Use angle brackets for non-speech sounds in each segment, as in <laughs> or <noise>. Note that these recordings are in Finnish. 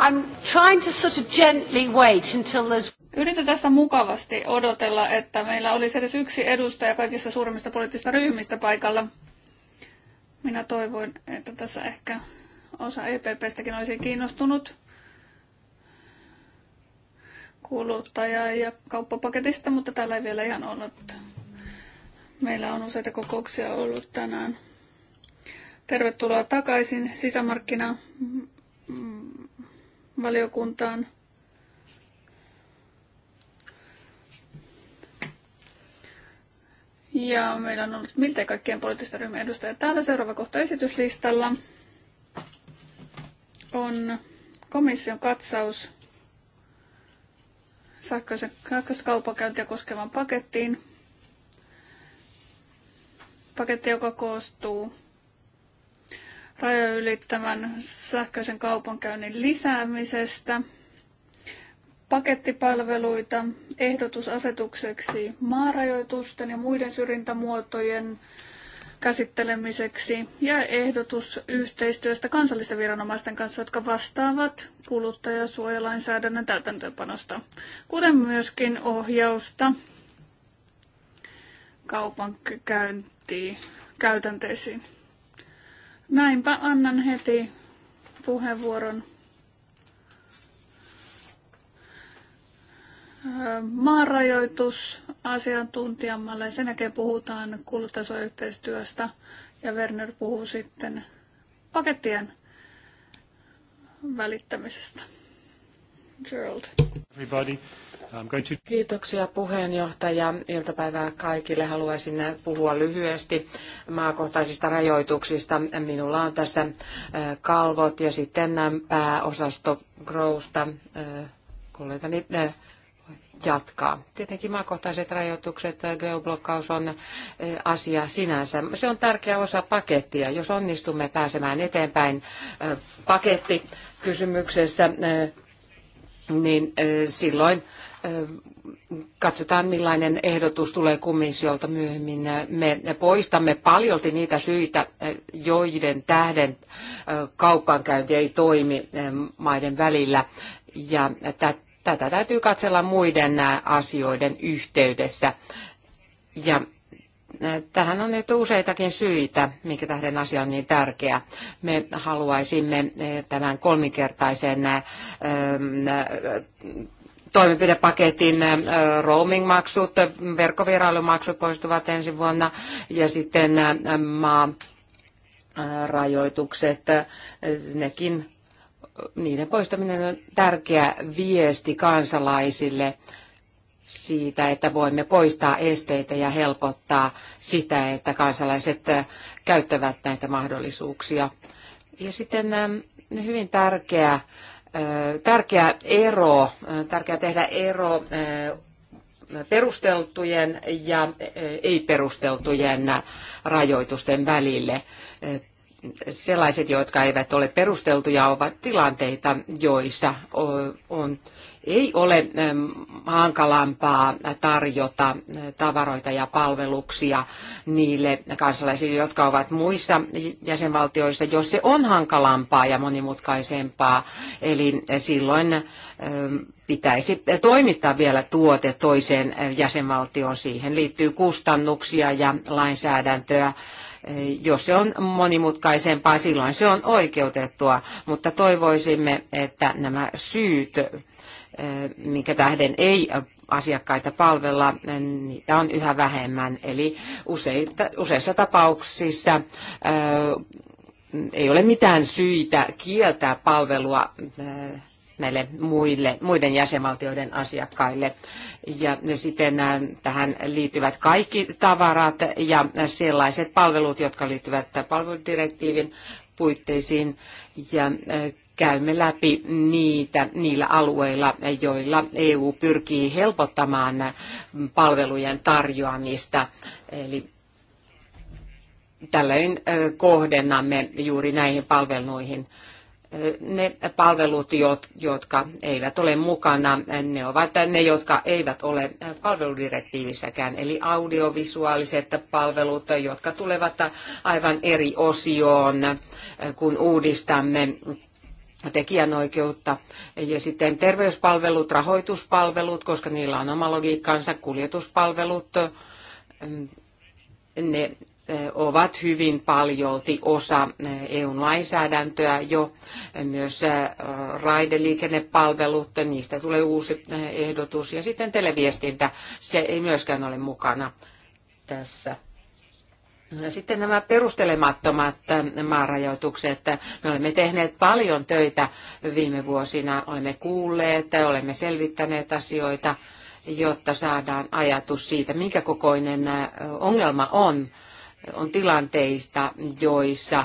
I'm trying to sort of gently wait until there's... Yritän tässä mukavasti odotella, että meillä olisi edes yksi edustaja kaikista suurimmista poliittisista ryhmistä paikalla. Minä toivoin, että tässä ehkä osa EPPstäkin olisi kiinnostunut kuluttaja- ja kauppapaketista, mutta täällä ei vielä ihan ollut. Meillä on useita kokouksia ollut tänään. Tervetuloa takaisin sisämarkkina valiokuntaan. Ja meillä on ollut miltei kaikkien poliittisten ryhmien edustajat täällä. Seuraava kohta esityslistalla on komission katsaus sähköistä kaupankäyntiä koskevan pakettiin. Paketti, joka koostuu rajoja ylittävän sähköisen kaupankäynnin lisäämisestä, pakettipalveluita, ehdotusasetukseksi, maarajoitusten ja muiden syrjintämuotojen käsittelemiseksi ja ehdotus yhteistyöstä kansallisten viranomaisten kanssa, jotka vastaavat kuluttajasuojalainsäädännön täytäntöönpanosta, kuten myöskin ohjausta kaupankäyntiin käytänteisiin. Näinpä annan heti puheenvuoron maanrajoitusasiantuntijammalle. Sen jälkeen puhutaan kulutasoyhteistyöstä ja Werner puhuu sitten pakettien välittämisestä. Gerald. Everybody. Kiitoksia puheenjohtaja. Iltapäivää kaikille. Haluaisin puhua lyhyesti maakohtaisista rajoituksista. Minulla on tässä äh, kalvot ja sitten äh, pääosasto Growsta. Äh, kollegani jatkaa. Tietenkin maakohtaiset rajoitukset, geoblokkaus on asia sinänsä. Se on tärkeä osa pakettia. Jos onnistumme pääsemään eteenpäin paketti kysymyksessä, niin silloin Katsotaan, millainen ehdotus tulee komissiolta myöhemmin. Me poistamme paljolti niitä syitä, joiden tähden kaupankäynti ei toimi maiden välillä. Ja tätä täytyy katsella muiden asioiden yhteydessä. Ja Tähän on nyt useitakin syitä, minkä tähden asia on niin tärkeä. Me haluaisimme tämän kolminkertaisen toimenpidepaketin äh, roaming-maksut, verkkovierailumaksut poistuvat ensi vuonna ja sitten äh, maa rajoitukset, äh, nekin, niiden poistaminen on tärkeä viesti kansalaisille siitä, että voimme poistaa esteitä ja helpottaa sitä, että kansalaiset käyttävät näitä mahdollisuuksia. Ja sitten hyvin tärkeä tärkeä ero, tärkeä tehdä ero perusteltujen ja ei-perusteltujen rajoitusten välille. Sellaiset, jotka eivät ole perusteltuja, ovat tilanteita, joissa on ei ole hankalampaa tarjota tavaroita ja palveluksia niille kansalaisille, jotka ovat muissa jäsenvaltioissa, jos se on hankalampaa ja monimutkaisempaa. Eli silloin pitäisi toimittaa vielä tuote toiseen eh, jäsenvaltioon. Siihen liittyy kustannuksia ja lainsäädäntöä. Eh, jos se on monimutkaisempaa, silloin se on oikeutettua, mutta toivoisimme, että nämä syyt, eh, minkä tähden ei asiakkaita palvella, niitä on yhä vähemmän. Eli useita, useissa tapauksissa ei ole mitään syitä kieltää palvelua näille muille, muiden jäsenvaltioiden asiakkaille. Ja sitten äh, tähän liittyvät kaikki tavarat ja sellaiset palvelut, jotka liittyvät palveludirektiivin puitteisiin. Ja äh, käymme läpi niitä niillä alueilla, joilla EU pyrkii helpottamaan palvelujen tarjoamista. Eli tällöin äh, kohdennamme juuri näihin palveluihin ne palvelut, jotka eivät ole mukana, ne ovat ne, jotka eivät ole palveludirektiivissäkään, eli audiovisuaaliset palvelut, jotka tulevat aivan eri osioon, kun uudistamme tekijänoikeutta. Ja sitten terveyspalvelut, rahoituspalvelut, koska niillä on oma logiikkansa, kuljetuspalvelut, ne ovat hyvin paljolti osa EUn lainsäädäntöä jo. Myös raideliikennepalvelut, niistä tulee uusi ehdotus. Ja sitten televiestintä, se ei myöskään ole mukana tässä. No, sitten nämä perustelemattomat maarajoitukset. Me olemme tehneet paljon töitä viime vuosina. Olemme kuulleet, olemme selvittäneet asioita, jotta saadaan ajatus siitä, minkä kokoinen ongelma on on tilanteista, joissa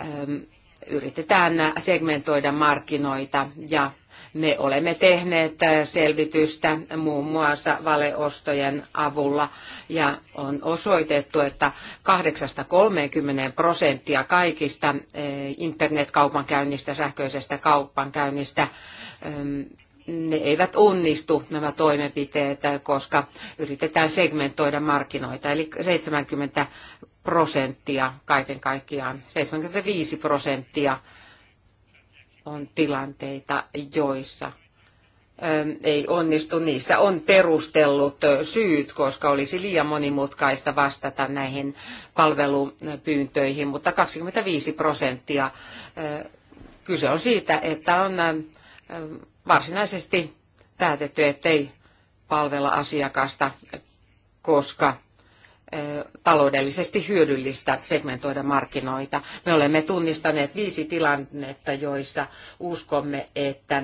ähm, yritetään segmentoida markkinoita ja me olemme tehneet äh, selvitystä muun muassa valeostojen avulla ja on osoitettu, että 8-30 prosenttia kaikista äh, internetkaupankäynnistä, sähköisestä kaupankäynnistä ähm, ne eivät onnistu nämä toimenpiteet, koska yritetään segmentoida markkinoita. Eli 70 prosenttia kaiken kaikkiaan, 75 prosenttia on tilanteita, joissa ähm, ei onnistu. Niissä on perustellut syyt, koska olisi liian monimutkaista vastata näihin palvelupyyntöihin, mutta 25 prosenttia äh, kyse on siitä, että on äh, varsinaisesti päätetty, ettei palvella asiakasta, koska taloudellisesti hyödyllistä segmentoida markkinoita. Me olemme tunnistaneet viisi tilannetta, joissa uskomme, että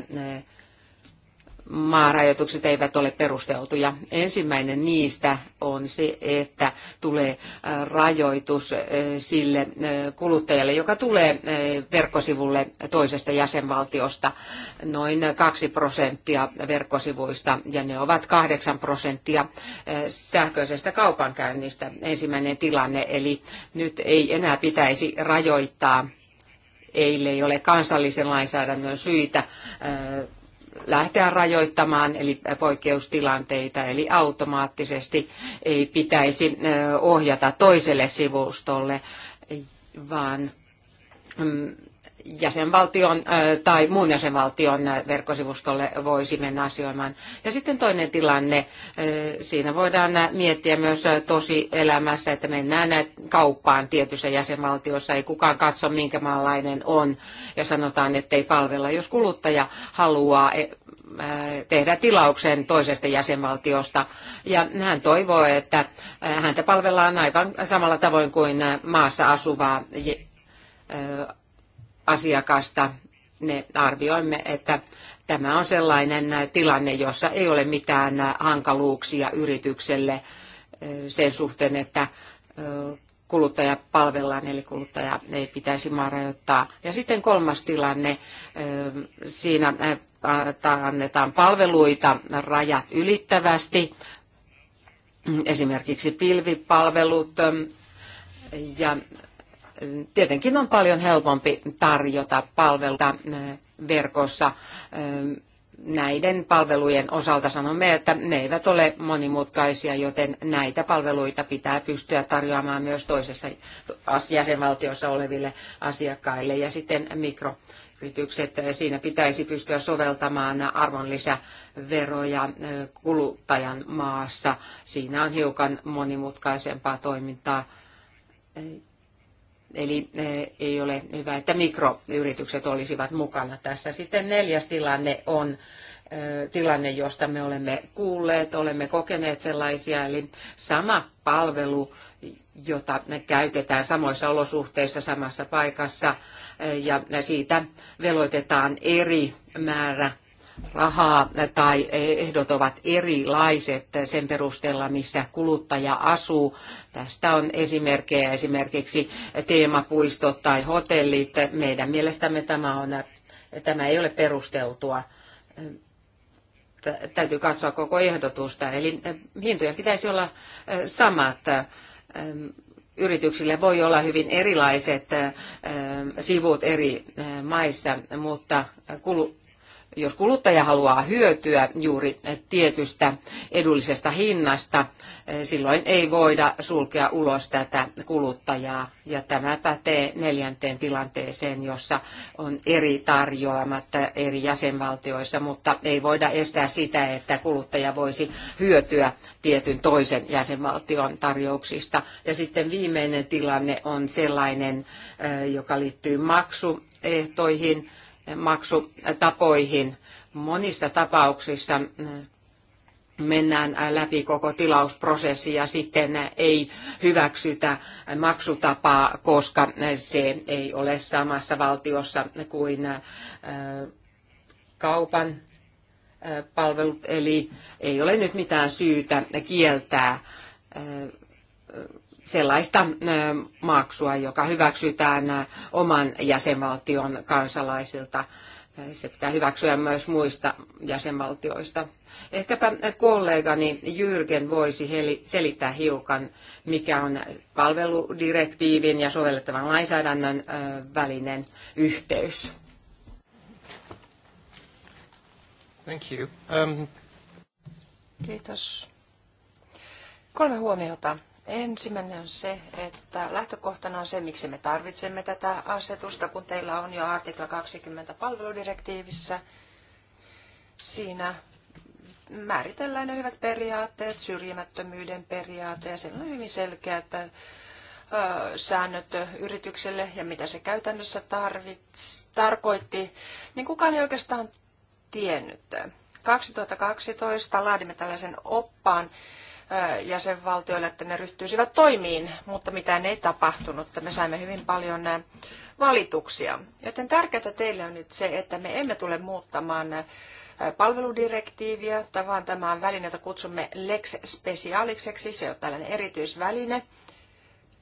maarajoitukset eivät ole perusteltuja. Ensimmäinen niistä on se, että tulee äh, rajoitus äh, sille äh, kuluttajalle, joka tulee verkkosivulle toisesta jäsenvaltiosta. Noin 2 prosenttia verkkosivuista ja ne ovat 8 prosenttia sähköisestä kaupankäynnistä. Ensimmäinen tilanne, eli nyt ei enää pitäisi rajoittaa. Ei ole kansallisen lainsäädännön syitä lähteä rajoittamaan, eli poikkeustilanteita, eli automaattisesti ei pitäisi ohjata toiselle sivustolle, vaan mm, jäsenvaltion tai muun jäsenvaltion verkkosivustolle voisi mennä asioimaan. Ja sitten toinen tilanne, siinä voidaan miettiä myös tosi elämässä, että mennään kauppaan tietyssä jäsenvaltiossa, ei kukaan katso minkä maalainen on ja sanotaan, että ei palvella. Jos kuluttaja haluaa e, tehdä tilauksen toisesta jäsenvaltiosta. Ja hän toivoo, että häntä palvellaan aivan samalla tavoin kuin maassa asuvaa asiakasta. Me arvioimme, että tämä on sellainen tilanne, jossa ei ole mitään hankaluuksia yritykselle sen suhteen, että kuluttaja palvellaan, eli kuluttaja ei pitäisi maa rajoittaa. Ja sitten kolmas tilanne, siinä annetaan palveluita rajat ylittävästi, esimerkiksi pilvipalvelut ja tietenkin on paljon helpompi tarjota palveluita äh, verkossa äh, näiden palvelujen osalta sanomme, että ne eivät ole monimutkaisia, joten näitä palveluita pitää pystyä tarjoamaan myös toisessa jäsenvaltiossa oleville asiakkaille. Ja sitten mikroyritykset, äh, siinä pitäisi pystyä soveltamaan arvonlisäveroja kuluttajan maassa. Siinä on hiukan monimutkaisempaa toimintaa. Eli eh, ei ole hyvä, että mikroyritykset olisivat mukana tässä. Sitten neljäs tilanne on eh, tilanne, josta me olemme kuulleet, olemme kokeneet sellaisia, eli sama palvelu, jota käytetään samoissa olosuhteissa samassa paikassa eh, ja siitä veloitetaan eri määrä rahaa tai ehdot ovat erilaiset sen perusteella, missä kuluttaja asuu. Tästä on esimerkkejä esimerkiksi teemapuistot tai hotellit. Meidän mielestämme tämä, on, tämä ei ole perusteltua. Täytyy katsoa koko ehdotusta. Eli hintoja pitäisi olla samat Yrityksille voi olla hyvin erilaiset sivut eri maissa, mutta jos kuluttaja haluaa hyötyä juuri tietystä edullisesta hinnasta, eh, silloin ei voida sulkea ulos tätä kuluttajaa. Ja tämä pätee neljänteen tilanteeseen, jossa on eri tarjoamat eri jäsenvaltioissa, mutta ei voida estää sitä, että kuluttaja voisi hyötyä tietyn toisen jäsenvaltion tarjouksista. Ja sitten viimeinen tilanne on sellainen, eh, joka liittyy maksuehtoihin maksutapoihin. Monissa tapauksissa mm, mennään äh, läpi koko tilausprosessi ja sitten äh, ei hyväksytä maksutapaa, koska äh, se ei ole samassa valtiossa kuin kaupan palvelut, eli ei ole nyt mitään syytä kieltää sellaista maksua, joka hyväksytään oman jäsenvaltion kansalaisilta. Se pitää hyväksyä myös muista jäsenvaltioista. Ehkäpä kollegani Jyrgen voisi selittää hiukan, mikä on palveludirektiivin ja sovellettavan lainsäädännön välinen yhteys. Thank you. Um... Kiitos. Kolme huomiota Ensimmäinen on se, että lähtökohtana on se, miksi me tarvitsemme tätä asetusta, kun teillä on jo artikla 20 palveludirektiivissä. Siinä määritellään ne hyvät periaatteet, syrjimättömyyden periaate ja siellä on hyvin selkeä, että säännöt yritykselle ja mitä se käytännössä tarvits, tarkoitti, niin kukaan ei oikeastaan tiennyt. 2012 laadimme tällaisen oppaan jäsenvaltioille, että ne ryhtyisivät toimiin, mutta mitään ei tapahtunut. Me saimme hyvin paljon valituksia. Joten tärkeää teille on nyt se, että me emme tule muuttamaan palveludirektiiviä, vaan tämä on väline, jota kutsumme Lex Specialiseksi. Se on tällainen erityisväline,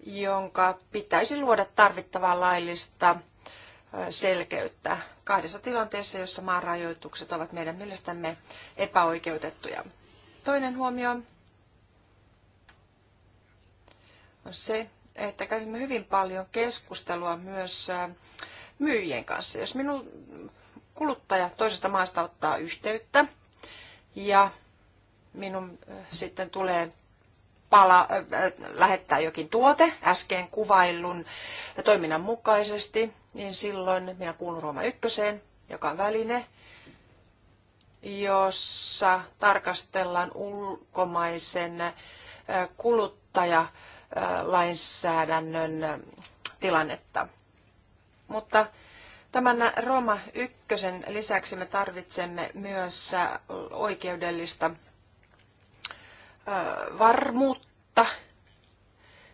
jonka pitäisi luoda tarvittavaa laillista selkeyttä kahdessa tilanteessa, jossa maan rajoitukset ovat meidän mielestämme epäoikeutettuja. Toinen huomio se, että kävimme hyvin paljon keskustelua myös myyjien kanssa. Jos minun kuluttaja toisesta maasta ottaa yhteyttä ja minun sitten tulee pala, äh, lähettää jokin tuote äsken kuvaillun toiminnan mukaisesti, niin silloin minä kuulun Rooma ykköseen, joka on väline, jossa tarkastellaan ulkomaisen kuluttaja lainsäädännön tilannetta. Mutta tämän Roma ykkösen lisäksi me tarvitsemme myös oikeudellista varmuutta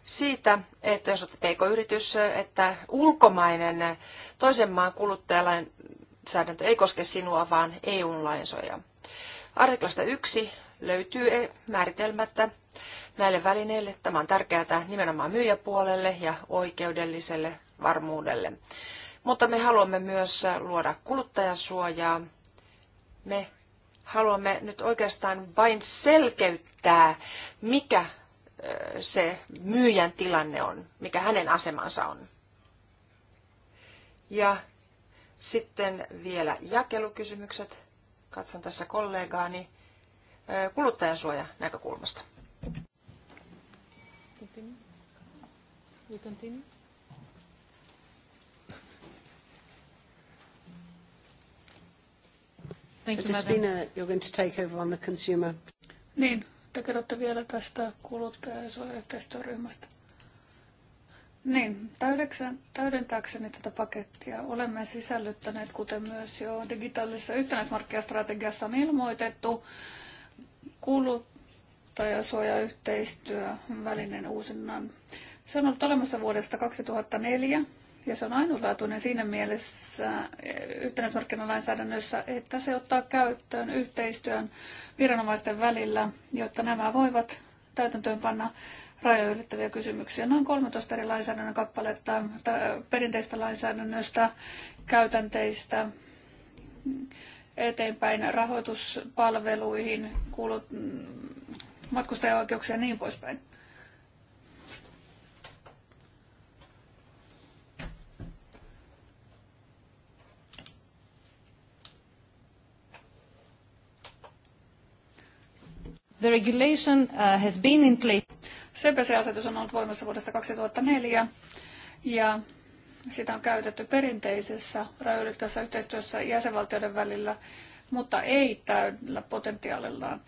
siitä, että jos olet pk-yritys, että ulkomainen toisen maan kuluttajalainsäädäntö ei koske sinua, vaan EUn lainsoja. Artiklasta yksi löytyy määritelmättä näille välineille. Tämä on tärkeää nimenomaan myyjäpuolelle ja oikeudelliselle varmuudelle. Mutta me haluamme myös luoda kuluttajasuojaa. Me haluamme nyt oikeastaan vain selkeyttää, mikä se myyjän tilanne on, mikä hänen asemansa on. Ja sitten vielä jakelukysymykset. Katson tässä kollegaani kuluttajansuoja näkökulmasta. We continue. Thank so you, Spina, you're going to take over on the consumer. Niin, te kerrotte vielä tästä kuluttajasuojayhteistyöryhmästä. Niin, täydentääkseni tätä pakettia olemme sisällyttäneet, kuten myös jo digitaalisessa yhtenäismarkkinastrategiassa on ilmoitettu, kuluttajasuojayhteistyövälinen uusinnan se on ollut olemassa vuodesta 2004 ja se on ainutlaatuinen siinä mielessä e, yhtenäismarkkinalainsäädännössä, että se ottaa käyttöön yhteistyön viranomaisten välillä, jotta nämä voivat täytäntöönpanna rajoja ylittäviä kysymyksiä. Noin 13 eri lainsäädännön kappaletta perinteistä lainsäädännöstä, käytänteistä, eteenpäin rahoituspalveluihin, kuulut, matkustajaoikeuksia ja niin poispäin. The regulation uh, has been in place. CPC-asetus on ollut voimassa vuodesta 2004 ja sitä on käytetty perinteisessä rajoitettavassa yhteistyössä jäsenvaltioiden välillä, mutta ei täydellä potentiaalillaan.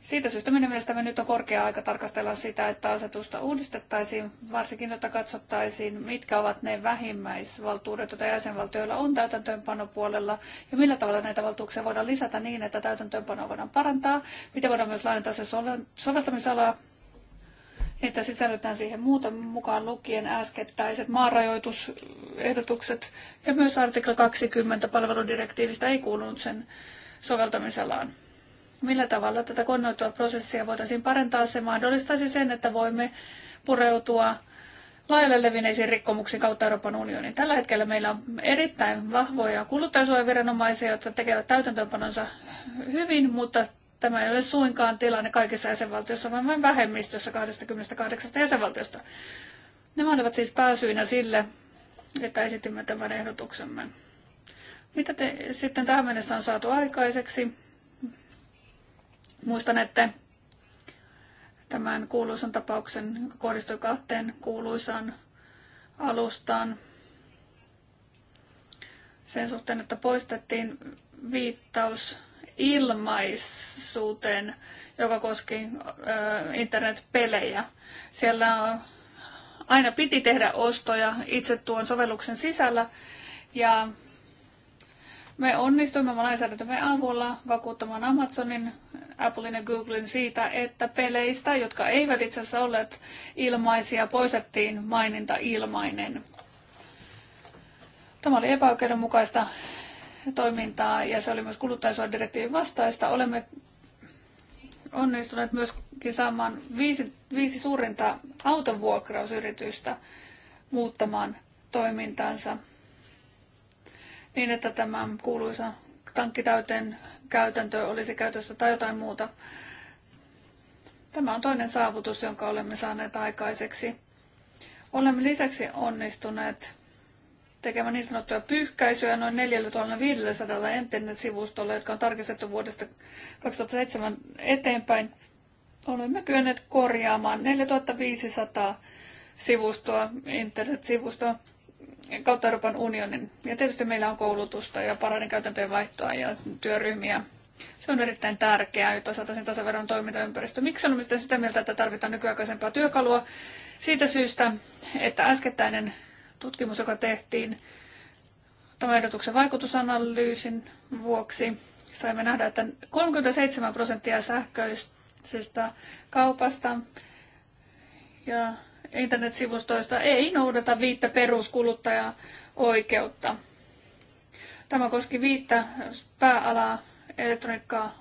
Siitä syystä minun mielestäni nyt on korkea aika tarkastella sitä, että asetusta uudistettaisiin, varsinkin jotta katsottaisiin, mitkä ovat ne vähimmäisvaltuudet, joita jäsenvaltioilla on täytäntöönpanopuolella ja millä tavalla näitä valtuuksia voidaan lisätä niin, että täytäntöönpanoa voidaan parantaa, miten voidaan myös laajentaa se soveltamisalaa, että sisällytään siihen muuta mukaan lukien äskettäiset maarajoitusehdotukset ja myös artikla 20 palveludirektiivistä ei kuulunut sen soveltamisalaan millä tavalla tätä konnoitua prosessia voitaisiin parantaa. Se mahdollistaisi sen, että voimme pureutua laajalle levinneisiin rikkomuksiin kautta Euroopan unionin. Tällä hetkellä meillä on erittäin vahvoja kuluttajasuojaviranomaisia, jotka tekevät täytäntöönpanonsa hyvin, mutta tämä ei ole suinkaan tilanne kaikissa jäsenvaltioissa, vaan vain vähemmistössä 28 jäsenvaltiosta. Nämä olivat siis pääsyinä sille, että esitimme tämän ehdotuksemme. Mitä te sitten tähän mennessä on saatu aikaiseksi? Muistan, että tämän kuuluisan tapauksen, joka kohdistui kahteen kuuluisaan alustaan sen suhteen, että poistettiin viittaus ilmaisuuteen, joka koski ö, internetpelejä. Siellä aina piti tehdä ostoja itse tuon sovelluksen sisällä ja me onnistuimme lainsäädäntömme avulla vakuuttamaan Amazonin, Applein ja Googlen siitä, että peleistä, jotka eivät itse asiassa olleet ilmaisia, poistettiin maininta ilmainen. Tämä oli epäoikeudenmukaista toimintaa ja se oli myös kuluttajansuojadirektiivin vastaista. Olemme onnistuneet myöskin saamaan viisi, viisi suurinta autovuokrausyritystä muuttamaan toimintansa niin, että tämä kuuluisa tankkitäyteen käytäntö olisi käytössä tai jotain muuta. Tämä on toinen saavutus, jonka olemme saaneet aikaiseksi. Olemme lisäksi onnistuneet tekemään niin sanottuja pyyhkäisyjä noin 4500 internet-sivustolla, jotka on tarkistettu vuodesta 2007 eteenpäin. Olemme kyenneet korjaamaan 4500 sivustoa, internet-sivustoa kautta Euroopan unionin. Ja tietysti meillä on koulutusta ja parhaiden käytäntöjen vaihtoa ja työryhmiä. Se on erittäin tärkeää, jotta saataisiin tasaveron toimintaympäristö. Miksi olemme sitä mieltä, että tarvitaan nykyaikaisempaa työkalua? Siitä syystä, että äskettäinen tutkimus, joka tehtiin tämän ehdotuksen vaikutusanalyysin vuoksi, saimme nähdä, että 37 prosenttia sähköisestä kaupasta ja internetsivustoista ei noudata viittä peruskuluttajaoikeutta. Tämä koski viittä pääalaa, elektroniikkaa,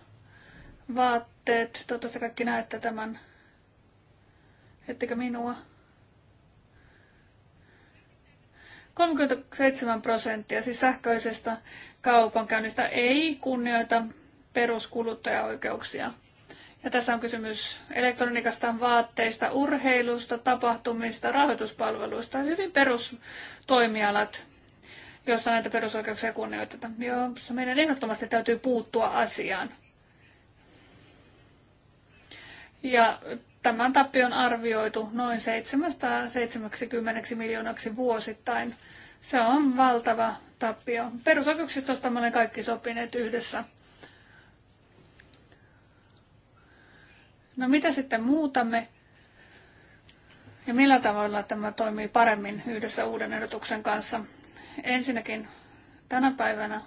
vaatteet. Toivottavasti kaikki näette tämän. Ettekö minua? 37 prosenttia siis sähköisestä kaupankäynnistä ei kunnioita peruskuluttajaoikeuksia. Ja tässä on kysymys elektroniikasta, vaatteista, urheilusta, tapahtumista, rahoituspalveluista, hyvin perustoimialat, joissa näitä perusoikeuksia kunnioitetaan, se meidän ehdottomasti täytyy puuttua asiaan. Ja tämän tappion arvioitu noin 770 miljoonaksi vuosittain. Se on valtava tappio. Perusoikeuksista me olemme kaikki sopineet yhdessä. No mitä sitten muutamme? Ja millä tavalla tämä toimii paremmin yhdessä uuden ehdotuksen kanssa? Ensinnäkin tänä päivänä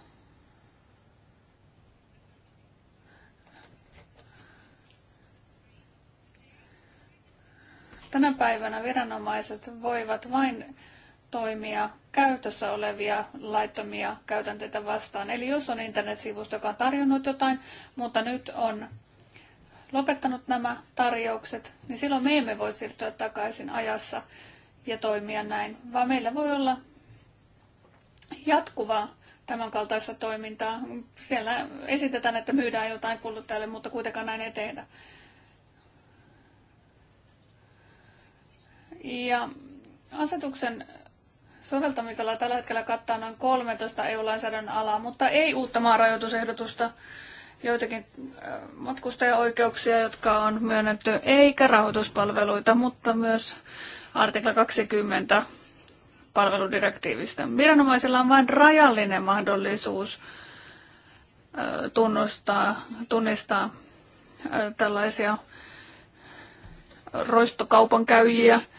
Tänä päivänä viranomaiset voivat vain toimia käytössä olevia laittomia käytänteitä vastaan. Eli jos on internetsivusto, joka on tarjonnut jotain, mutta nyt on lopettanut nämä tarjoukset, niin silloin me emme voi siirtyä takaisin ajassa ja toimia näin, vaan meillä voi olla jatkuvaa tämänkaltaista toimintaa. Siellä esitetään, että myydään jotain kuluttajalle, mutta kuitenkaan näin ei tehdä. Ja asetuksen soveltamisella tällä hetkellä kattaa noin 13 EU-lainsäädännön alaa, mutta ei uutta maarajoitusehdotusta. rajoitusehdotusta joitakin äh, matkustajaoikeuksia, jotka on myönnetty, eikä rahoituspalveluita, mutta myös artikla 20 palveludirektiivistä. Viranomaisilla on vain rajallinen mahdollisuus äh, tunnustaa, tunnistaa äh, tällaisia roistokaupankäyjiä –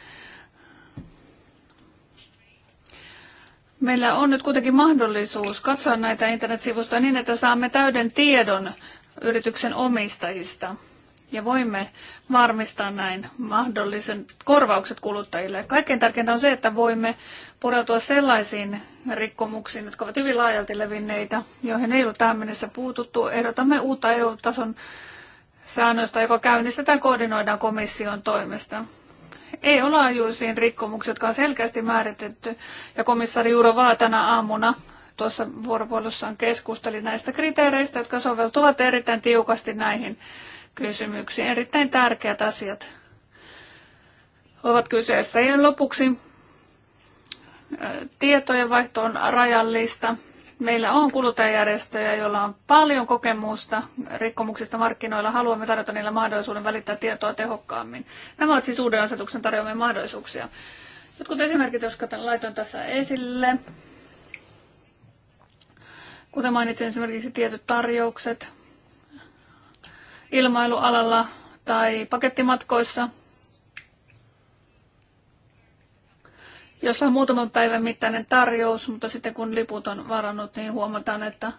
Meillä on nyt kuitenkin mahdollisuus katsoa näitä internetsivustoja niin, että saamme täyden tiedon yrityksen omistajista ja voimme varmistaa näin mahdollisen korvaukset kuluttajille. Kaikkein tärkeintä on se, että voimme pureutua sellaisiin rikkomuksiin, jotka ovat hyvin laajalti levinneitä, joihin ei ole tähän mennessä puututtu. Ehdotamme uutta EU-tason säännöstä, joka käynnistetään koordinoidaan komission toimesta. EU-laajuisiin rikkomuksiin, jotka on selkeästi määritetty. Ja komissaari Juro tänä aamuna tuossa vuoropuolussaan keskusteli näistä kriteereistä, jotka soveltuvat erittäin tiukasti näihin kysymyksiin. Erittäin tärkeät asiat ovat kyseessä. Ja lopuksi tietojenvaihto on rajallista Meillä on kuluttajajärjestöjä, joilla on paljon kokemusta rikkomuksista markkinoilla. Haluamme tarjota niille mahdollisuuden välittää tietoa tehokkaammin. Nämä ovat siis uuden asetuksen tarjoamia mahdollisuuksia. Jotkut esimerkit, jotka laitoin tässä esille. Kuten mainitsin esimerkiksi tietyt tarjoukset ilmailualalla tai pakettimatkoissa – jossa on muutaman päivän mittainen tarjous, mutta sitten kun liput on varannut, niin huomataan, että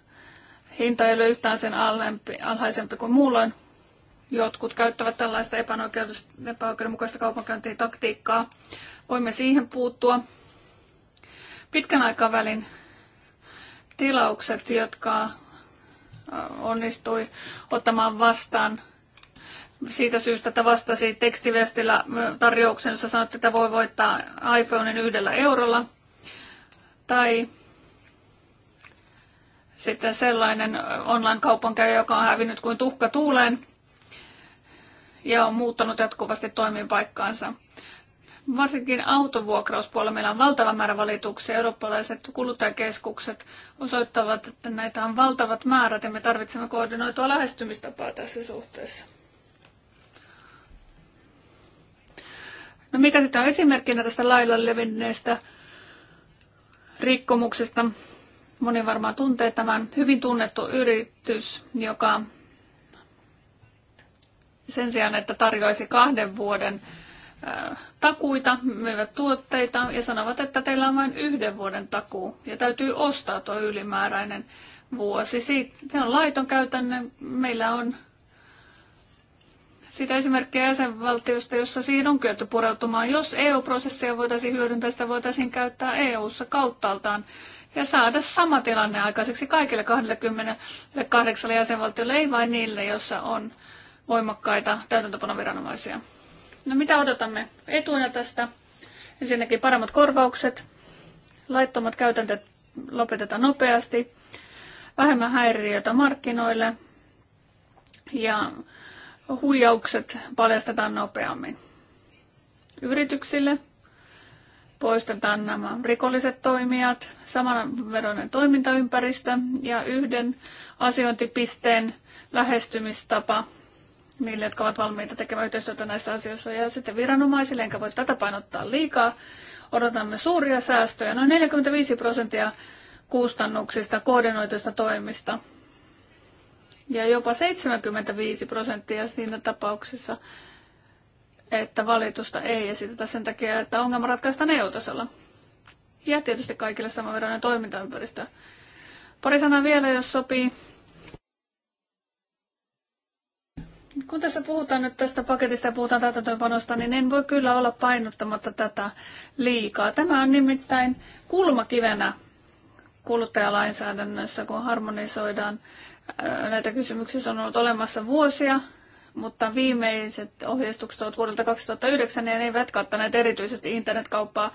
hinta ei ole yhtään sen alempi, alhaisempi kuin muulloin. Jotkut käyttävät tällaista epäoikeudenmukaista taktiikkaa. Voimme siihen puuttua. Pitkän aikavälin tilaukset, jotka onnistui ottamaan vastaan siitä syystä, että vastasi tekstiviestillä tarjouksen, jossa sanoit, että voi voittaa iPhonein yhdellä eurolla. Tai sitten sellainen online-kaupankäyjä, joka on hävinnyt kuin tuhka tuuleen ja on muuttanut jatkuvasti toimipaikkaansa. Varsinkin autovuokrauspuolella meillä on valtava määrä valituksia. Eurooppalaiset kuluttajakeskukset osoittavat, että näitä on valtavat määrät ja me tarvitsemme koordinoitua lähestymistapaa tässä suhteessa. No mikä sitä on esimerkkinä tästä lailla levinneestä rikkomuksesta? Moni varmaan tuntee tämän hyvin tunnettu yritys, joka sen sijaan, että tarjoaisi kahden vuoden takuita, myyvät tuotteita ja sanovat, että teillä on vain yhden vuoden takuu ja täytyy ostaa tuo ylimääräinen vuosi. Siitä, se on laiton käytännön. Meillä on sitä esimerkkiä jäsenvaltiosta, jossa siihen on kyetty pureutumaan. Jos eu prosessia voitaisiin hyödyntää, sitä voitaisiin käyttää EU-ssa kauttaaltaan ja saada sama tilanne aikaiseksi kaikille 28 jäsenvaltiolle, ei vain niille, joissa on voimakkaita täytäntöpanoviranomaisia. No mitä odotamme etuina tästä? Ensinnäkin paremmat korvaukset, laittomat käytäntöt lopetetaan nopeasti, vähemmän häiriöitä markkinoille ja huijaukset paljastetaan nopeammin. Yrityksille poistetaan nämä rikolliset toimijat, samanveroinen toimintaympäristö ja yhden asiointipisteen lähestymistapa niille, jotka ovat valmiita tekemään yhteistyötä näissä asioissa. Ja sitten viranomaisille, enkä voi tätä painottaa liikaa, odotamme suuria säästöjä, noin 45 prosenttia kustannuksista koordinoituista toimista ja jopa 75 prosenttia siinä tapauksessa, että valitusta ei esitetä sen takia, että ongelma ratkaistaan EU-tasolla. Ja tietysti kaikille samanveroinen toimintaympäristö. Pari sanaa vielä, jos sopii. Kun tässä puhutaan nyt tästä paketista ja puhutaan täytäntöönpanosta, niin en voi kyllä olla painottamatta tätä liikaa. Tämä on nimittäin kulmakivenä kuluttajalainsäädännössä, kun harmonisoidaan Näitä kysymyksiä on ollut olemassa vuosia, mutta viimeiset ohjeistukset ovat vuodelta 2009 ja ne eivät kattaneet erityisesti internetkauppaa.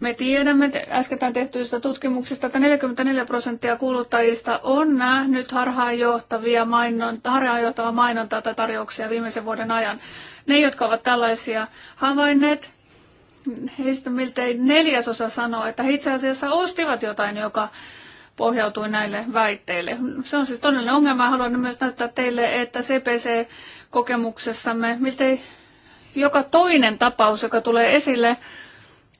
Me tiedämme äskettäin tehtyistä tutkimuksista, että 44 prosenttia kuluttajista on nähnyt harhaanjohtavia mainonta, harhaanjohtavaa mainontaa tai tarjouksia viimeisen vuoden ajan. Ne, jotka ovat tällaisia havainneet, heistä miltei neljäsosa sanoo, että he itse asiassa ostivat jotain, joka pohjautui näille väitteille. Se on siis todellinen ongelma. Haluan myös näyttää teille, että CPC-kokemuksessamme miltei joka toinen tapaus, joka tulee esille,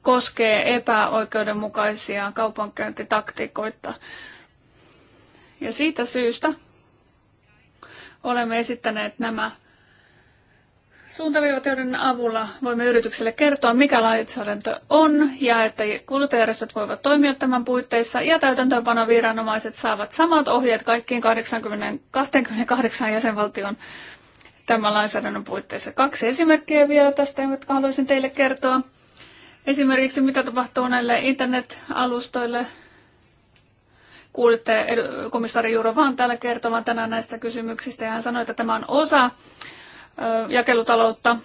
koskee epäoikeudenmukaisia kaupankäyntitaktikoita. Ja siitä syystä olemme esittäneet nämä Suuntaviivat, avulla voimme yritykselle kertoa, mikä lainsäädäntö on ja että kuluttajärjestöt voivat toimia tämän puitteissa ja täytäntöönpanoviranomaiset saavat samat ohjeet kaikkiin 80, 28 jäsenvaltion tämän lainsäädännön puitteissa. Kaksi esimerkkiä vielä tästä, jotka haluaisin teille kertoa. Esimerkiksi mitä tapahtuu näille internet-alustoille. Kuulitte komissaari Juro Vaan täällä kertovan tänään näistä kysymyksistä ja hän sanoi, että tämä on osa jakelutaloutta,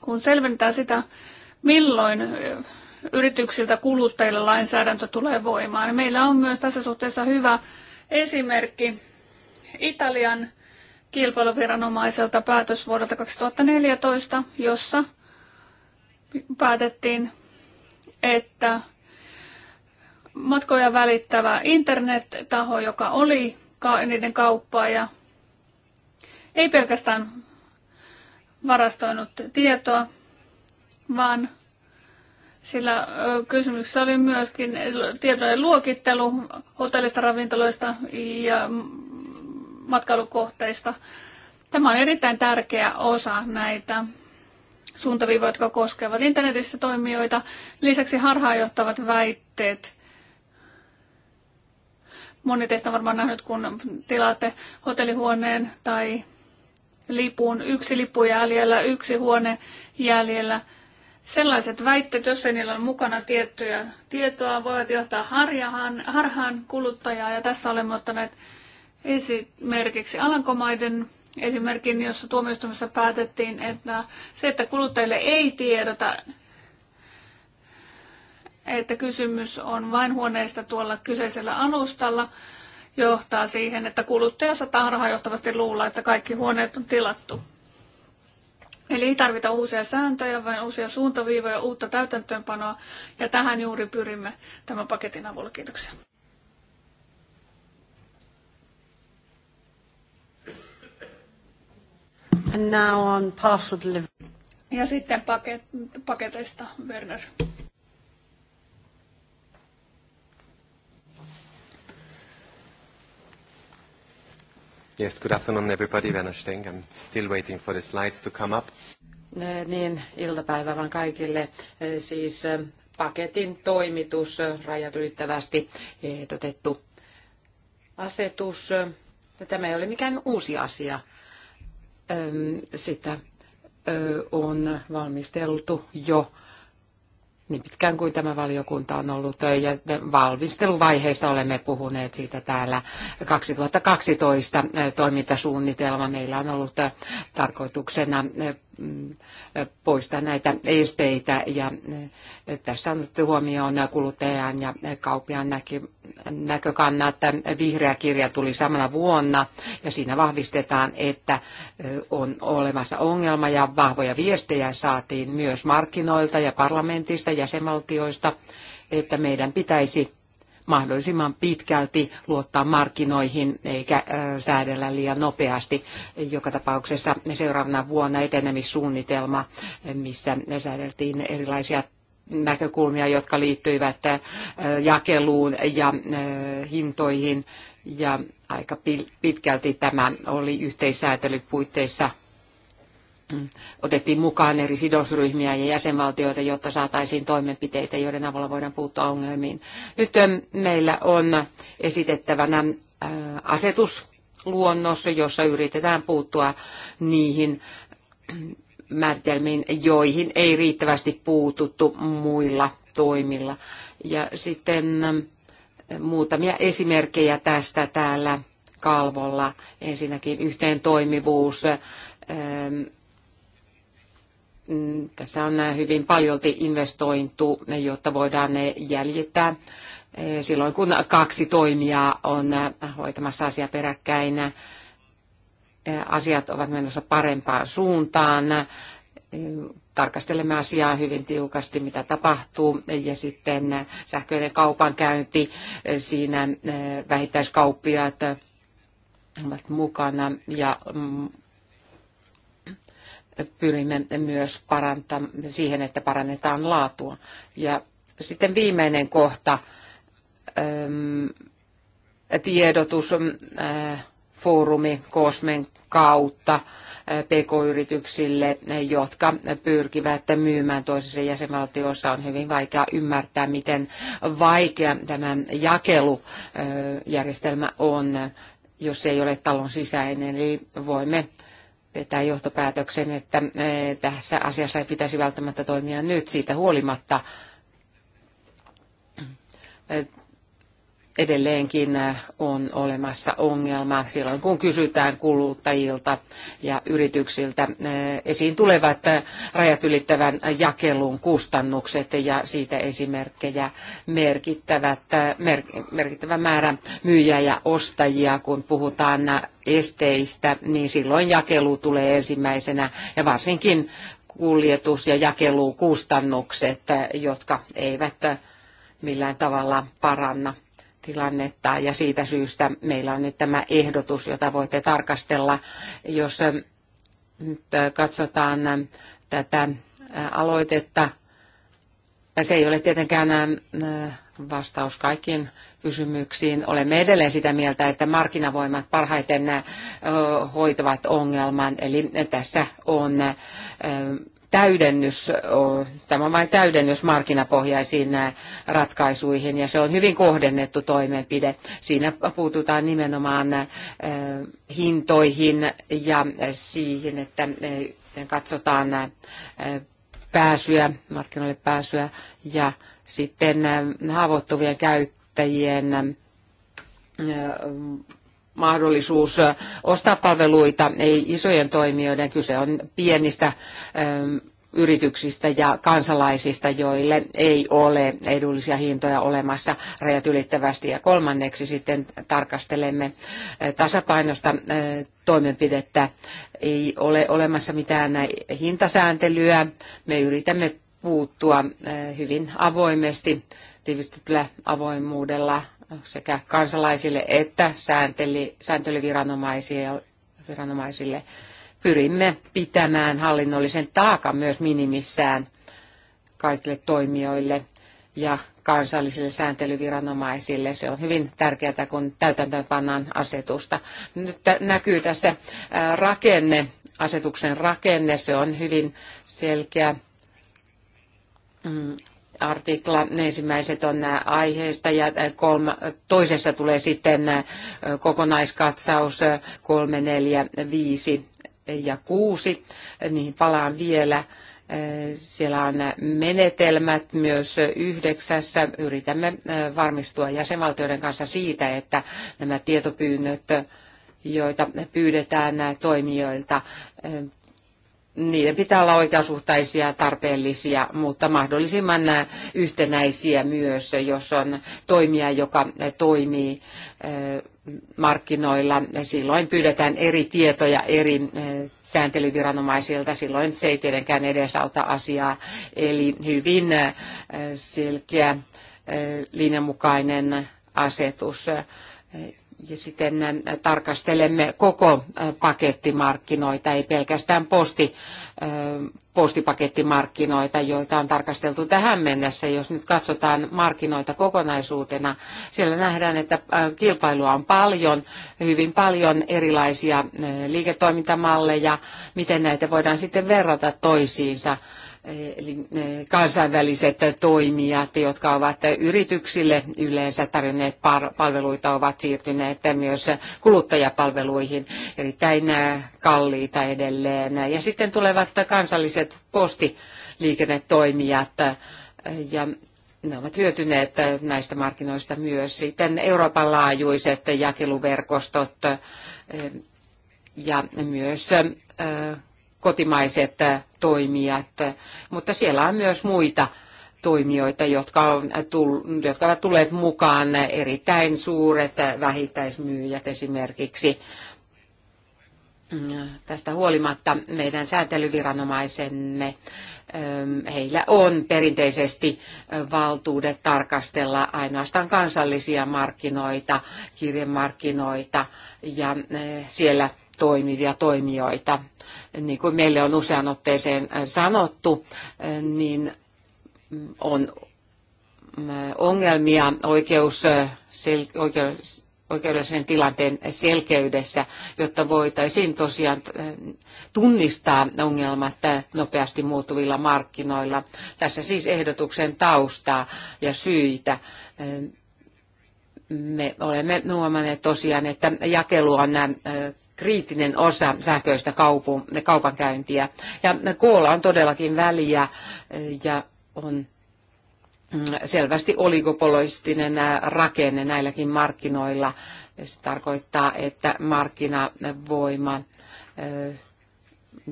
kun selventää sitä, milloin yrityksiltä kuluttajille lainsäädäntö tulee voimaan. Meillä on myös tässä suhteessa hyvä esimerkki Italian kilpailuviranomaiselta päätös vuodelta 2014, jossa päätettiin, että matkoja välittävä internet-taho, joka oli niiden kauppaa ja ei pelkästään varastoinut tietoa, vaan sillä kysymyksessä oli myöskin tietojen luokittelu hotellista, ravintoloista ja matkailukohteista. Tämä on erittäin tärkeä osa näitä suuntaviivoja, jotka koskevat internetissä toimijoita. Lisäksi harhaanjohtavat väitteet. Moni teistä on varmaan nähnyt, kun tilaatte hotellihuoneen tai lipuun, yksi lippu jäljellä, yksi huone jäljellä. Sellaiset väitteet, jos ei niillä ole mukana tiettyjä tietoa, voivat johtaa harjahan, harhaan kuluttajaa. Ja tässä olemme ottaneet esimerkiksi Alankomaiden esimerkin, jossa tuomioistumissa päätettiin, että se, että kuluttajille ei tiedota, että kysymys on vain huoneista tuolla kyseisellä alustalla, johtaa siihen, että kuluttaja saattaa harhaanjohtavasti luulla, että kaikki huoneet on tilattu. Eli ei tarvita uusia sääntöjä, vaan uusia suuntaviivoja, uutta täytäntöönpanoa, ja tähän juuri pyrimme tämän paketin avulla. Kiitoksia. And now on parcel delivery. Ja sitten paket, paketeista, Werner. Yes, good afternoon everybody. Werner Steng. I'm still waiting for the slides to come up. Niin, iltapäivä vaan kaikille. Siis paketin toimitus rajat ylittävästi ehdotettu asetus. Tämä ei ole mikään uusi asia. Sitä on valmisteltu jo niin pitkään kuin tämä valiokunta on ollut ja valmisteluvaiheessa olemme puhuneet siitä täällä 2012 toimintasuunnitelma. Meillä on ollut tarkoituksena Mm, poistaa näitä esteitä ja eh, tässä on otettu huomioon kuluttajan ja kauppiaan näkökannat. Vihreä kirja tuli samana vuonna ja siinä vahvistetaan, että eh, on olemassa ongelma ja vahvoja viestejä saatiin myös markkinoilta ja parlamentista, jäsenvaltioista, että meidän pitäisi mahdollisimman pitkälti luottaa markkinoihin eikä säädellä liian nopeasti. Joka tapauksessa seuraavana vuonna etenemissuunnitelma, missä säädeltiin erilaisia näkökulmia, jotka liittyivät jakeluun ja hintoihin. Ja aika pitkälti tämä oli yhteissäätelypuitteissa otettiin mukaan eri sidosryhmiä ja jäsenvaltioita, jotta saataisiin toimenpiteitä, joiden avulla voidaan puuttua ongelmiin. Nyt ähm, meillä on esitettävänä äh, asetusluonnos, jossa yritetään puuttua niihin äh, määritelmiin, joihin ei riittävästi puututtu muilla toimilla. Ja sitten äh, muutamia esimerkkejä tästä täällä kalvolla. Ensinnäkin yhteen toimivuus, Mm, tässä on äh, hyvin paljolti investointu, jotta voidaan ne jäljittää eh, silloin, kun kaksi toimijaa on äh, hoitamassa asiaa peräkkäin. Äh, asiat ovat menossa parempaan suuntaan. Eh, tarkastelemme asiaa hyvin tiukasti, mitä tapahtuu. Ja sitten sähköinen kaupankäynti, eh, siinä vähittäiskauppiaat ovat mukana ja mm, pyrimme myös paranta, siihen, että parannetaan laatua. Ja sitten viimeinen kohta, tiedotusfoorumi äh, Kosmen kautta äh, pk-yrityksille, äh, jotka pyrkivät myymään toisessa jäsenvaltiossa. On hyvin vaikea ymmärtää, miten vaikea tämä jakelujärjestelmä on, jos ei ole talon sisäinen. Eli voimme vetää johtopäätöksen, että tässä asiassa ei pitäisi välttämättä toimia nyt siitä huolimatta edelleenkin äh, on olemassa ongelma silloin, kun kysytään kuluttajilta ja yrityksiltä. Äh, esiin tulevat äh, rajat ylittävän jakelun kustannukset ja siitä esimerkkejä merkittävät, mer, merkittävä määrä myyjiä ja ostajia, kun puhutaan esteistä, niin silloin jakelu tulee ensimmäisenä ja varsinkin kuljetus- ja jakelukustannukset, jotka eivät millään tavalla paranna tilannetta ja siitä syystä meillä on nyt tämä ehdotus, jota voitte tarkastella, jos nyt katsotaan tätä aloitetta. Se ei ole tietenkään vastaus kaikkiin kysymyksiin. Olemme edelleen sitä mieltä, että markkinavoimat parhaiten hoitavat ongelman, eli tässä on täydennys, tämä on vain täydennys markkinapohjaisiin ratkaisuihin ja se on hyvin kohdennettu toimenpide. Siinä puututaan nimenomaan hintoihin ja siihen, että katsotaan pääsyä, markkinoille pääsyä ja sitten haavoittuvien käyttäjien mahdollisuus ostaa palveluita, ei isojen toimijoiden, kyse on pienistä ähm, yrityksistä ja kansalaisista, joille ei ole edullisia hintoja olemassa rajat ylittävästi. Ja kolmanneksi sitten tarkastelemme äh, tasapainosta äh, toimenpidettä. Ei ole olemassa mitään hintasääntelyä. Me yritämme puuttua äh, hyvin avoimesti, tiivistetyllä avoimuudella sekä kansalaisille että sääntely, sääntelyviranomaisille. Pyrimme pitämään hallinnollisen taakan myös minimissään kaikille toimijoille ja kansallisille sääntelyviranomaisille. Se on hyvin tärkeää, kun täytäntöönpannaan asetusta. Nyt näkyy tässä rakenne, asetuksen rakenne, se on hyvin selkeä mm, artikla. Ensimmäiset on aiheesta ja äh, kolma, toisessa tulee sitten äh, kokonaiskatsaus 3, 4, 5 ja 6. Niihin palaan vielä. Äh, siellä on menetelmät myös yhdeksässä. Yritämme varmistua jäsenvaltioiden kanssa siitä, että nämä tietopyynnöt, joita pyydetään toimijoilta, niiden pitää olla oikeasuhtaisia, tarpeellisia, mutta mahdollisimman yhtenäisiä myös, jos on toimija, joka toimii markkinoilla. Silloin pyydetään eri tietoja eri sääntelyviranomaisilta. Silloin se ei tietenkään edesauta asiaa. Eli hyvin selkeä linjanmukainen asetus ja sitten tarkastelemme koko pakettimarkkinoita, ei pelkästään posti, postipakettimarkkinoita, joita on tarkasteltu tähän mennessä. Jos nyt katsotaan markkinoita kokonaisuutena, siellä nähdään, että kilpailua on paljon, hyvin paljon erilaisia liiketoimintamalleja, miten näitä voidaan sitten verrata toisiinsa eli eh, kansainväliset toimijat, jotka ovat yrityksille yleensä tarjonneet palveluita, ovat siirtyneet myös kuluttajapalveluihin, erittäin eh, kalliita edelleen. Ja sitten tulevat kansalliset postiliikennetoimijat, ja ne ovat hyötyneet näistä markkinoista myös. Sitten Euroopan laajuiset jakeluverkostot eh, ja myös kotimaiset äh, toimijat, mutta siellä on myös muita toimijoita, jotka, äh, jotka ovat tulleet mukaan, äh, erittäin suuret vähittäismyyjät esimerkiksi. Mm, tästä huolimatta meidän sääntelyviranomaisemme, ähm, heillä on perinteisesti valtuudet tarkastella ainoastaan kansallisia markkinoita, kirjemarkkinoita ja siellä toimivia toimijoita niin kuin meille on usean otteeseen äh, sanottu, äh, niin mm, on mm, ongelmia oikeus, äh, sel, oikeus, oikeudellisen tilanteen selkeydessä, jotta voitaisiin tosiaan tunnistaa ongelmat nopeasti muuttuvilla markkinoilla. Tässä siis ehdotuksen taustaa ja syitä. Me olemme huomanneet tosiaan, että jakelu on kriittinen osa sähköistä kaupu- kaupankäyntiä. Ja koolla on todellakin väliä eh, ja on mm, selvästi oligopolistinen rakenne näilläkin markkinoilla. Se tarkoittaa, että markkinavoima eh,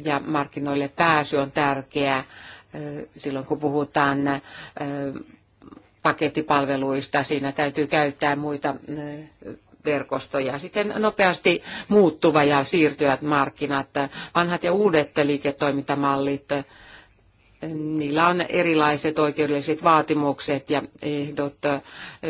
ja markkinoille pääsy on tärkeää eh, silloin, kun puhutaan pakettipalveluista. Siinä täytyy käyttää muita verkosto ja sitten nopeasti muuttuva ja siirtyvät markkinat, vanhat ja uudet liiketoimintamallit, niillä on erilaiset oikeudelliset vaatimukset ja ehdot,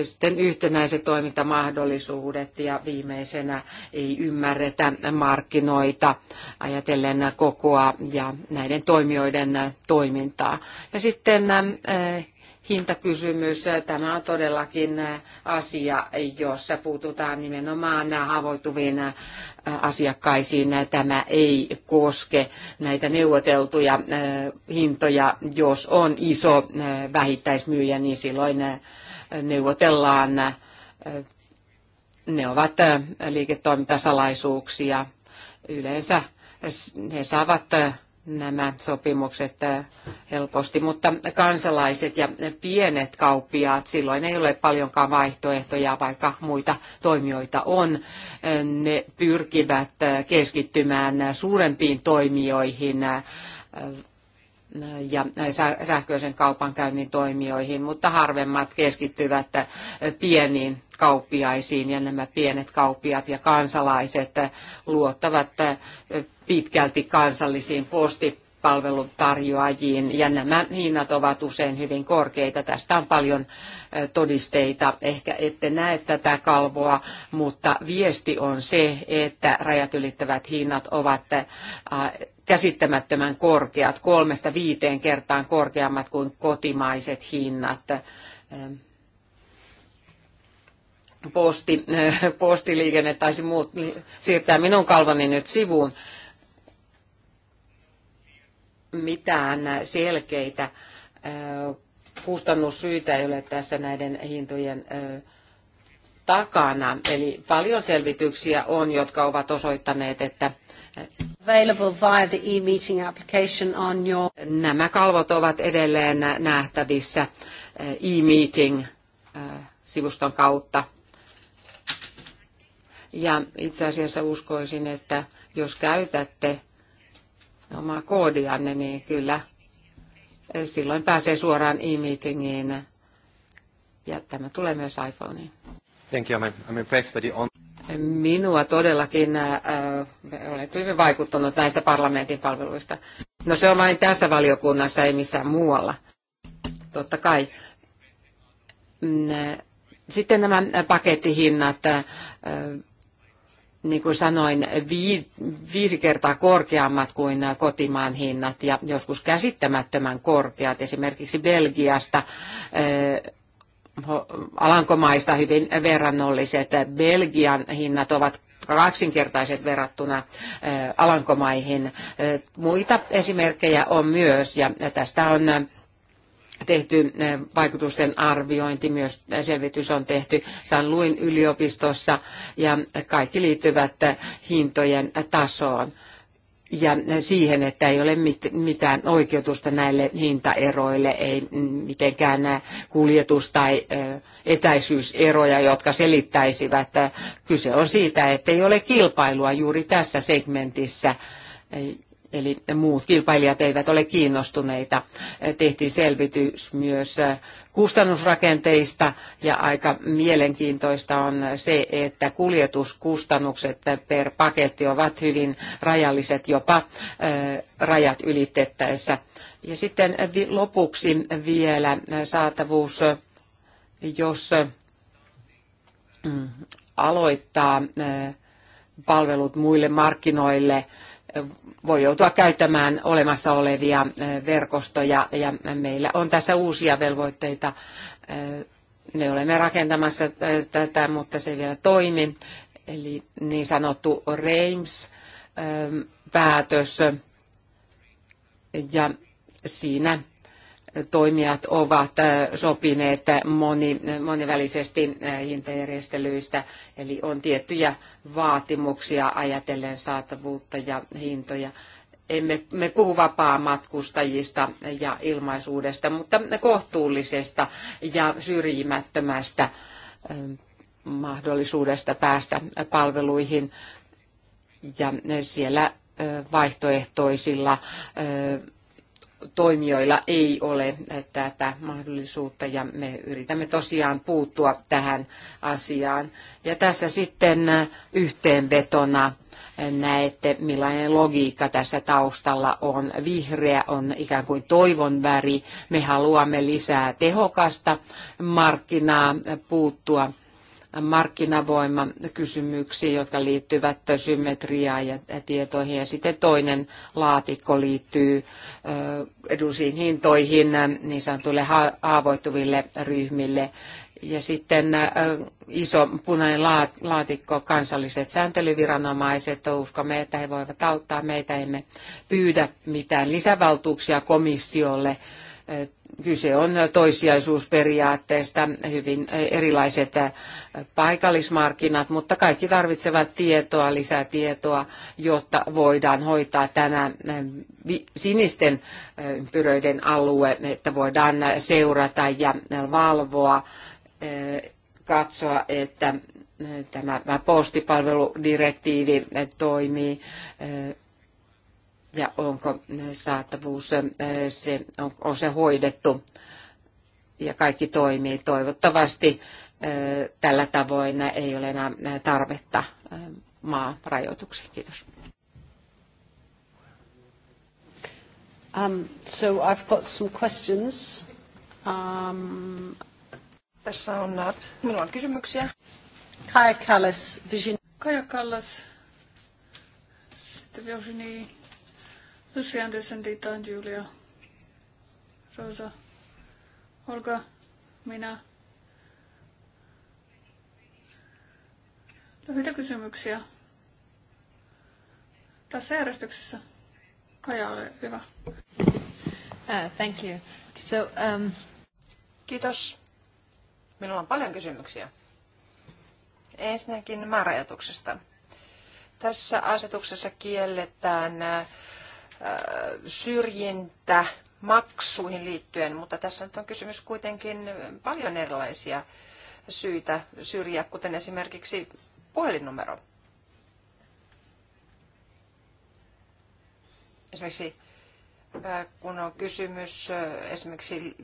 sitten yhtenäiset toimintamahdollisuudet ja viimeisenä ei ymmärretä markkinoita ajatellen kokoa ja näiden toimijoiden toimintaa. Ja sitten eh, hintakysymys. Tämä on todellakin asia, jossa puututaan nimenomaan haavoittuviin asiakkaisiin. Tämä ei koske näitä neuvoteltuja hintoja. Jos on iso vähittäismyyjä, niin silloin neuvotellaan. Ne ovat liiketoimintasalaisuuksia. Yleensä he saavat nämä sopimukset äh, helposti, mutta kansalaiset ja pienet kauppiaat, silloin ei ole paljonkaan vaihtoehtoja, vaikka muita toimijoita on. Äh, ne pyrkivät äh, keskittymään suurempiin toimijoihin ja sähköisen kaupankäynnin toimijoihin, mutta harvemmat keskittyvät pieniin kauppiaisiin ja nämä pienet kauppiat ja kansalaiset luottavat pitkälti kansallisiin postipalveluntarjoajiin ja nämä hinnat ovat usein hyvin korkeita. Tästä on paljon todisteita. Ehkä ette näe tätä kalvoa, mutta viesti on se, että rajat ylittävät hinnat ovat käsittämättömän korkeat, kolmesta viiteen kertaan korkeammat kuin kotimaiset hinnat posti, postiliikenne taisi muut, siirtää minun kalvani nyt sivuun mitään selkeitä kustannussyitä ei ole tässä näiden hintojen takana. Eli paljon selvityksiä on, jotka ovat osoittaneet, että Available via the e-meeting application on your... Nämä kalvot ovat edelleen nähtävissä e-meeting-sivuston kautta. Ja itse asiassa uskoisin, että jos käytätte omaa koodianne, niin kyllä silloin pääsee suoraan e-meetingiin. Ja tämä tulee myös iPhoneen. Thank you. I'm, impressed with the on- Minua todellakin äh, olen hyvin vaikuttunut näistä parlamentin palveluista. No se on vain tässä valiokunnassa, ei missään muualla. Totta kai. Mm, äh, sitten nämä pakettihinnat. Äh, niin kuin sanoin, viisi kertaa korkeammat kuin kotimaan hinnat ja joskus käsittämättömän korkeat. Esimerkiksi Belgiasta, eh, Alankomaista hyvin verrannolliset. Belgian hinnat ovat kaksinkertaiset verrattuna eh, Alankomaihin. Eh, muita esimerkkejä on myös ja tästä on tehty eh, vaikutusten arviointi, myös selvitys on tehty San Luin yliopistossa ja kaikki liittyvät eh, hintojen tasoon ja eh, siihen, että ei ole mitään oikeutusta näille hintaeroille, ei mitenkään nämä kuljetus- tai etäisyyseroja, jotka selittäisivät. Kyse on siitä, että ei ole kilpailua juuri tässä segmentissä eli muut kilpailijat eivät ole kiinnostuneita. Tehtiin selvitys myös kustannusrakenteista ja aika mielenkiintoista on se, että kuljetuskustannukset per paketti ovat hyvin rajalliset jopa eh, rajat ylitettäessä. Ja sitten lopuksi vielä eh, saatavuus, eh, jos mm, aloittaa palvelut muille markkinoille, voi joutua käyttämään olemassa olevia verkostoja ja meillä on tässä uusia velvoitteita. Me olemme rakentamassa tätä, mutta se ei vielä toimi. Eli niin sanottu REIMS-päätös ja siinä toimijat ovat äh, sopineet moni, monivälisesti äh, hintajärjestelyistä, eli on tiettyjä vaatimuksia ajatellen saatavuutta ja hintoja. Emme me puhu vapaamatkustajista ja ilmaisuudesta, mutta kohtuullisesta ja syrjimättömästä ähm, mahdollisuudesta päästä palveluihin. Ja siellä äh, vaihtoehtoisilla toimijoilla ei ole tätä mahdollisuutta ja me yritämme tosiaan puuttua tähän asiaan. Ja tässä sitten yhteenvetona näette, millainen logiikka tässä taustalla on. Vihreä on ikään kuin toivon väri. Me haluamme lisää tehokasta markkinaa puuttua markkinavoimakysymyksiin, kysymyksiin, jotka liittyvät symmetriaan ja tietoihin. Ja sitten toinen laatikko liittyy edullisiin hintoihin niin sanotuille haavoittuville ryhmille. Ja sitten iso punainen laatikko, kansalliset sääntelyviranomaiset, uskomme, että he voivat auttaa meitä, emme pyydä mitään lisävaltuuksia komissiolle Kyse on toissijaisuusperiaatteesta, hyvin erilaiset paikallismarkkinat, mutta kaikki tarvitsevat tietoa, lisää tietoa, jotta voidaan hoitaa tämä sinisten ympyröiden alue, että voidaan seurata ja valvoa, katsoa, että tämä postipalveludirektiivi toimii ja onko saatavuus, se, on, on se hoidettu ja kaikki toimii. Toivottavasti tällä tavoin ei ole enää tarvetta maarajoituksiin. Kiitos. Um, so I've got some questions. Um, tässä on, äh, minulla on kysymyksiä. Kaja Kallas, Virginia. Kaja Kallas, sitten Virginie Lucy Anderson, Dita, Julia, Rosa, Olga, minä. Lyhyitä kysymyksiä. Tässä järjestyksessä. Kaja, ole hyvä. Uh, thank you. So, um... Kiitos. Minulla on paljon kysymyksiä. Ensinnäkin määräajatuksesta. Tässä asetuksessa kielletään uh, syrjintä maksuihin liittyen, mutta tässä nyt on kysymys kuitenkin paljon erilaisia syitä syrjiä, kuten esimerkiksi puhelinnumero. Esimerkiksi äh, kun on kysymys äh, esimerkiksi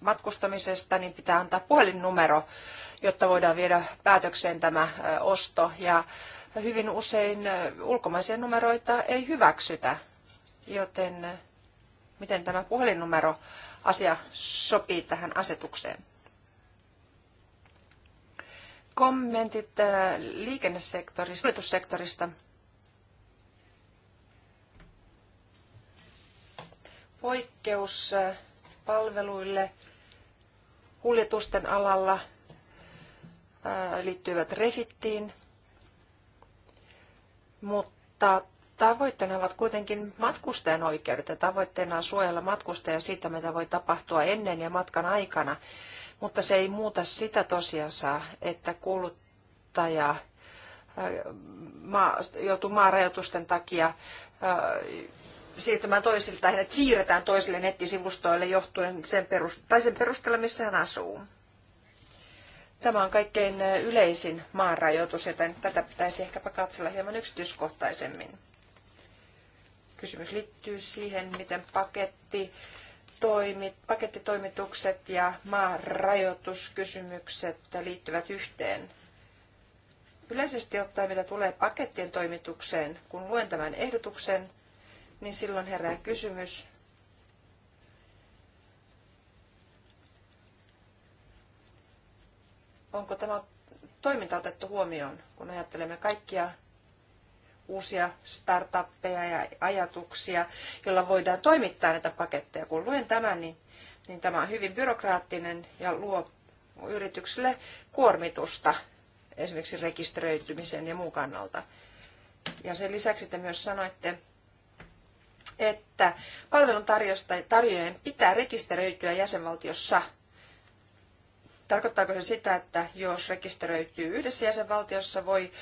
matkustamisesta, niin pitää antaa puhelinnumero, jotta voidaan viedä päätökseen tämä äh, osto. Ja hyvin usein ulkomaisia numeroita ei hyväksytä. Joten eh, miten tämä puhelinnumero asia sopii tähän asetukseen? Kommentit eh, liikennesektorista, kuljetussektorista. Poikkeus eh, palveluille kuljetusten alalla liittyvät refittiin, mutta Tavoitteena ovat kuitenkin matkustajan oikeudet ja tavoitteena on suojella matkustajia siitä, mitä voi tapahtua ennen ja matkan aikana, mutta se ei muuta sitä tosiasiaa, että kuluttaja joutuu maarajoitusten takia siirtymään toisille tai hänet siirretään toisille nettisivustoille johtuen sen, perust- tai sen perusteella, missä hän asuu. Tämä on kaikkein yleisin maanrajoitus, joten tätä pitäisi ehkäpä katsella hieman yksityiskohtaisemmin. Kysymys liittyy siihen, miten paketti toimit, pakettitoimitukset ja maarajoituskysymykset liittyvät yhteen. Yleisesti ottaen, mitä tulee pakettien toimitukseen, kun luen tämän ehdotuksen, niin silloin herää kysymys, onko tämä toiminta otettu huomioon, kun ajattelemme kaikkia uusia startuppeja ja ajatuksia, joilla voidaan toimittaa näitä paketteja. Kun luen tämän, niin, niin tämä on hyvin byrokraattinen ja luo yrityksille kuormitusta esimerkiksi rekisteröitymisen ja muun kannalta. Ja sen lisäksi te myös sanoitte, että palveluntarjoajien pitää rekisteröityä jäsenvaltiossa. Tarkoittaako se sitä, että jos rekisteröityy yhdessä jäsenvaltiossa, voi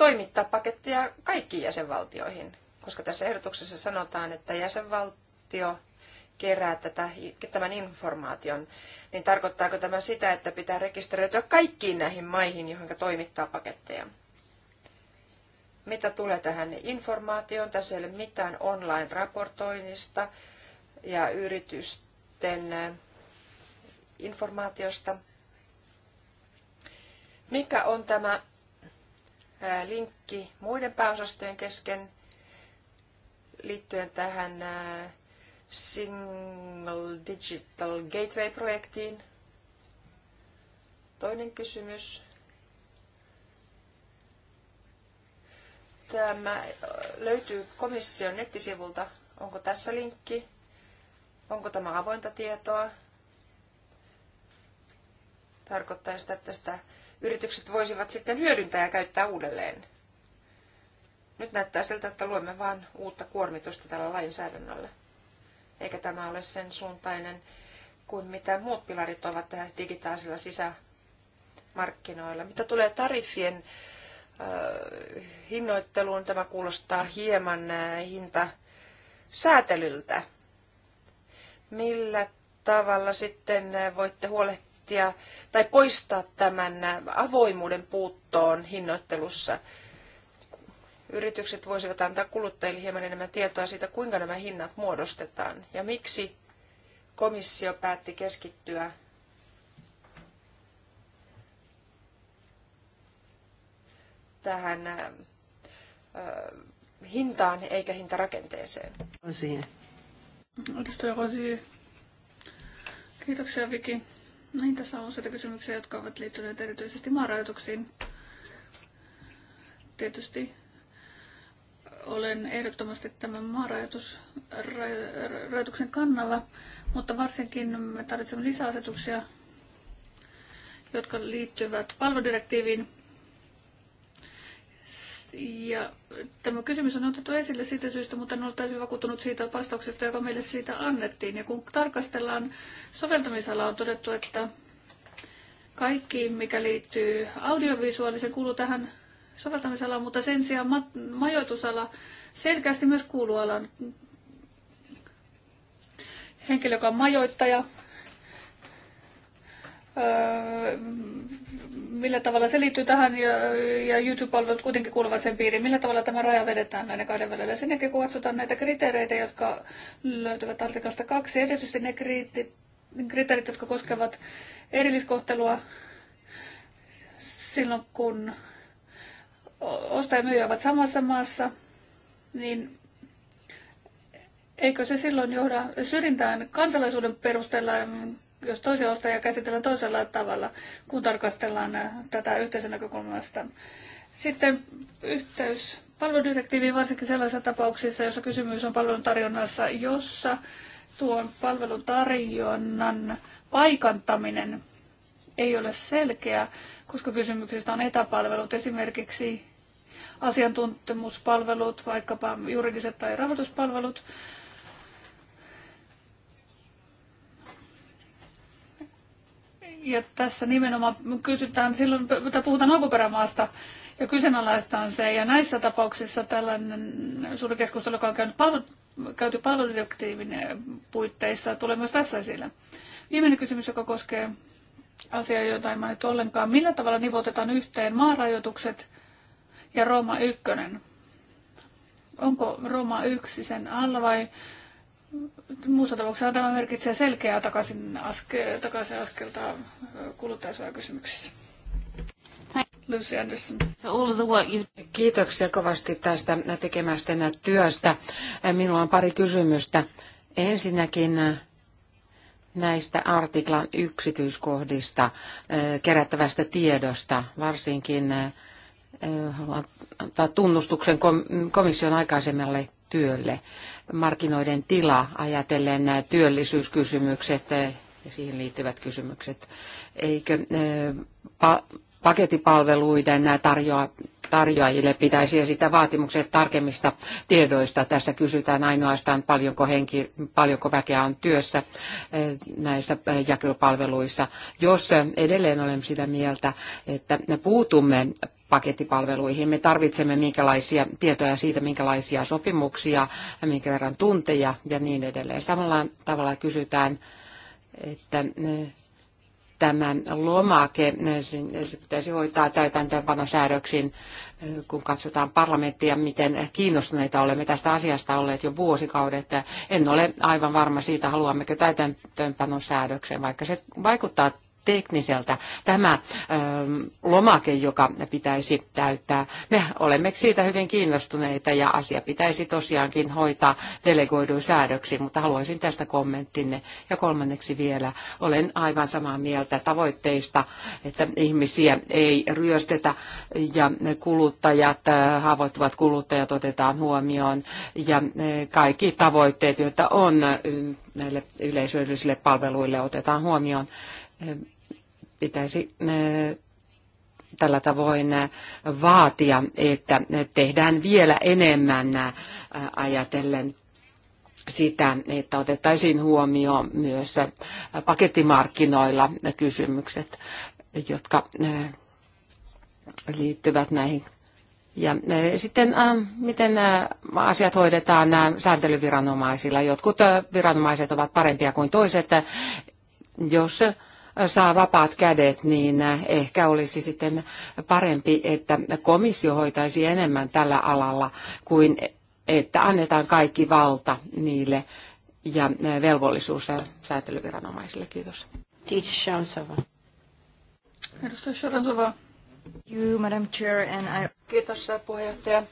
toimittaa paketteja kaikkiin jäsenvaltioihin, koska tässä ehdotuksessa sanotaan, että jäsenvaltio kerää tätä, tämän informaation, niin tarkoittaako tämä sitä, että pitää rekisteröityä kaikkiin näihin maihin, johon toimittaa paketteja? Mitä tulee tähän informaatioon, tässä ei ole mitään online-raportoinnista ja yritysten informaatiosta. Mikä on tämä linkki muiden pääosastojen kesken liittyen tähän Single Digital Gateway-projektiin. Toinen kysymys. Tämä löytyy komission nettisivulta. Onko tässä linkki? Onko tämä avointa tietoa? Tarkoittaa sitä, että tästä yritykset voisivat sitten hyödyntää ja käyttää uudelleen. Nyt näyttää siltä, että luemme vain uutta kuormitusta tällä lainsäädännöllä. Eikä tämä ole sen suuntainen kuin mitä muut pilarit ovat digitaalisilla sisämarkkinoilla. Mitä tulee tariffien äh, hinnoitteluun, tämä kuulostaa hieman äh, hinta säätelyltä. Millä tavalla sitten voitte huolehtia huolehtia tai poistaa tämän avoimuuden puuttoon hinnoittelussa. Yritykset voisivat antaa kuluttajille hieman enemmän tietoa siitä, kuinka nämä hinnat muodostetaan ja miksi komissio päätti keskittyä tähän äh, hintaan eikä hintarakenteeseen. Rosie. Edustaja Rosie. Kiitoksia Viki. Niin, tässä on useita kysymyksiä, jotka ovat liittyneet erityisesti maanrajoituksiin. Tietysti olen ehdottomasti tämän maanrajoituksen kannalla, mutta varsinkin me tarvitsemme lisäasetuksia, jotka liittyvät palveludirektiiviin, ja tämä kysymys on otettu esille siitä syystä, mutta en ole täysin vakuuttunut siitä vastauksesta, joka meille siitä annettiin. Ja kun tarkastellaan soveltamisalaa, on todettu, että kaikki, mikä liittyy audiovisuaaliseen, kuuluu tähän soveltamisalaan, mutta sen sijaan majoitusala selkeästi myös kuuluu alan henkilö, joka on majoittaja, öö, millä tavalla se liittyy tähän ja, ja YouTube-palvelut kuitenkin kuuluvat sen piiriin. Millä tavalla tämä raja vedetään näiden kahden välillä? Sen jälkeen kun katsotaan näitä kriteereitä, jotka löytyvät artikasta kaksi, erityisesti ne kriteerit, jotka koskevat erilliskohtelua silloin, kun ostaja ja myyjä ovat samassa maassa, niin eikö se silloin johda syrjintään kansalaisuuden perusteella jos toisia ostajia käsitellään toisella tavalla, kun tarkastellaan äh, tätä yhteisön näkökulmasta. Sitten yhteys palveludirektiiviin varsinkin sellaisissa tapauksissa, jossa kysymys on palvelun tarjonnassa, jossa tuon palvelun tarjonnan paikantaminen ei ole selkeä, koska kysymyksistä on etäpalvelut, esimerkiksi asiantuntemuspalvelut, vaikkapa juridiset tai rahoituspalvelut, Ja tässä nimenomaan kysytään silloin, että puhutaan alkuperämaasta ja kyseenalaistaan se. Ja näissä tapauksissa tällainen suuri keskustelu, joka on käynyt palvelu, käyty palveludirektiivin puitteissa, tulee myös tässä esille. Viimeinen kysymys, joka koskee asiaa, jota ei mainittu ollenkaan. Millä tavalla nivotetaan yhteen maarajoitukset ja Rooma 1? Onko Rooma 1 sen alla vai Muussa tapauksessa tämä merkitsee selkeää takaisin, aske, takaisin askelta kuluttajasuojakysymyksissä. Lucy Anderson. Kiitoksia kovasti tästä tekemästä työstä. Minulla on pari kysymystä. Ensinnäkin näistä artiklan yksityiskohdista kerättävästä tiedosta, varsinkin haluan antaa tunnustuksen komission aikaisemmalle työlle markkinoiden tila ajatellen nämä työllisyyskysymykset ja siihen liittyvät kysymykset. Eikö eh, pa- paketipalveluiden tarjoa, tarjoajille pitäisi esittää vaatimukset tarkemmista tiedoista. Tässä kysytään ainoastaan paljonko, henki, paljonko väkeä on työssä eh, näissä eh, jakelupalveluissa. Jos edelleen olemme sitä mieltä, että puutumme pakettipalveluihin. Me tarvitsemme minkälaisia tietoja siitä, minkälaisia sopimuksia, minkä verran tunteja ja niin edelleen. Samalla tavalla kysytään, että eh, tämä lomake, eh, eh, se pitäisi hoitaa säädöksiin, kun katsotaan parlamenttia, miten kiinnostuneita olemme tästä asiasta olleet jo vuosikaudet. En ole aivan varma siitä, haluammeko säädöksen, vaikka se vaikuttaa tekniseltä tämä lomake, joka pitäisi täyttää. Me olemme siitä hyvin kiinnostuneita ja asia pitäisi tosiaankin hoitaa delegoiduin säädöksi, mutta haluaisin tästä kommenttinne. Ja kolmanneksi vielä, olen aivan samaa mieltä tavoitteista, että ihmisiä ei ryöstetä ja kuluttajat, haavoittuvat kuluttajat otetaan huomioon ja kaikki tavoitteet, joita on näille yleisöllisille palveluille otetaan huomioon pitäisi tällä tavoin vaatia, että tehdään vielä enemmän ajatellen sitä, että otettaisiin huomioon myös pakettimarkkinoilla kysymykset, jotka liittyvät näihin. Ja sitten miten asiat hoidetaan sääntelyviranomaisilla. Jotkut viranomaiset ovat parempia kuin toiset. Jos saa vapaat kädet, niin ehkä olisi sitten parempi, että komissio hoitaisi enemmän tällä alalla kuin että annetaan kaikki valta niille ja velvollisuus säätelyviranomaisille. Kiitos. Edustaja Sharansova. You, Madam Chair, and I... Kiitos puheenjohtaja.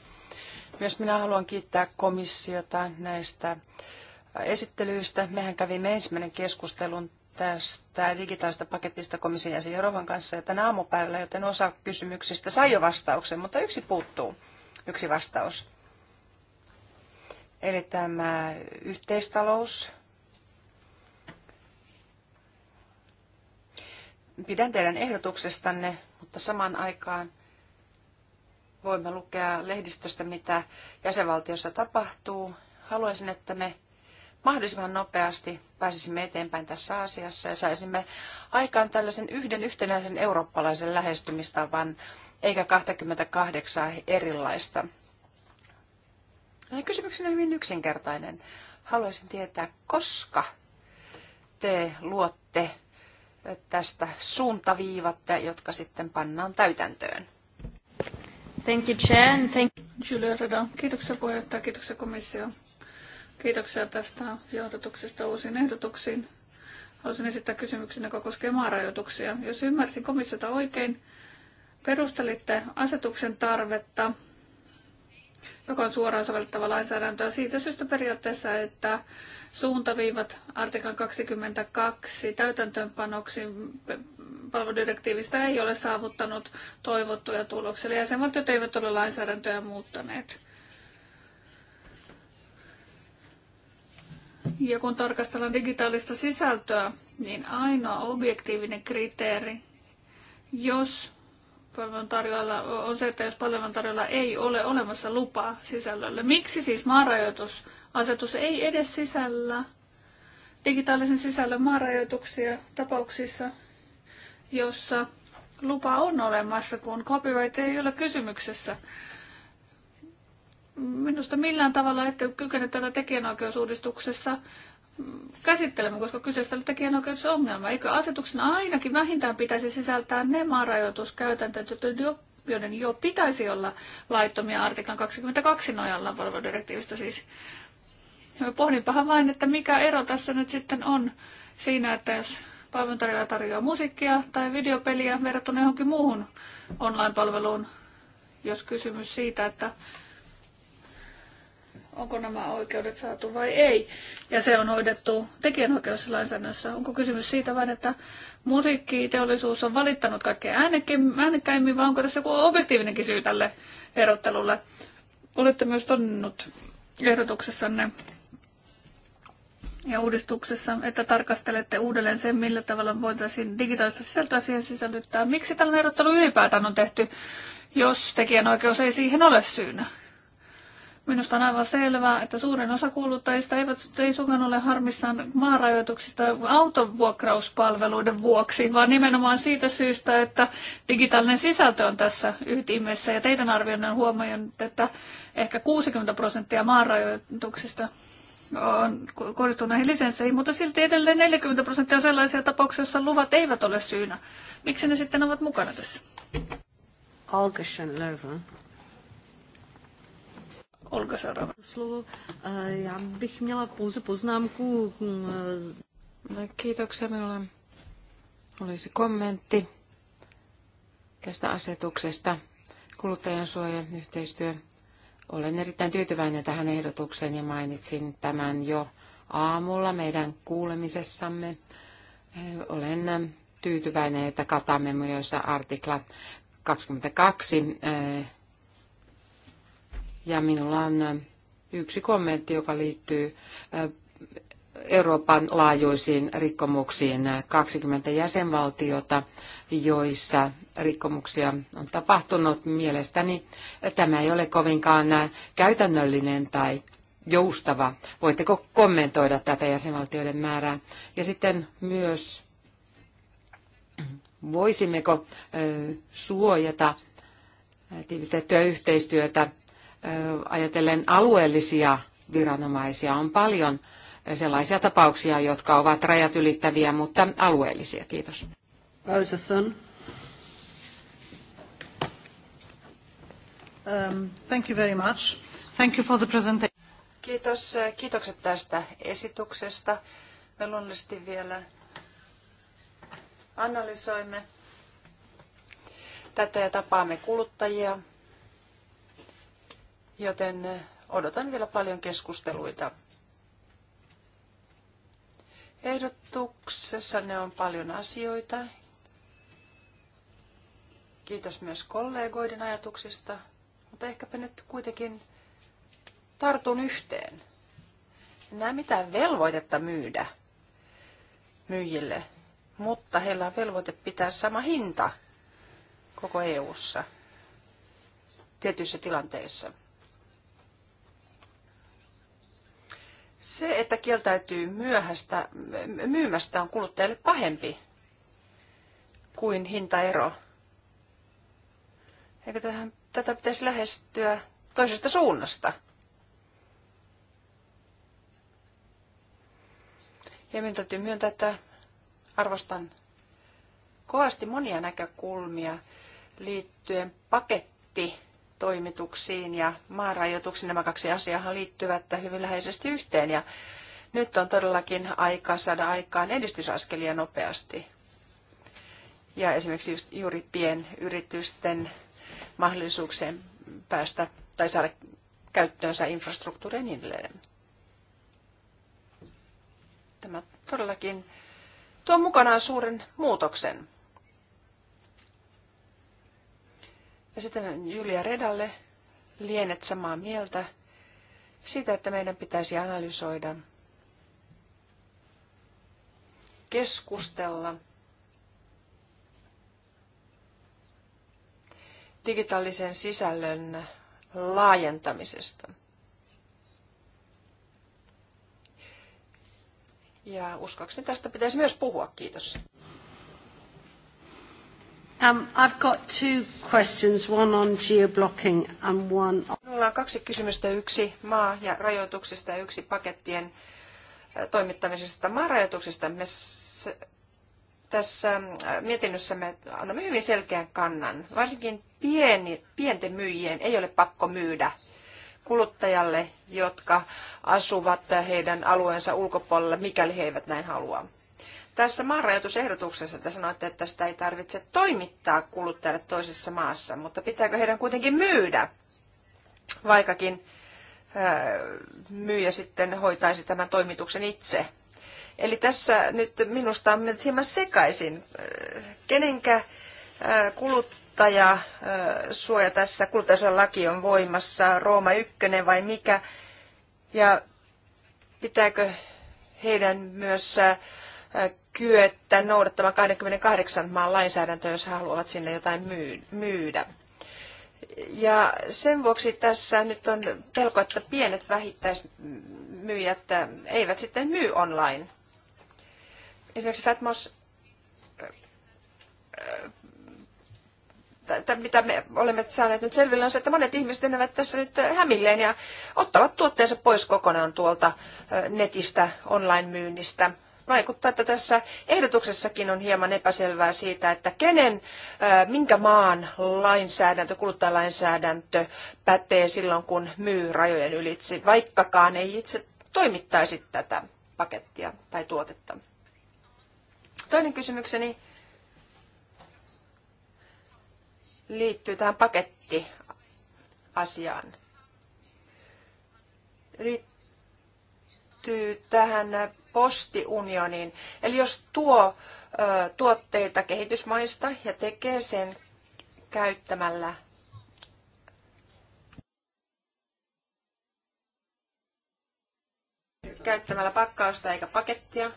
Myös minä haluan kiittää komissiota näistä esittelyistä. Mehän kävimme ensimmäinen keskustelun tästä digitaalista paketista komission jäsen Jorovan kanssa ja tänä aamupäivällä, joten osa kysymyksistä sai jo vastauksen, mutta yksi puuttuu, yksi vastaus. Eli tämä yhteistalous. Pidän teidän ehdotuksestanne, mutta samaan aikaan voimme lukea lehdistöstä, mitä jäsenvaltiossa tapahtuu. Haluaisin, että me mahdollisimman nopeasti pääsisimme eteenpäin tässä asiassa ja saisimme aikaan tällaisen yhden yhtenäisen eurooppalaisen lähestymistavan, eikä 28 erilaista. kysymykseni on hyvin yksinkertainen. Haluaisin tietää, koska te luotte tästä suuntaviivatta, jotka sitten pannaan täytäntöön. Thank you, Chair. Thank you. Kiitoksia puheenjohtaja, kiitoksia komissio. Kiitoksia tästä johdotuksesta uusiin ehdotuksiin. Haluaisin esittää kysymyksen, joka koskee maarajoituksia. Jos ymmärsin komissiota oikein, perustelitte asetuksen tarvetta, joka on suoraan sovellettava lainsäädäntöä siitä syystä periaatteessa, että suuntaviivat artiklan 22 täytäntöönpanoksi palveludirektiivistä ei ole saavuttanut toivottuja tuloksia. Jäsenvaltiot eivät ole lainsäädäntöä muuttaneet. Ja kun tarkastellaan digitaalista sisältöä, niin ainoa objektiivinen kriteeri, jos palveluntarjoajalla on se, että jos palveluntarjoajalla ei ole olemassa lupaa sisällölle. Miksi siis maarajoitusasetus ei edes sisällä digitaalisen sisällön maarajoituksia tapauksissa, jossa lupa on olemassa, kun copyright ei ole kysymyksessä? minusta millään tavalla ette kykene tätä tekijänoikeusuudistuksessa käsittelemään, koska kyseessä on tekijänoikeusongelma. Eikö asetuksen ainakin vähintään pitäisi sisältää ne maarajoituskäytänteet, joiden jo pitäisi olla laittomia artiklan 22 nojalla direktiivistä, siis. Pohdinpahan vain, että mikä ero tässä nyt sitten on siinä, että jos palveluntarjoaja tarjoaa musiikkia tai videopeliä verrattuna johonkin muuhun online-palveluun, jos kysymys siitä, että onko nämä oikeudet saatu vai ei. Ja se on hoidettu tekijänoikeuslainsäädännössä. Onko kysymys siitä vain, että musiikkiteollisuus on valittanut kaikkein äänekkäimmin, vai onko tässä joku objektiivinenkin syy tälle erottelulle? Olette myös todennut ehdotuksessanne ja uudistuksessa, että tarkastelette uudelleen sen, millä tavalla voitaisiin digitaalista sisältöä siihen sisällyttää. Miksi tällainen erottelu ylipäätään on tehty, jos tekijänoikeus ei siihen ole syynä? Minusta on aivan selvää, että suurin osa kuluttajista eivät, ei suinkaan ole harmissaan maarajoituksista autovuokrauspalveluiden vuoksi, vaan nimenomaan siitä syystä, että digitaalinen sisältö on tässä ytimessä. Ja teidän arvionne on huomioinut, että ehkä 60 prosenttia maarajoituksista on kohdistunut näihin lisensseihin, mutta silti edelleen 40 prosenttia on sellaisia tapauksia, joissa luvat eivät ole syynä. Miksi ne sitten ovat mukana tässä? Olga Schönlervan. Olga seuraava. Slovo. Já bych měla pouze poznámku. Hm, no, kiitoksia. Minulla olisi kommentti tästä asetuksesta. Kuluttajansuojan yhteistyö. Olen erittäin tyytyväinen tähän ehdotukseen ja mainitsin tämän jo aamulla meidän kuulemisessamme. Olen tyytyväinen, että katamme myös artikla 22 ja minulla on yksi kommentti, joka liittyy Euroopan laajuisiin rikkomuksiin 20 jäsenvaltiota, joissa rikkomuksia on tapahtunut. Mielestäni tämä ei ole kovinkaan käytännöllinen tai joustava. Voitteko kommentoida tätä jäsenvaltioiden määrää? Ja sitten myös voisimmeko suojata tiivistettyä yhteistyötä ajatellen alueellisia viranomaisia on paljon sellaisia tapauksia, jotka ovat rajat ylittäviä, mutta alueellisia. Kiitos. Um, thank you very much. Thank you for the presentation. Kiitos, kiitokset tästä esityksestä. Me luonnollisesti vielä analysoimme tätä ja tapaamme kuluttajia joten eh, odotan vielä paljon keskusteluita. Ehdotuksessa ne on paljon asioita. Kiitos myös kollegoiden ajatuksista, mutta ehkäpä nyt kuitenkin tartun yhteen. Enää mitä mitään velvoitetta myydä myyjille, mutta heillä on velvoite pitää sama hinta koko EU:ssa tietyissä tilanteissa. Se, että kieltäytyy myöhästä, myymästä, on kuluttajalle pahempi kuin hintaero. Eikö tähän, tätä pitäisi lähestyä toisesta suunnasta? Ja minun täytyy myöntää, että arvostan kovasti monia näkökulmia liittyen paketti toimituksiin ja maanrajoituksiin. Nämä kaksi asiaa liittyvät hyvin läheisesti yhteen ja nyt on todellakin aika saada aikaan edistysaskelia nopeasti. Ja esimerkiksi juuri pienyritysten mahdollisuuksien päästä tai saada käyttöönsä infrastruktuuria niin edelleen. Tämä todellakin tuo mukanaan suuren muutoksen. Ja sitten Julia Redalle lienet samaa mieltä siitä, että meidän pitäisi analysoida, keskustella digitaalisen sisällön laajentamisesta. Ja uskoakseni tästä pitäisi myös puhua. Kiitos. Um, I've got two questions, one on geoblocking and one on... Minulla on kaksi kysymystä, yksi maa- ja rajoituksista ja yksi pakettien toimittamisesta maarajoituksista. Me tässä mietinnössä me annamme hyvin selkeän kannan. Varsinkin pieni, pienten myyjien ei ole pakko myydä kuluttajalle, jotka asuvat heidän alueensa ulkopuolella, mikäli he eivät näin halua. Tässä maanrajoitusehdotuksessa te sanoitte, että sitä ei tarvitse toimittaa kuluttajalle toisessa maassa, mutta pitääkö heidän kuitenkin myydä, vaikkakin myyjä sitten hoitaisi tämän toimituksen itse. Eli tässä nyt minusta on mennyt hieman sekaisin. Kenenkä kuluttaja suoja tässä, laki on voimassa, Rooma 1 vai mikä? Ja pitääkö heidän myös kyettä noudattamaan 28 maan lainsäädäntöä, jos he haluavat sinne jotain myydä. Ja sen vuoksi tässä nyt on pelko, että pienet vähittäismyyjät eivät sitten myy online. Esimerkiksi Fatmos, mitä me olemme saaneet nyt selville, on se, että monet ihmiset menevät tässä nyt hämilleen ja ottavat tuotteensa pois kokonaan tuolta netistä online-myynnistä – vaikuttaa, että tässä ehdotuksessakin on hieman epäselvää siitä, että kenen, minkä maan lainsäädäntö, kuluttajalainsäädäntö pätee silloin, kun myy rajojen ylitse, vaikkakaan ei itse toimittaisi tätä pakettia tai tuotetta. Toinen kysymykseni liittyy tähän pakettiasiaan. Liittyy tähän postiunioniin. Eli jos tuo tuotteita kehitysmaista ja tekee sen käyttämällä käyttämällä pakkausta eikä pakettia.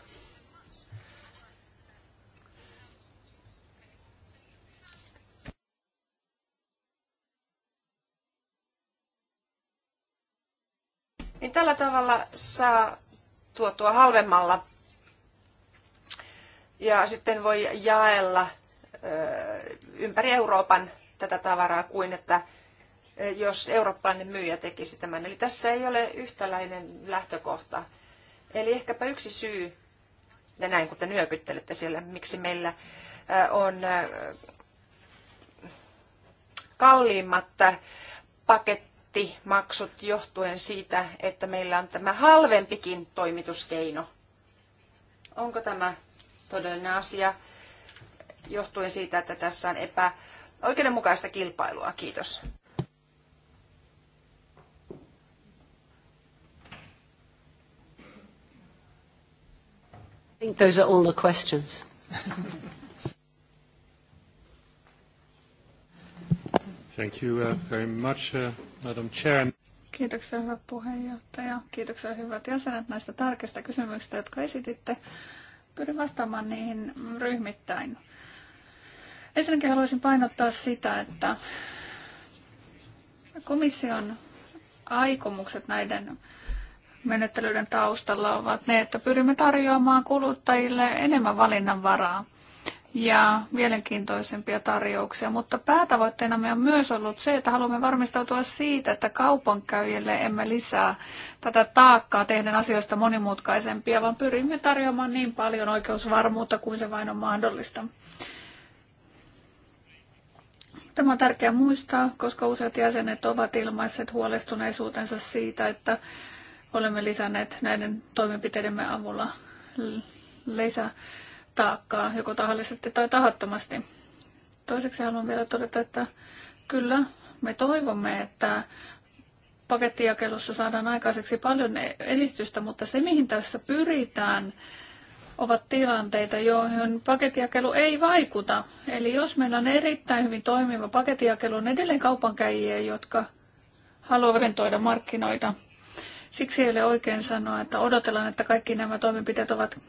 Niin tällä tavalla saa tuotua halvemmalla. Ja sitten voi jaella ympäri Euroopan tätä tavaraa kuin että jos eurooppalainen myyjä tekisi tämän. Eli tässä ei ole yhtäläinen lähtökohta. Eli ehkäpä yksi syy, ja näin kun te nyökyttelette siellä, miksi meillä on kalliimmat paket nettimaksut johtuen siitä, että meillä on tämä halvempikin toimituskeino. Onko tämä todellinen asia johtuen siitä, että tässä on epäoikeudenmukaista kilpailua? Kiitos. I think those are all the questions. <laughs> Thank you uh, very much. Uh, Madam Chair. Kiitoksia hyvä puheenjohtaja. Kiitoksia hyvät jäsenet näistä tärkeistä kysymyksistä, jotka esititte. Pyrin vastaamaan niihin ryhmittäin. Ensinnäkin haluaisin painottaa sitä, että komission aikomukset näiden menettelyiden taustalla ovat ne, että pyrimme tarjoamaan kuluttajille enemmän valinnanvaraa ja mielenkiintoisempia tarjouksia, mutta me on myös ollut se, että haluamme varmistautua siitä, että kaupankäyjille emme lisää tätä taakkaa tehdä asioista monimutkaisempia, vaan pyrimme tarjoamaan niin paljon oikeusvarmuutta kuin se vain on mahdollista. Tämä on tärkeää muistaa, koska useat jäsenet ovat ilmaisseet huolestuneisuutensa siitä, että olemme lisänneet näiden toimenpiteidemme avulla lisää taakkaa, joko tahallisesti tai tahattomasti. Toiseksi haluan vielä todeta, että kyllä me toivomme, että pakettijakelussa saadaan aikaiseksi paljon edistystä, mutta se mihin tässä pyritään, ovat tilanteita, joihin pakettijakelu ei vaikuta. Eli jos meillä on erittäin hyvin toimiva pakettijakelu, on edelleen kaupankäjiä, jotka haluavat ventoida markkinoita. Siksi ei ole oikein sanoa, että odotellaan, että kaikki nämä toimenpiteet ovat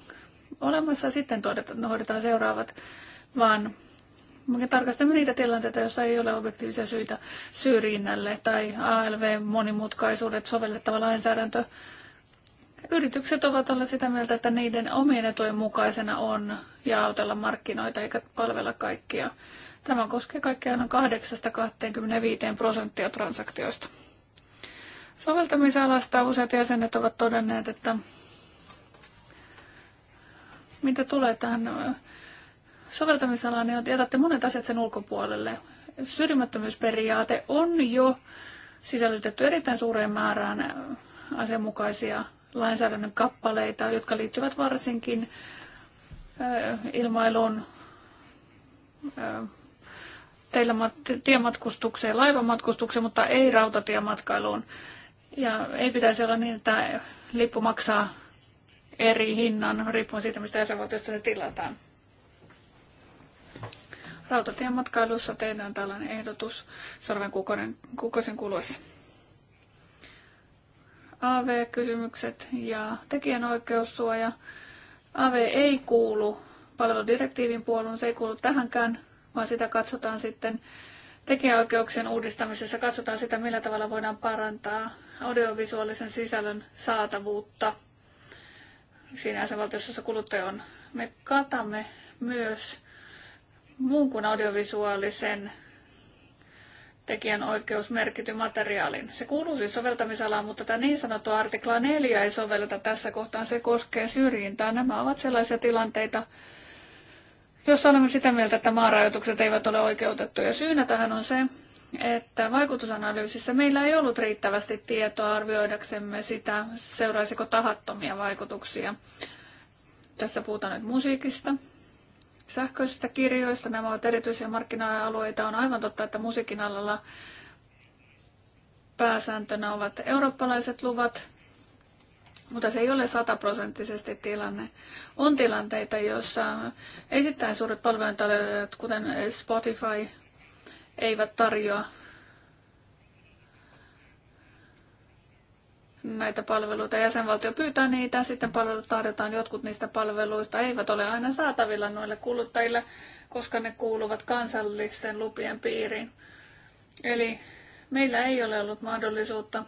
olemassa ja sitten hoidetaan seuraavat, vaan me tarkastamme niitä tilanteita, joissa ei ole objektiivisia syitä syrjinnälle tai ALV-monimutkaisuudet sovellettava lainsäädäntö. Yritykset ovat olleet sitä mieltä, että niiden omien etujen mukaisena on jaotella markkinoita eikä palvella kaikkia. Tämä koskee kaikkiaan noin 8-25 prosenttia transaktioista. Soveltamisalasta useat jäsenet ovat todenneet, että mitä tulee tähän soveltamisalaan, niin jätätte monet asiat sen ulkopuolelle. Syrjimättömyysperiaate on jo sisällytetty erittäin suureen määrään asianmukaisia lainsäädännön kappaleita, jotka liittyvät varsinkin ilmailuun, teillä tiematkustukseen, laivamatkustukseen, mutta ei rautatiematkailuun. Ja ei pitäisi olla niin, että lippu maksaa eri hinnan, riippuen siitä, mistä jäsenvaltiosta ne tilataan. Rautatien matkailussa tehdään tällainen ehdotus seuraavan kuukauden, kuukausien kuluessa. AV-kysymykset ja tekijänoikeussuoja. AV ei kuulu palveludirektiivin puoluun, se ei kuulu tähänkään, vaan sitä katsotaan sitten tekijäoikeuksien uudistamisessa katsotaan sitä, millä tavalla voidaan parantaa audiovisuaalisen sisällön saatavuutta siinä jäsenvaltiossa, jossa kuluttaja on. Me katamme myös muun kuin audiovisuaalisen tekijän oikeusmerkityn materiaalin. Se kuuluu siis soveltamisalaan, mutta tämä niin sanottu artikla 4 ei sovelleta tässä kohtaan. Se koskee syrjintää. Nämä ovat sellaisia tilanteita, jossa olemme sitä mieltä, että maarajoitukset eivät ole oikeutettuja. Syynä tähän on se, että vaikutusanalyysissä meillä ei ollut riittävästi tietoa arvioidaksemme sitä, seuraisiko tahattomia vaikutuksia. Tässä puhutaan nyt musiikista, sähköisistä kirjoista. Nämä ovat erityisiä markkina-alueita. On aivan totta, että musiikin alalla pääsääntönä ovat eurooppalaiset luvat, mutta se ei ole sataprosenttisesti tilanne. On tilanteita, joissa esittäin suuret palveluntarjoajat, kuten Spotify, eivät tarjoa näitä palveluita. Jäsenvaltio pyytää niitä, sitten palvelut tarjotaan. Jotkut niistä palveluista eivät ole aina saatavilla noille kuluttajille, koska ne kuuluvat kansallisten lupien piiriin. Eli meillä ei ole ollut mahdollisuutta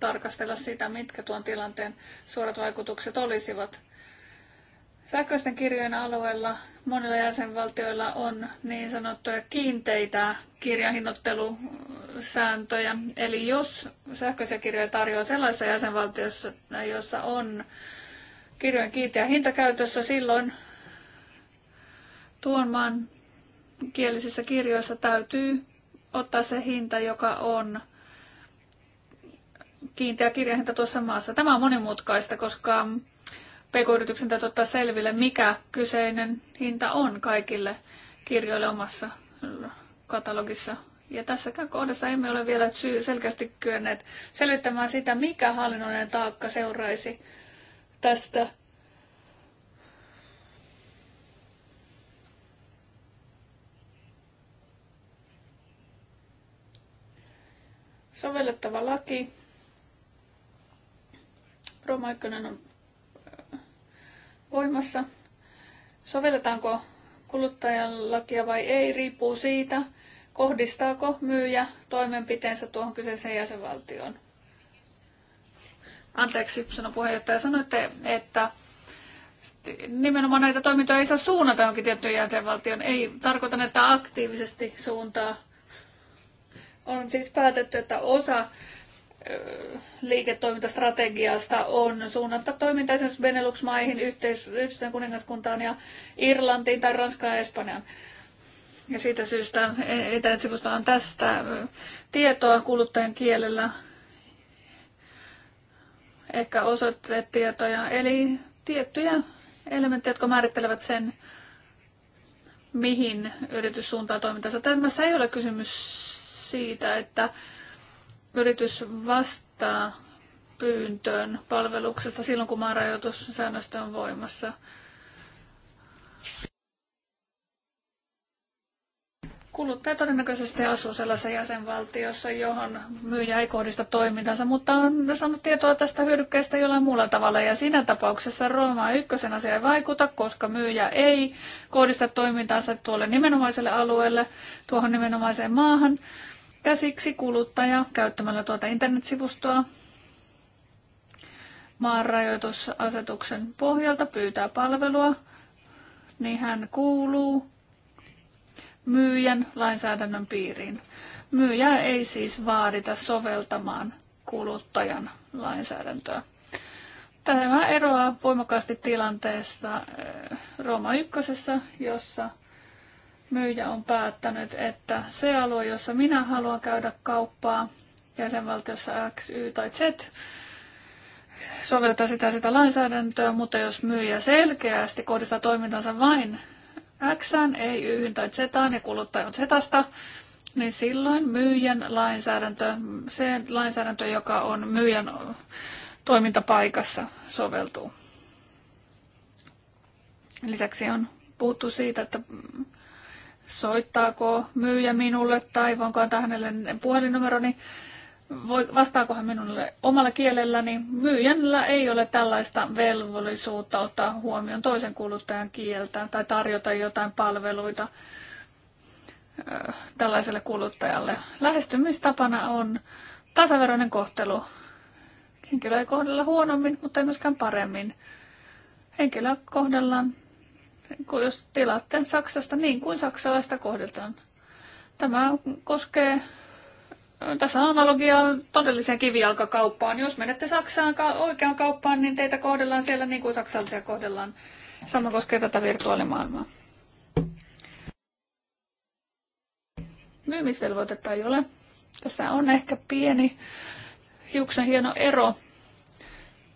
tarkastella sitä, mitkä tuon tilanteen suorat vaikutukset olisivat. Sähköisten kirjojen alueella monilla jäsenvaltioilla on niin sanottuja kiinteitä kirjahinnoittelusääntöjä. Eli jos sähköisiä kirjoja tarjoaa sellaisessa jäsenvaltiossa, jossa on kirjojen kiinteä hinta käytössä, silloin tuon maan kielisissä kirjoissa täytyy ottaa se hinta, joka on kiinteä kirjahinta tuossa maassa. Tämä on monimutkaista, koska PK-yrityksen täytyy ottaa selville, mikä kyseinen hinta on kaikille kirjoille omassa katalogissa. Ja tässä kohdassa emme ole vielä selkeästi kyenneet selvittämään sitä, mikä hallinnollinen taakka seuraisi tästä sovellettava laki. Roma on voimassa. Sovelletaanko kuluttajalakia vai ei, riippuu siitä, kohdistaako myyjä toimenpiteensä tuohon kyseiseen jäsenvaltioon. Anteeksi, sanoi puheenjohtaja, sanoitte, että nimenomaan näitä toimintoja ei saa suunnata johonkin tiettyyn jäsenvaltioon. Ei tarkoita, että aktiivisesti suuntaa. On siis päätetty, että osa liiketoimintastrategiasta on suunnata toiminta esimerkiksi Benelux-maihin, yhteis- kuningaskuntaan ja Irlantiin tai Ranskaan ja Espanjaan. Ja siitä syystä internetsivusta on tästä tietoa kuluttajan kielellä, ehkä tietoja, eli tiettyjä elementtejä, jotka määrittelevät sen, mihin yritys suuntaa toimintansa. Tämässä ei ole kysymys siitä, että yritys vastaa pyyntöön palveluksesta silloin, kun maanrajoitussäännöstö on voimassa. Kuluttaja todennäköisesti asuu sellaisessa jäsenvaltiossa, johon myyjä ei kohdista toimintansa, mutta on saanut tietoa tästä hyödykkeestä jollain muulla tavalla. Ja siinä tapauksessa Rooma ykkösen asia ei vaikuta, koska myyjä ei kohdista toimintansa tuolle nimenomaiselle alueelle, tuohon nimenomaiseen maahan käsiksi kuluttaja käyttämällä tuota internetsivustoa. Maanrajoitusasetuksen pohjalta pyytää palvelua, niin hän kuuluu myyjän lainsäädännön piiriin. Myyjä ei siis vaadita soveltamaan kuluttajan lainsäädäntöä. Tämä eroaa voimakkaasti tilanteesta eh, Rooma 1, jossa myyjä on päättänyt, että se alue, jossa minä haluan käydä kauppaa, jäsenvaltiossa X, Y tai Z, soveltaa sitä sitä lainsäädäntöä, mutta jos myyjä selkeästi kohdistaa toimintansa vain X, ei Y tai Z ja kuluttaja on Zsta, niin silloin myyjän lainsäädäntö, se lainsäädäntö, joka on myyjän toimintapaikassa, soveltuu. Lisäksi on puhuttu siitä, että soittaako myyjä minulle tai voinko antaa hänelle puhelinnumeroni, voi, vastaako hän minulle omalla kielelläni. Niin myyjällä ei ole tällaista velvollisuutta ottaa huomioon toisen kuluttajan kieltä tai tarjota jotain palveluita äh, tällaiselle kuluttajalle. Lähestymistapana on tasaveroinen kohtelu. Henkilöä ei kohdella huonommin, mutta ei myöskään paremmin. Henkilöä kohdellaan kun jos tilaatte Saksasta niin kuin saksalaista kohdeltaan. Tämä koskee, tässä on todelliseen kivijalkakauppaan. Jos menette Saksaan oikeaan kauppaan, niin teitä kohdellaan siellä niin kuin saksalaisia kohdellaan. Sama koskee tätä virtuaalimaailmaa. Myymisvelvoitetta ei ole. Tässä on ehkä pieni hiuksen hieno ero.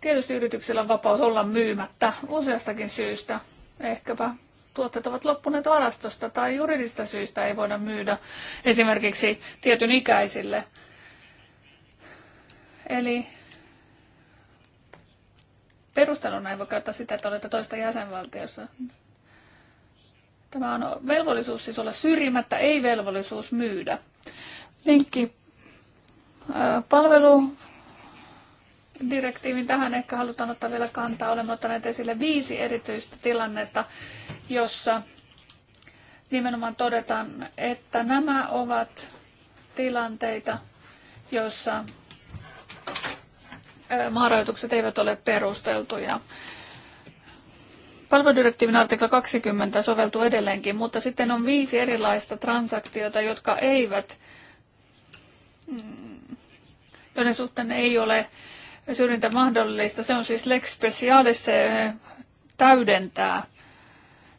Tietysti yrityksellä on vapaus olla myymättä useastakin syystä, ehkäpä tuotteet ovat loppuneet varastosta tai juridista syistä ei voida myydä esimerkiksi tietyn ikäisille. Eli perusteluna ei voi käyttää sitä, että olette toista jäsenvaltiossa. Tämä on velvollisuus siis olla syrjimättä, ei velvollisuus myydä. Linkki palvelu direktiivin. Tähän ehkä halutaan ottaa vielä kantaa. Olemme ottaneet esille viisi erityistä tilannetta, jossa nimenomaan todetaan, että nämä ovat tilanteita, joissa maarajoitukset eivät ole perusteltuja. Palveludirektiivin artikla 20 soveltuu edelleenkin, mutta sitten on viisi erilaista transaktiota, jotka eivät, mm, joiden suhteen ei ole syrjintä mahdollista. Se on siis lex specialis, se eh, täydentää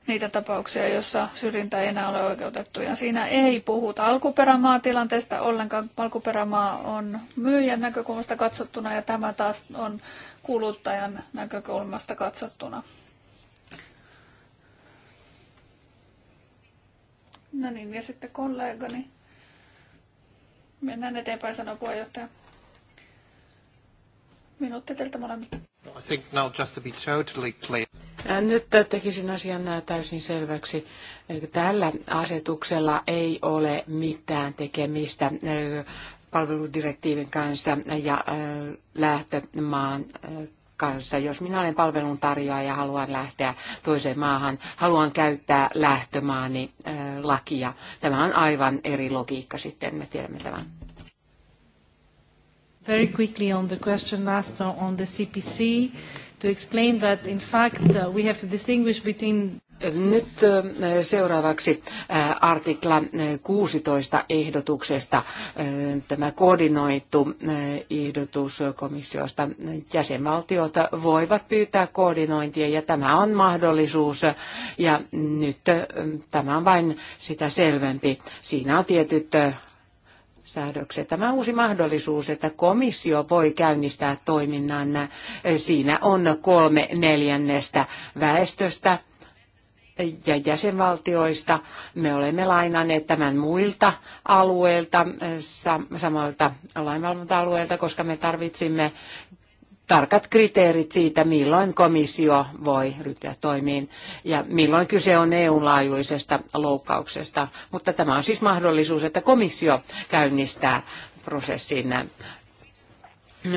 niitä tapauksia, joissa syrjintä ei enää ole oikeutettu. Ja siinä ei puhuta alkuperämaatilanteesta ollenkaan. Alkuperämaa on myyjän näkökulmasta katsottuna ja tämä taas on kuluttajan näkökulmasta katsottuna. No niin, ja sitten kollegani. Mennään eteenpäin, sanoo puheenjohtaja. Minuutti teiltä molemmilta. No, I think now just to be totally clear. Äh, nyt tekisin asian äh, täysin selväksi. Äh, tällä asetuksella ei ole mitään tekemistä palveludirektiivin kanssa ja lähtömaan kanssa. Jos minä olen palveluntarjoaja ja haluan lähteä toiseen maahan, haluan käyttää lähtömaani lakia. Tämä on aivan eri logiikka sitten, me tiedämme tämän. Very quickly on the question asked on the CPC, to explain that in fact uh, we have to distinguish between nyt uh, seuraavaksi uh, artikla 16 ehdotuksesta, tämä koordinoitu ehdotus komissiosta. Jäsenvaltiot voivat pyytää koordinointia ja tämä on mahdollisuus nyt um, tämä on vain sitä selvempi. Siinä on tietyt säädökset. Tämä uusi mahdollisuus, että komissio voi käynnistää toiminnan, siinä on kolme neljännestä väestöstä ja jäsenvaltioista. Me olemme lainanneet tämän muilta alueilta, samoilta lainvalvonta-alueilta, koska me tarvitsimme tarkat kriteerit siitä, milloin komissio voi ryhtyä toimiin ja milloin kyse on EUn laajuisesta loukkauksesta. Mutta tämä on siis mahdollisuus, että komissio käynnistää prosessin.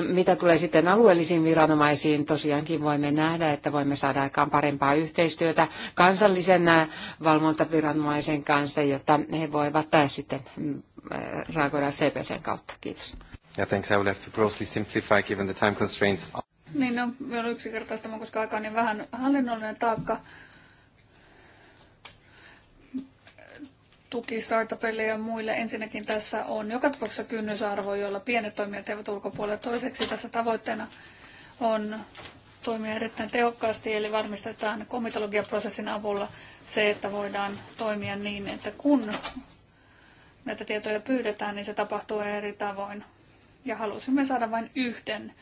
Mitä tulee sitten alueellisiin viranomaisiin, tosiaankin voimme nähdä, että voimme saada aikaan parempaa yhteistyötä kansallisen valvontaviranomaisen kanssa, jotta he voivat sitten mm, reagoida CPCn kautta. Kiitos. Ja, thanks. I will have to grossly simplify given the time constraints. Niin, no, vielä yksinkertaistamaan, koska aika on niin vähän hallinnollinen taakka. tuki startupille ja muille. Ensinnäkin tässä on joka tapauksessa kynnysarvo, jolla pienet toimijat eivät ulkopuolelle. Toiseksi tässä tavoitteena on toimia erittäin tehokkaasti, eli varmistetaan komitologiaprosessin avulla se, että voidaan toimia niin, että kun näitä tietoja pyydetään, niin se tapahtuu eri tavoin. Ja halusimme saada vain yhden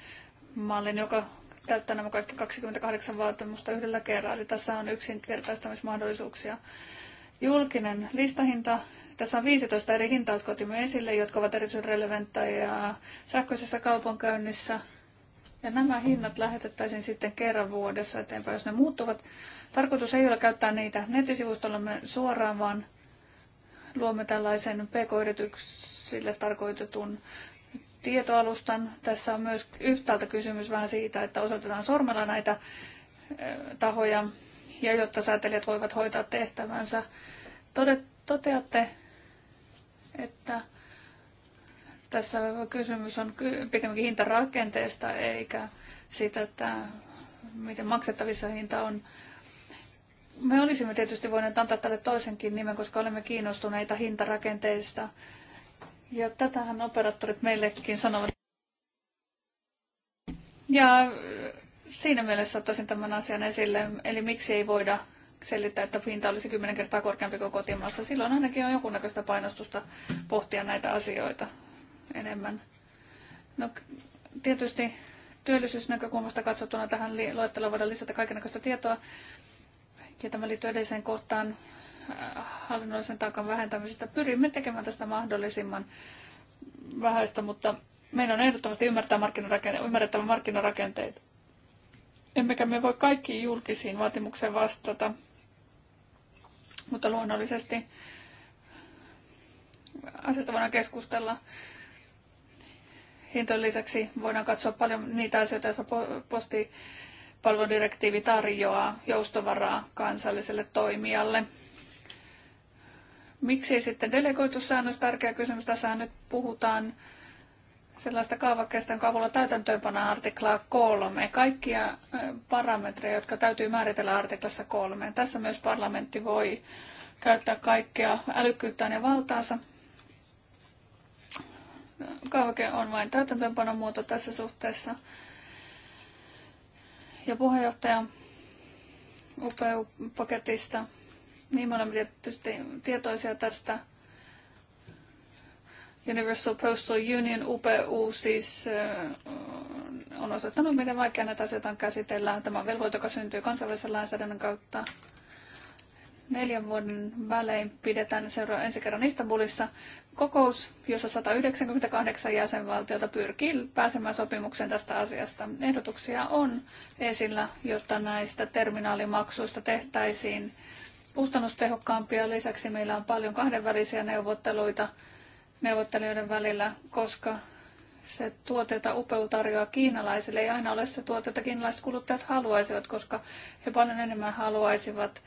mallin, joka täyttää nämä kaikki 28 vaatimusta yhdellä kerralla. Eli tässä on yksinkertaistamismahdollisuuksia. Julkinen listahinta. Tässä on 15 eri hintaa, jotka otimme esille, jotka ovat erityisen relevantteja sähköisessä kaupankäynnissä. Ja nämä hinnat lähetettäisiin sitten kerran vuodessa eteenpäin, jos ne muuttuvat. Tarkoitus ei ole käyttää niitä nettisivustollamme suoraan, vaan luomme tällaisen pk-yrityksille tarkoitetun tietoalustan. Tässä on myös yhtäältä kysymys vähän siitä, että osoitetaan sormella näitä tahoja, ja jotta säätelijät voivat hoitaa tehtävänsä. Toteatte, että tässä kysymys on pikemminkin hintarakenteesta eikä siitä, että miten maksettavissa hinta on. Me olisimme tietysti voineet antaa tälle toisenkin nimen, koska olemme kiinnostuneita hintarakenteista ja tätähän operaattorit meillekin sanovat. Ja äh, siinä mielessä ottaisin tämän asian esille, eli miksi ei voida selittää, että pinta olisi kymmenen kertaa korkeampi kuin kotimaassa. Silloin ainakin on jonkunnäköistä painostusta pohtia näitä asioita enemmän. No, tietysti työllisyysnäkökulmasta katsottuna tähän luetteloon voidaan lisätä kaikenlaista tietoa. Ja tämä liittyy edelliseen kohtaan, hallinnollisen taakan vähentämisestä. Pyrimme tekemään tästä mahdollisimman vähäistä, mutta meidän on ehdottomasti ymmärtää ymmärrettävä markkinarakenteet. Emmekä me voi kaikkiin julkisiin vaatimukseen vastata, mutta luonnollisesti asiasta voidaan keskustella. Hintojen lisäksi voidaan katsoa paljon niitä asioita, joita postipalveludirektiivi tarjoaa joustovaraa kansalliselle toimijalle. Miksi sitten delegoitu säännös, tärkeä kysymys, tässä nyt puhutaan sellaista kaavakkeesta, jonka avulla täytäntöönpana artiklaa kolme. Kaikkia parametreja, jotka täytyy määritellä artiklassa kolme. Tässä myös parlamentti voi käyttää kaikkea älykkyyttään ja valtaansa. Kaavake on vain täytäntöönpanon muoto tässä suhteessa. Ja puheenjohtaja UPU-paketista niin me olemme tietysti tietoisia tästä. Universal Postal Union, UPU, siis on osoittanut, miten vaikea näitä asioita on käsitellä. Tämä velvoite, joka syntyy kansainvälisen lainsäädännön kautta. Neljän vuoden välein pidetään seuraava ensi kerran Istanbulissa kokous, jossa 198 jäsenvaltiota pyrkii pääsemään sopimukseen tästä asiasta. Ehdotuksia on esillä, jotta näistä terminaalimaksuista tehtäisiin kustannustehokkaampia. Lisäksi meillä on paljon kahdenvälisiä neuvotteluita neuvottelijoiden välillä, koska se tuote, jota Upeu tarjoaa kiinalaisille, ei aina ole se tuote, jota kiinalaiset kuluttajat haluaisivat, koska he paljon enemmän haluaisivat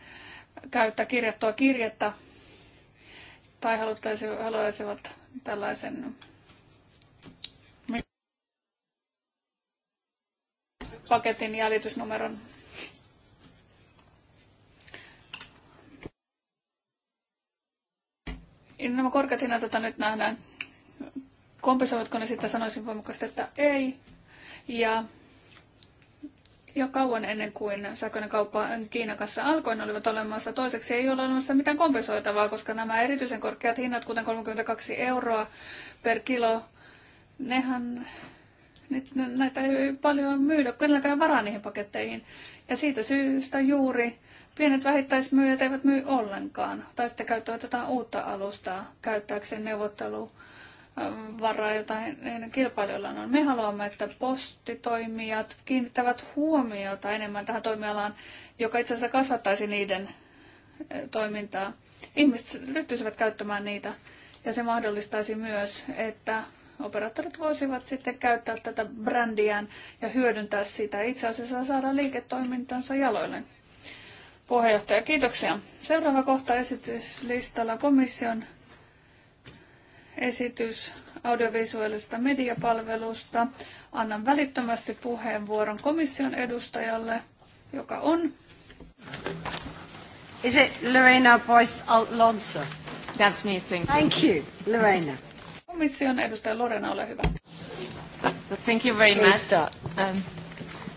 käyttää kirjattua kirjettä tai haluaisivat tällaisen paketin jäljitysnumeron nämä korkeat hinnat, joita nyt nähdään, kompensoivatko ne sitten, sanoisin voimakkaasti, että ei. Ja jo kauan ennen kuin sähköinen kauppa Kiinan kanssa alkoi, ne olivat olemassa. Toiseksi ei ole olemassa mitään kompensoitavaa, koska nämä erityisen korkeat hinnat, kuten 32 euroa per kilo, nehän näitä ei paljon myydä, kenelläkään varaa niihin paketteihin. Ja siitä syystä juuri Pienet vähittäismyyjät eivät myy ollenkaan, tai sitten käyttävät jotain uutta alustaa käyttääkseen neuvottelu varaa, jota heidän kilpailijoillaan on. Me haluamme, että postitoimijat kiinnittävät huomiota enemmän tähän toimialaan, joka itse asiassa kasvattaisi niiden eh, toimintaa. Ihmiset ryhtyisivät käyttämään niitä ja se mahdollistaisi myös, että operaattorit voisivat sitten käyttää tätä brändiään ja hyödyntää sitä. Itse asiassa saada liiketoimintansa jaloilleen. Puheenjohtaja, kiitoksia. Seuraava kohta esityslistalla komission esitys audiovisuaalista mediapalvelusta. Annan välittömästi puheenvuoron komission edustajalle, joka on... Is it Lorena Boyce Alonso? That's me, thank you. Thank you, Lorena. Komission edustaja Lorena, ole hyvä. So thank you very much. Um,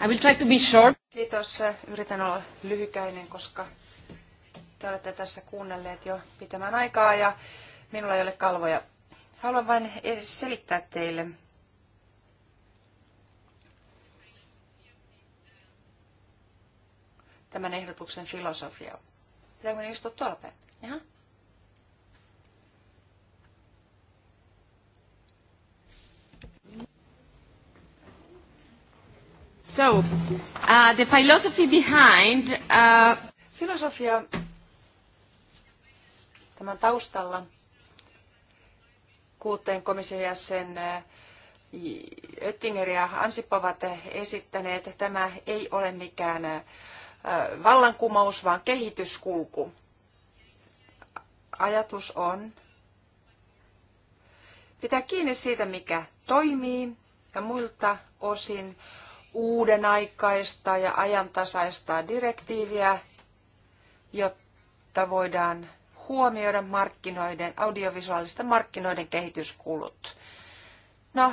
I will try to be short. Kiitos. Yritän olla lyhykäinen, koska te olette tässä kuunnelleet jo pitämään aikaa ja minulla ei ole kalvoja. Haluan vain selittää teille, tämän ehdotuksen filosofia. Pitääkö minä istua tuolla päin? Jaha. So, uh, the philosophy behind... Uh... Filosofia tämän taustalla kuuteen komission jäsen uh, Oettinger ja Ansip ovat esittäneet, että tämä ei ole mikään uh, vallankumous, vaan kehityskulku. Ajatus on pitää kiinni siitä, mikä toimii ja muilta osin uuden aikaista ja ajantasaista direktiiviä, jotta voidaan huomioida markkinoiden, audiovisuaalisten markkinoiden kehityskulut. No,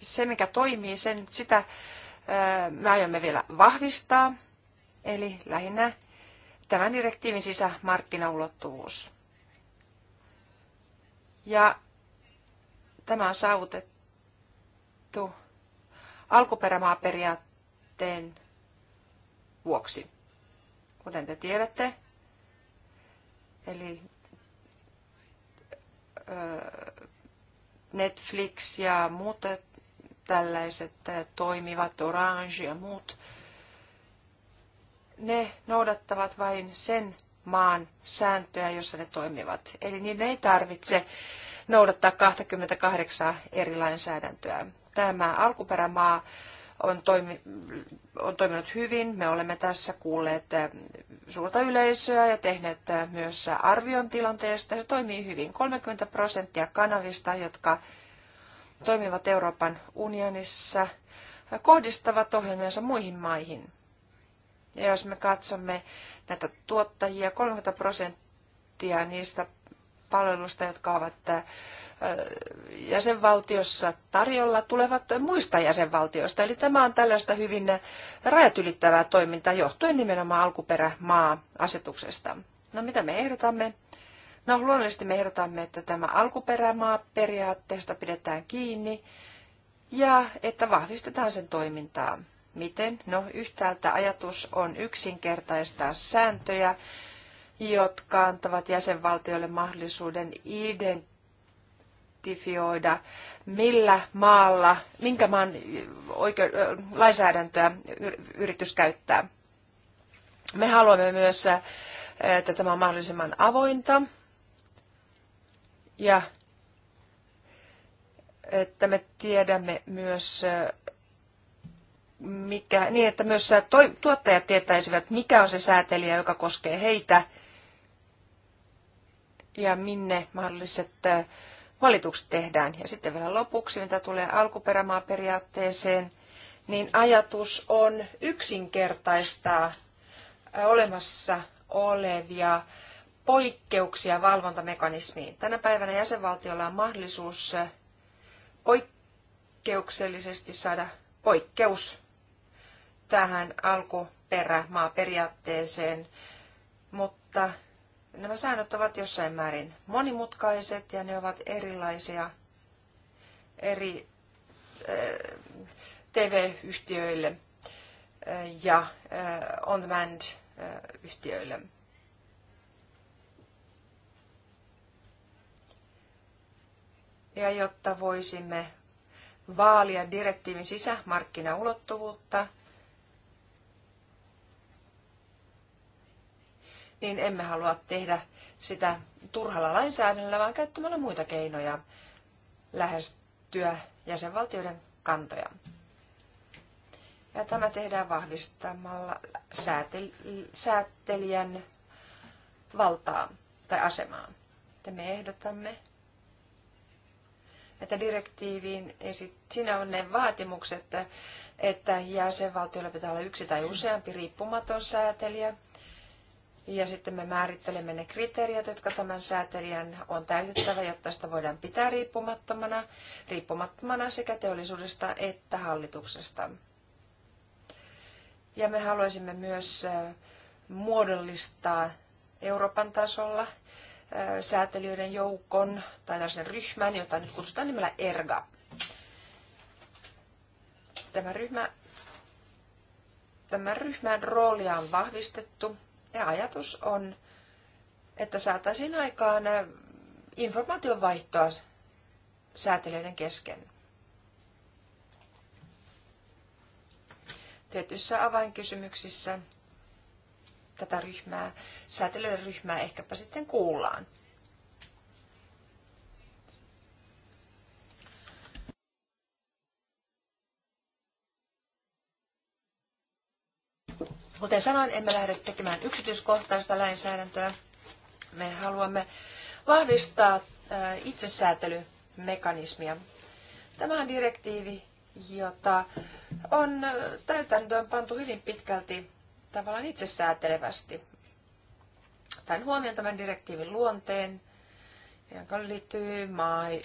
se mikä toimii, sen, sitä me aiomme vielä vahvistaa, eli lähinnä tämän direktiivin sisämarkkinaulottuvuus. Ja tämä on saavutettu alkuperämaaperiaatteen vuoksi, kuten te tiedätte. Eli Netflix ja muut tällaiset toimivat, Orange ja muut, ne noudattavat vain sen maan sääntöjä, jossa ne toimivat. Eli niin ei tarvitse noudattaa 28 eri lainsäädäntöä tämä alkuperämaa on, toimi, on toiminut hyvin. Me olemme tässä kuulleet eh, suurta yleisöä ja tehneet eh, myös arvion tilanteesta. Se toimii hyvin. 30 prosenttia kanavista, jotka toimivat Euroopan unionissa, kohdistavat ohjelmiansa muihin maihin. Ja jos me katsomme näitä tuottajia, 30 prosenttia niistä palvelusta, jotka ovat jäsenvaltiossa tarjolla, tulevat muista jäsenvaltioista. Eli tämä on tällaista hyvin rajat ylittävää toimintaa johtuen nimenomaan alkuperämaa-asetuksesta. No mitä me ehdotamme? No luonnollisesti me ehdotamme, että tämä alkuperämaa-periaatteesta pidetään kiinni ja että vahvistetaan sen toimintaa. Miten? No yhtäältä ajatus on yksinkertaistaa sääntöjä jotka antavat jäsenvaltioille mahdollisuuden identifioida, millä maalla, minkä maan lainsäädäntöä yritys käyttää. Me haluamme myös, että tämä on mahdollisimman avointa ja että me tiedämme myös, mikä, niin että myös tuottajat tietäisivät, mikä on se säätelijä, joka koskee heitä – ja minne mahdolliset äh, valitukset tehdään. Ja sitten vielä lopuksi, mitä tulee alkuperämaaperiaatteeseen, niin ajatus on yksinkertaistaa äh, olemassa olevia poikkeuksia valvontamekanismiin. Tänä päivänä jäsenvaltiolla on mahdollisuus äh, poikkeuksellisesti saada poikkeus tähän alkuperämaaperiaatteeseen, mutta Nämä säännöt ovat jossain määrin monimutkaiset ja ne ovat erilaisia eri eh, TV-yhtiöille eh, ja eh, on-demand-yhtiöille. Ja jotta voisimme vaalia direktiivin sisämarkkinaulottuvuutta – niin emme halua tehdä sitä turhalla lainsäädännöllä, vaan käyttämällä muita keinoja lähestyä jäsenvaltioiden kantoja. Ja tämä tehdään vahvistamalla säätelijän valtaa tai asemaa. Ja me ehdotamme, että direktiiviin esit- siinä on ne vaatimukset, että jäsenvaltiolla pitää olla yksi tai useampi riippumaton säätelijä – ja sitten me määrittelemme ne kriteerit, jotka tämän säätelijän on täytettävä, jotta sitä voidaan pitää riippumattomana, riippumattomana sekä teollisuudesta että hallituksesta. Ja me haluaisimme myös muodollistaa Euroopan tasolla säätelijöiden joukon tai tällaisen ryhmän, jota nyt kutsutaan nimellä ERGA. Tämä ryhmä, tämän ryhmän roolia on vahvistettu ja ajatus on, että saataisiin aikaan äh, informaation vaihtoa säätelijöiden kesken. Tietyissä avainkysymyksissä tätä ryhmää, säätelijöiden ryhmää ehkäpä sitten kuullaan. Kuten sanoin, emme lähde tekemään yksityiskohtaista lainsäädäntöä. Me haluamme vahvistaa äh, itsesäätelymekanismia. Tämä on direktiivi, jota on äh, täytäntöön pantu hyvin pitkälti tavallaan itsesäätelevästi. Tämän huomioon tämän direktiivin luonteen, joka liittyy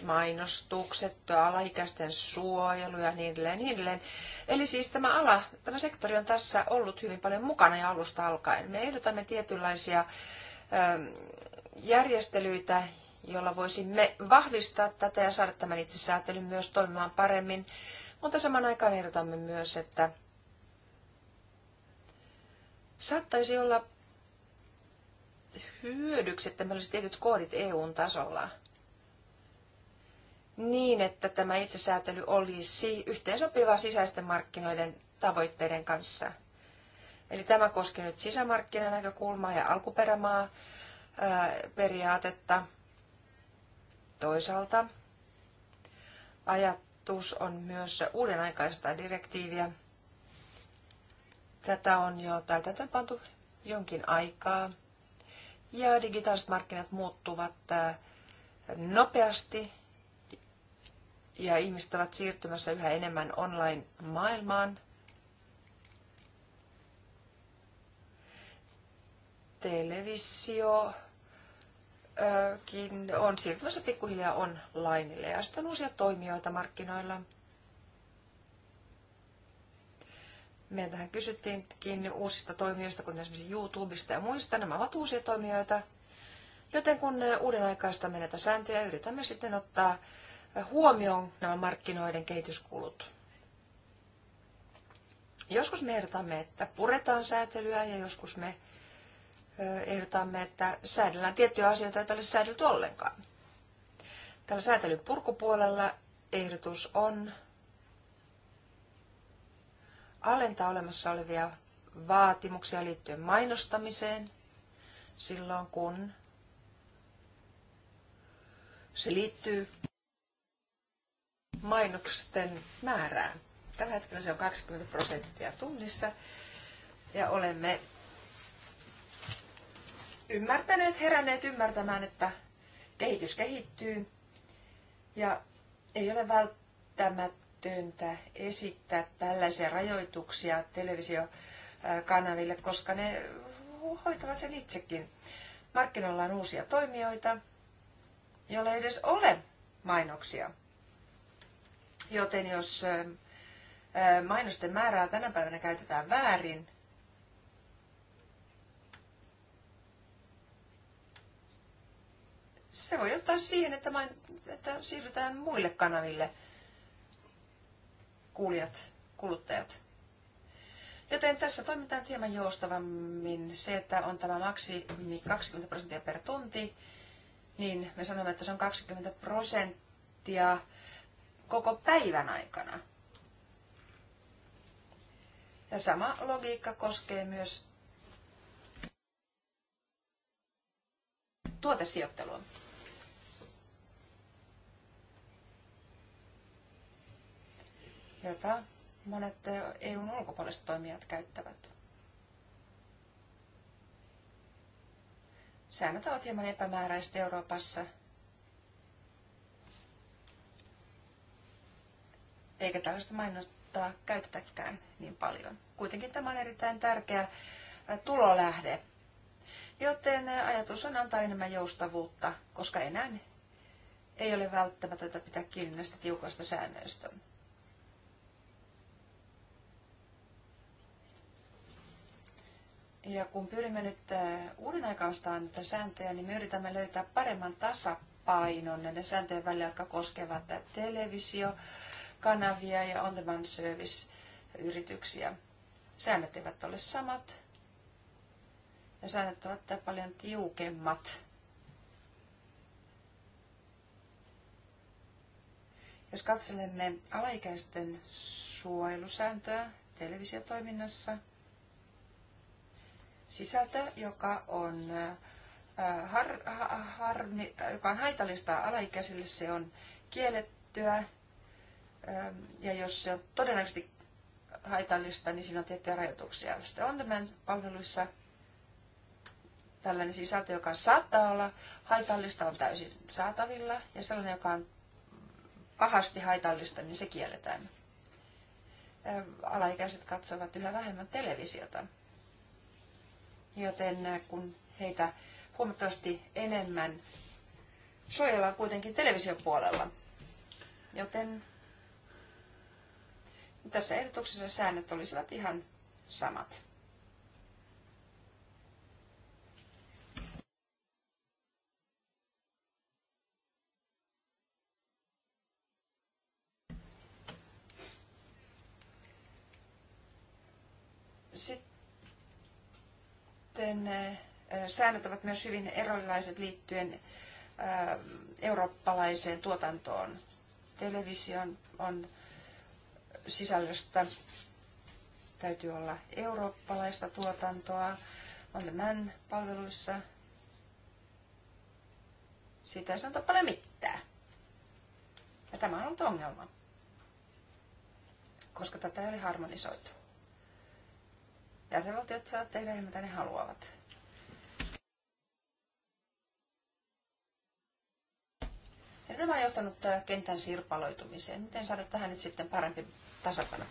mainostukset, alaikäisten suojelu ja niin edelleen, niin edelleen. Eli siis tämä ala, tämä sektori on tässä ollut hyvin paljon mukana ja alusta alkaen. Me ehdotamme tietynlaisia ähm, järjestelyitä, joilla voisimme vahvistaa tätä ja saada tämän itsesäätelyn myös toimimaan paremmin. Mutta saman aikaan ehdotamme myös, että saattaisi olla hyödyksi, että meillä olisi tietyt koodit EUn tasolla niin, että tämä itsesäätely olisi yhteensopiva sisäisten markkinoiden tavoitteiden kanssa. Eli tämä koski nyt näkökulmaa ja alkuperämaa periaatetta. Toisaalta ajatus on myös uuden aikaista direktiiviä. Tätä on jo täytäntöön pantu jonkin aikaa ja digitaaliset markkinat muuttuvat äh, nopeasti ja ihmiset ovat siirtymässä yhä enemmän online-maailmaan. Televisiokin äh, on siirtymässä pikkuhiljaa onlineille ja sitten on uusia toimijoita markkinoilla – meiltähän kysyttiinkin uusista toimijoista, kuten esimerkiksi YouTubesta ja muista. Nämä ovat uusia toimijoita, joten kun uuden aikaista menetä sääntöjä, yritämme sitten ottaa huomioon nämä markkinoiden kehityskulut. Joskus me ehdotamme, että puretaan säätelyä ja joskus me ehdotamme, että säädellään tiettyjä asioita, joita olisi säädelty ollenkaan. Tällä säätelyn purkupuolella ehdotus on alentaa olemassa olevia vaatimuksia liittyen mainostamiseen silloin, kun se liittyy mainoksen määrään. Tällä hetkellä se on 20 prosenttia tunnissa ja olemme ymmärtäneet, heränneet ymmärtämään, että kehitys kehittyy ja ei ole välttämättä järjetöntä esittää tällaisia rajoituksia televisiokanaville, koska ne hoitavat sen itsekin. Markkinoilla on uusia toimijoita, joilla ei edes ole mainoksia. Joten jos ähm, äh, mainosten määrää tänä päivänä käytetään väärin, se voi johtaa siihen, että, main, että siirrytään muille kanaville – kuulijat, kuluttajat. Joten tässä toimitaan hieman joustavammin. Se, että on tämä maksimi niin 20 prosenttia per tunti, niin me sanomme, että se on 20 prosenttia koko päivän aikana. Ja sama logiikka koskee myös tuotesijoittelua. jota monet EUn ulkopuoliset toimijat käyttävät. Säännöt ovat hieman epämääräiset Euroopassa, eikä tällaista mainostaa käytetäkään niin paljon. Kuitenkin tämä on erittäin tärkeä tulolähde, joten ajatus on antaa enemmän joustavuutta, koska enää ei ole välttämätöntä pitää kiinni näistä tiukoista säännöistä. Ja kun pyrimme nyt äh, uuden aikaanstaan näitä sääntöjä, niin me yritämme löytää paremman tasapainon näiden sääntöjen välillä, jotka koskevat televisiokanavia ja on-demand service-yrityksiä. Säännöt eivät ole samat ja säännöt ovat paljon tiukemmat. Jos katselemme alaikäisten suojelusääntöä televisiotoiminnassa, sisältö, joka on, äh, har, har, joka on haitallista alaikäisille, se on kiellettyä. Ähm, ja jos se on todennäköisesti haitallista, niin siinä on tiettyjä rajoituksia. Sitten on tämän palveluissa tällainen sisältö, joka saattaa olla haitallista, on täysin saatavilla. Ja sellainen, joka on pahasti haitallista, niin se kielletään. Äh, alaikäiset katsovat yhä vähemmän televisiota joten äh, kun heitä huomattavasti enemmän suojellaan kuitenkin televisiopuolella. Joten tässä ehdotuksessa säännöt olisivat ihan samat. sitten säännöt ovat myös hyvin erilaiset liittyen eurooppalaiseen tuotantoon. Television on sisällöstä täytyy olla eurooppalaista tuotantoa, on tämän palveluissa. Siitä ei sanota paljon mitään. Ja tämä on ollut ongelma, koska tätä ei ole harmonisoitu. Jäsenvaltiot saavat tehdä ihan mitä ne haluavat. Ja nämä on johtanut äh, kentän sirpaloitumiseen. Miten saada tähän nyt sitten parempi tasapaino?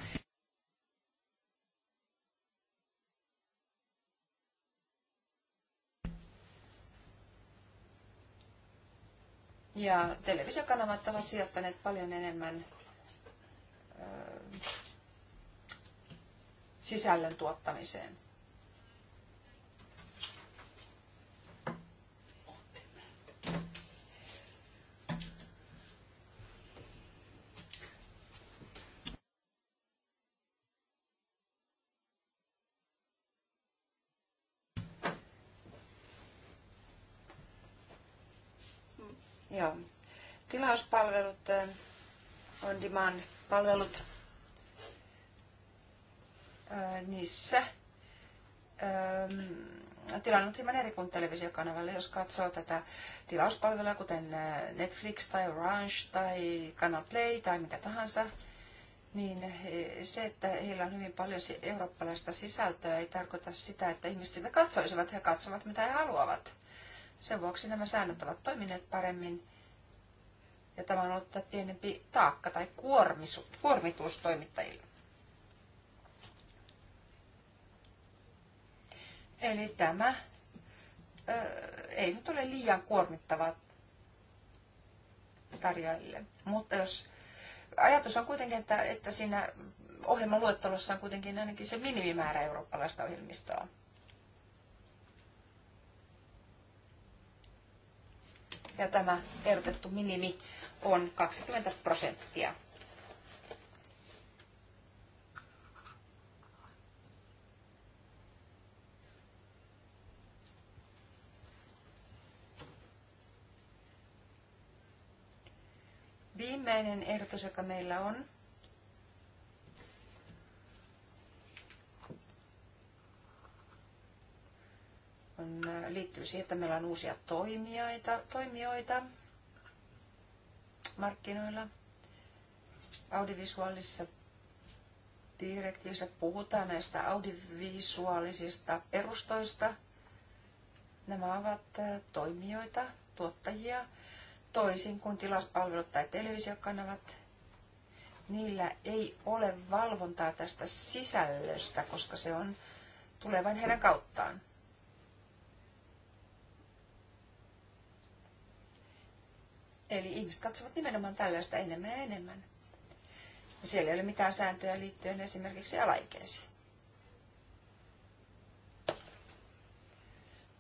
Ja televisiokanavat ovat sijoittaneet paljon enemmän äh, sisällön tuottamiseen. Joo. Tilauspalvelut, äh, on demand palvelut niissä tilanne hieman eri kuin televisiokanavalle. Jos katsoo tätä tilauspalvelua, kuten Netflix tai Orange tai Canal Play tai mikä tahansa, niin e, se, että heillä on hyvin paljon eurooppalaista sisältöä, ei tarkoita sitä, että ihmiset sitä katsoisivat. He katsovat, mitä he haluavat. Sen vuoksi nämä säännöt ovat toimineet paremmin. Ja tämä on ollut pienempi taakka tai kuormitus toimittajille. Eli tämä ei nyt ole liian kuormittava tarjoajille. Mutta jos ajatus on kuitenkin, että, että siinä ohjelmaluettelossa on kuitenkin ainakin se minimimäärä eurooppalaista ohjelmistoa. Ja tämä ehdotettu minimi on 20 prosenttia. viimeinen ehdotus, joka meillä on, on, äh, liittyy siihen, että meillä on uusia toimijoita, toimijoita markkinoilla. Audiovisuaalisessa direktiivissä puhutaan näistä audiovisuaalisista perustoista. Nämä ovat äh, toimijoita, tuottajia, toisin kuin tilauspalvelut tai televisiokanavat, niillä ei ole valvontaa tästä sisällöstä, koska se on tulee vain heidän kauttaan. Eli ihmiset katsovat nimenomaan tällaista enemmän ja enemmän. Ja siellä ei ole mitään sääntöjä liittyen esimerkiksi alaikäisiin.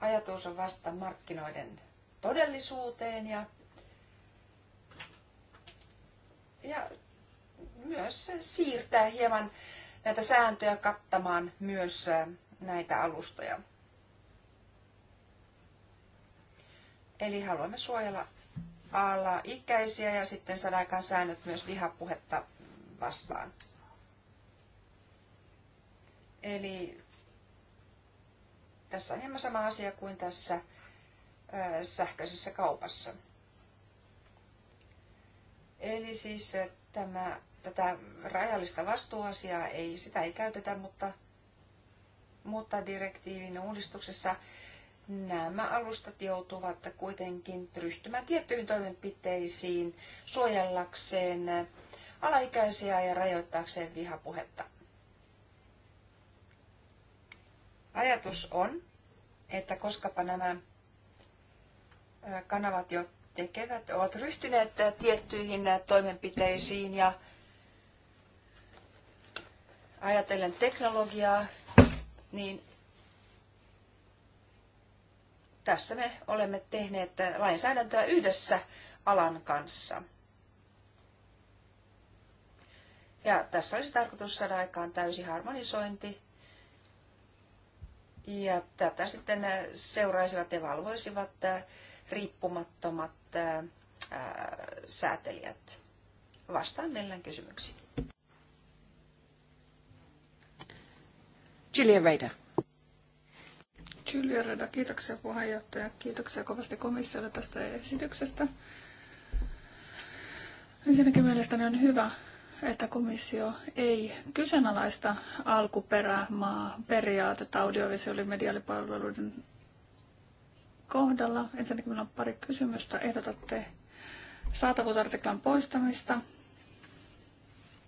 Ajatus on vasta markkinoiden todellisuuteen ja ja myös siirtää hieman näitä sääntöjä kattamaan myös näitä alustoja. Eli haluamme suojella alaikäisiä ja sitten saada aikaan säännöt myös vihapuhetta vastaan. Eli tässä on hieman sama asia kuin tässä sähköisessä kaupassa. Eli siis eh, tämä, tätä rajallista vastuuasiaa ei, sitä ei käytetä, mutta, mutta direktiivin uudistuksessa nämä alustat joutuvat kuitenkin ryhtymään tiettyihin toimenpiteisiin suojellakseen alaikäisiä ja rajoittaakseen vihapuhetta. Ajatus on, että koskapa nämä eh, kanavat, tekevät, ovat ryhtyneet tiettyihin toimenpiteisiin ja ajatellen teknologiaa, niin tässä me olemme tehneet lainsäädäntöä yhdessä alan kanssa. Ja tässä olisi tarkoitus saada aikaan täysi harmonisointi. Ja tätä sitten seuraisivat ja valvoisivat riippumattomat ää, säätelijät. Vastaan mielellään kysymyksiin. Julia Reda. Julia Reda, kiitoksia puheenjohtaja. Kiitoksia kovasti komissiolle tästä esityksestä. Ensinnäkin mielestäni on hyvä, että komissio ei kyseenalaista alkuperämaa periaatetta audiovisuaalimediaalipalveluiden kohdalla. Ensinnäkin meillä on pari kysymystä. Ehdotatte saatavuusartiklan poistamista,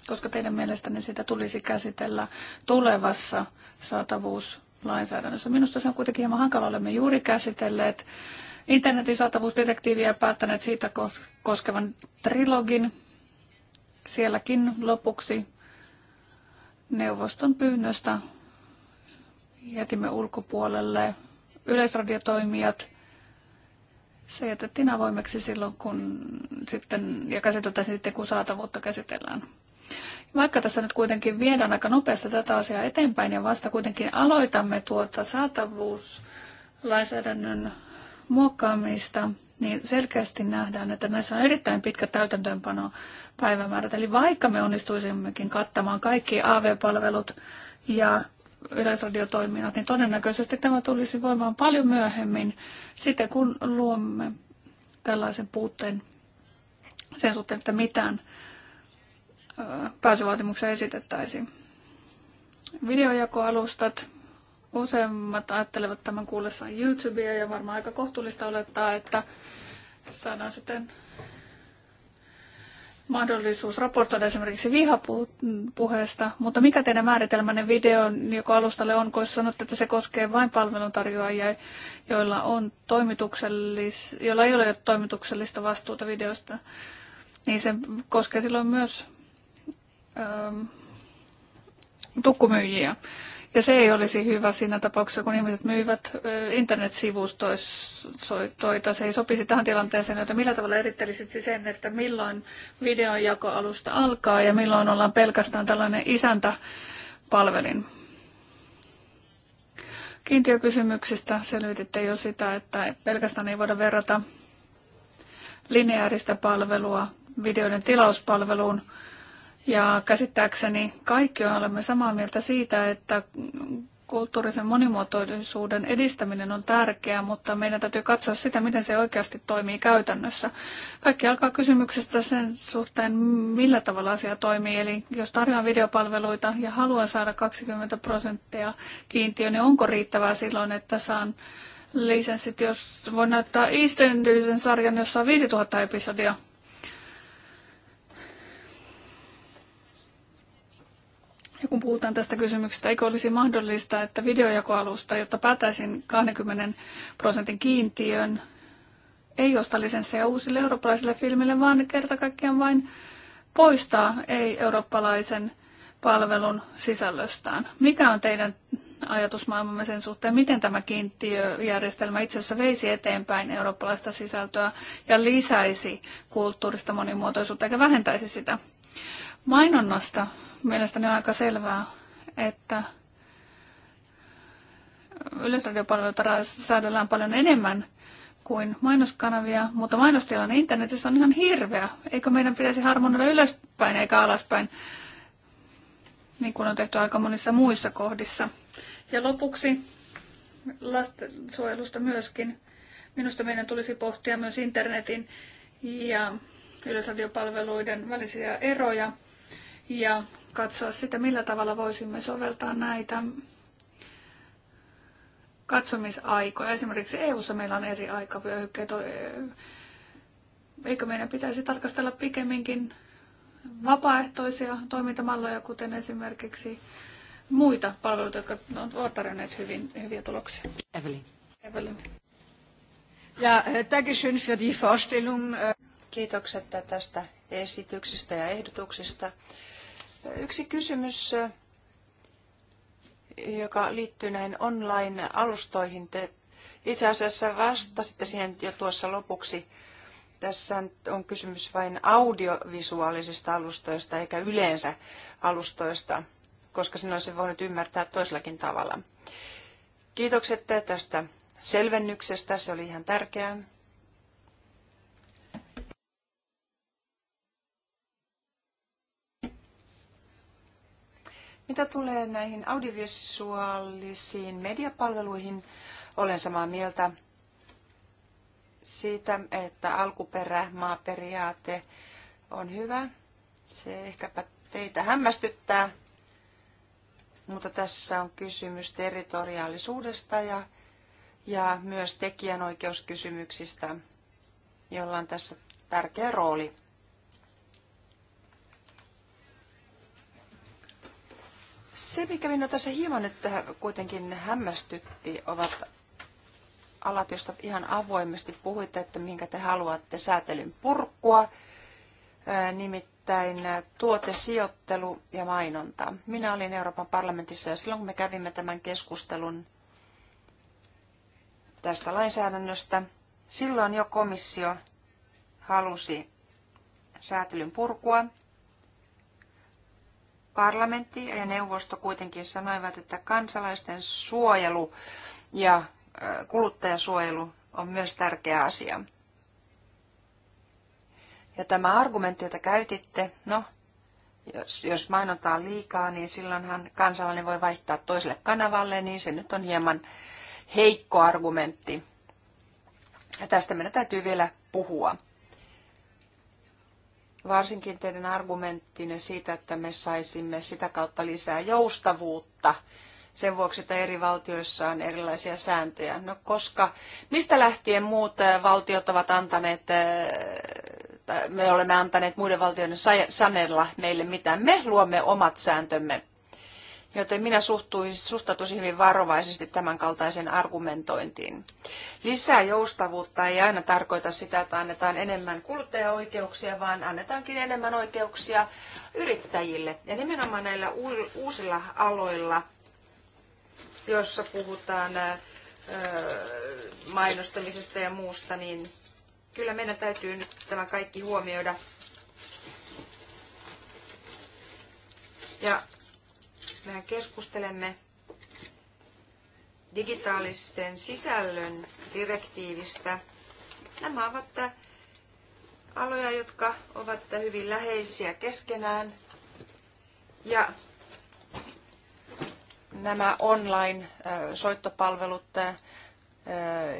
koska teidän mielestänne sitä tulisi käsitellä tulevassa saatavuuslainsäädännössä. Minusta se on kuitenkin hieman hankala. Olemme juuri käsitelleet internetin saatavuusdirektiiviä ja päättäneet siitä koskevan trilogin. Sielläkin lopuksi neuvoston pyynnöstä jätimme ulkopuolelle yleisradiotoimijat. Se jätettiin avoimeksi silloin, kun sitten, ja käsiteltäisiin sitten, kun saatavuutta käsitellään. Vaikka tässä nyt kuitenkin viedään aika nopeasti tätä asiaa eteenpäin ja vasta kuitenkin aloitamme tuota saatavuuslainsäädännön muokkaamista, niin selkeästi nähdään, että näissä on erittäin pitkä täytäntöönpano päivämäärät. Eli vaikka me onnistuisimmekin kattamaan kaikki AV-palvelut ja yleisradiotoiminnot, niin todennäköisesti tämä tulisi voimaan paljon myöhemmin sitten, kun luomme tällaisen puutteen sen suhteen, että mitään pääsyvaatimuksia esitettäisiin. Videojakoalustat, useimmat ajattelevat tämän kuullessaan YouTubea ja varmaan aika kohtuullista olettaa, että saadaan sitten mahdollisuus raportoida esimerkiksi vihapuheesta, mutta mikä teidän määritelmänne videon, joka alustalle on, kun sanotte, että se koskee vain palveluntarjoajia, joilla, on toimituksellis, joilla ei ole toimituksellista vastuuta videosta, niin se koskee silloin myös öö, tukkumyyjiä. Ja se ei olisi hyvä siinä tapauksessa, kun ihmiset myyvät internetsivustoita. Se ei sopisi tähän tilanteeseen, joten millä tavalla erittelisit siis sen, että milloin jakoalusta alkaa ja milloin ollaan pelkästään tällainen isäntäpalvelin? Kiintiökysymyksistä selvititte jo sitä, että pelkästään ei voida verrata lineaarista palvelua videoiden tilauspalveluun ja käsittääkseni kaikki olemme samaa mieltä siitä, että kulttuurisen monimuotoisuuden edistäminen on tärkeää, mutta meidän täytyy katsoa sitä, miten se oikeasti toimii käytännössä. Kaikki alkaa kysymyksestä sen suhteen, millä tavalla asia toimii. Eli jos tarjoan videopalveluita ja haluan saada 20 prosenttia kiintiö, niin onko riittävää silloin, että saan lisenssit, jos voin näyttää EastEndersin sarjan, jossa on 5000 episodia. Ja kun puhutaan tästä kysymyksestä, eikö olisi mahdollista, että videojakoalusta, jotta päätäisin 20 prosentin kiintiön, ei osta lisenssejä uusille eurooppalaisille filmille, vaan kerta kaikkiaan vain poistaa ei-eurooppalaisen palvelun sisällöstään. Mikä on teidän ajatusmaailmamme sen suhteen, miten tämä kiintiöjärjestelmä itse asiassa veisi eteenpäin eurooppalaista sisältöä ja lisäisi kulttuurista monimuotoisuutta eikä vähentäisi sitä? Mainonnasta Mielestäni on aika selvää, että yleisradiopalveluita säädellään paljon enemmän kuin mainoskanavia, mutta mainostilanne internetissä on ihan hirveä. Eikö meidän pitäisi harmonoida ylöspäin eikä alaspäin, niin kuin on tehty aika monissa muissa kohdissa. Ja lopuksi lastensuojelusta myöskin. Minusta meidän tulisi pohtia myös internetin ja yleisradiopalveluiden välisiä eroja ja katsoa sitä, millä tavalla voisimme soveltaa näitä katsomisaikoja. Esimerkiksi EU-ssa meillä on eri aikavyöhykkeet. Eh, eikö meidän pitäisi tarkastella pikemminkin vapaaehtoisia toimintamalloja, kuten esimerkiksi muita palveluita, jotka ovat tarjonneet hyvin, hyviä tuloksia? Evelyn. Evelyn. Ja, eh, Dankeschön für die Vorstellung. Eh. Kiitokset tästä esityksestä ja ehdotuksista. Yksi kysymys, joka liittyy näihin online-alustoihin. Te itse asiassa vastasitte siihen jo tuossa lopuksi. Tässä on kysymys vain audiovisuaalisista alustoista eikä yleensä alustoista, koska sinä olisi voinut ymmärtää toisellakin tavalla. Kiitokset tästä selvennyksestä, se oli ihan tärkeää. Mitä tulee näihin audiovisuaalisiin mediapalveluihin, olen samaa mieltä siitä, että alkuperä, maaperiaate on hyvä. Se ehkäpä teitä hämmästyttää, mutta tässä on kysymys territoriaalisuudesta ja, ja myös tekijänoikeuskysymyksistä, jolla on tässä tärkeä rooli. Se, mikä minua tässä hieman nyt kuitenkin hämmästytti, ovat alat, joista ihan avoimesti puhuitte, että minkä te haluatte säätelyn purkua, nimittäin tuotesijoittelu ja mainonta. Minä olin Euroopan parlamentissa ja silloin kun me kävimme tämän keskustelun tästä lainsäädännöstä, silloin jo komissio halusi säätelyn purkua Parlamentti ja neuvosto kuitenkin sanoivat, että kansalaisten suojelu ja kuluttajasuojelu on myös tärkeä asia. Ja tämä argumentti, jota käytitte, no, jos, jos mainotaan liikaa, niin silloinhan kansalainen voi vaihtaa toiselle kanavalle, niin se nyt on hieman heikko argumentti. Ja tästä meidän täytyy vielä puhua varsinkin teidän argumenttinne siitä, että me saisimme sitä kautta lisää joustavuutta sen vuoksi, että eri valtioissa on erilaisia sääntöjä. No koska, mistä lähtien muut äh, valtiot ovat antaneet, äh, me olemme antaneet muiden valtioiden sanella meille mitään. Me luomme omat sääntömme Joten minä suhtautuisin hyvin varovaisesti tämän kaltaiseen argumentointiin. Lisää joustavuutta ei aina tarkoita sitä, että annetaan enemmän kuluttajaoikeuksia, vaan annetaankin enemmän oikeuksia yrittäjille. Ja nimenomaan näillä uusilla aloilla, joissa puhutaan mainostamisesta ja muusta, niin kyllä meidän täytyy nyt tämä kaikki huomioida. Ja mehän keskustelemme digitaalisten sisällön direktiivistä. Nämä ovat aloja, jotka ovat hyvin läheisiä keskenään. Ja nämä online-soittopalvelut,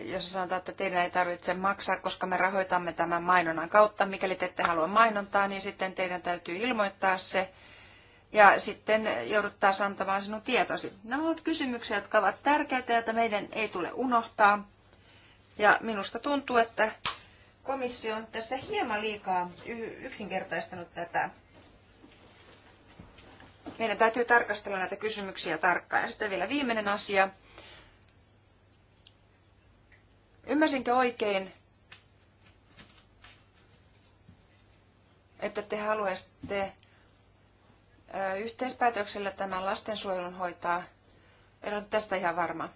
jos sanotaan, että teidän ei tarvitse maksaa, koska me rahoitamme tämän mainonnan kautta. Mikäli te ette halua mainontaa, niin sitten teidän täytyy ilmoittaa se ja sitten joudut taas antamaan sinun tietosi. Nämä ovat kysymyksiä, jotka ovat tärkeitä, joita meidän ei tule unohtaa. Ja minusta tuntuu, että komissio on tässä hieman liikaa yksinkertaistanut tätä. Meidän täytyy tarkastella näitä kysymyksiä tarkkaan. Ja sitten vielä viimeinen asia. Ymmärsinkö oikein, että te haluaisitte Yhteispäätöksellä tämän lastensuojelun hoitaa. En ole tästä ihan varma.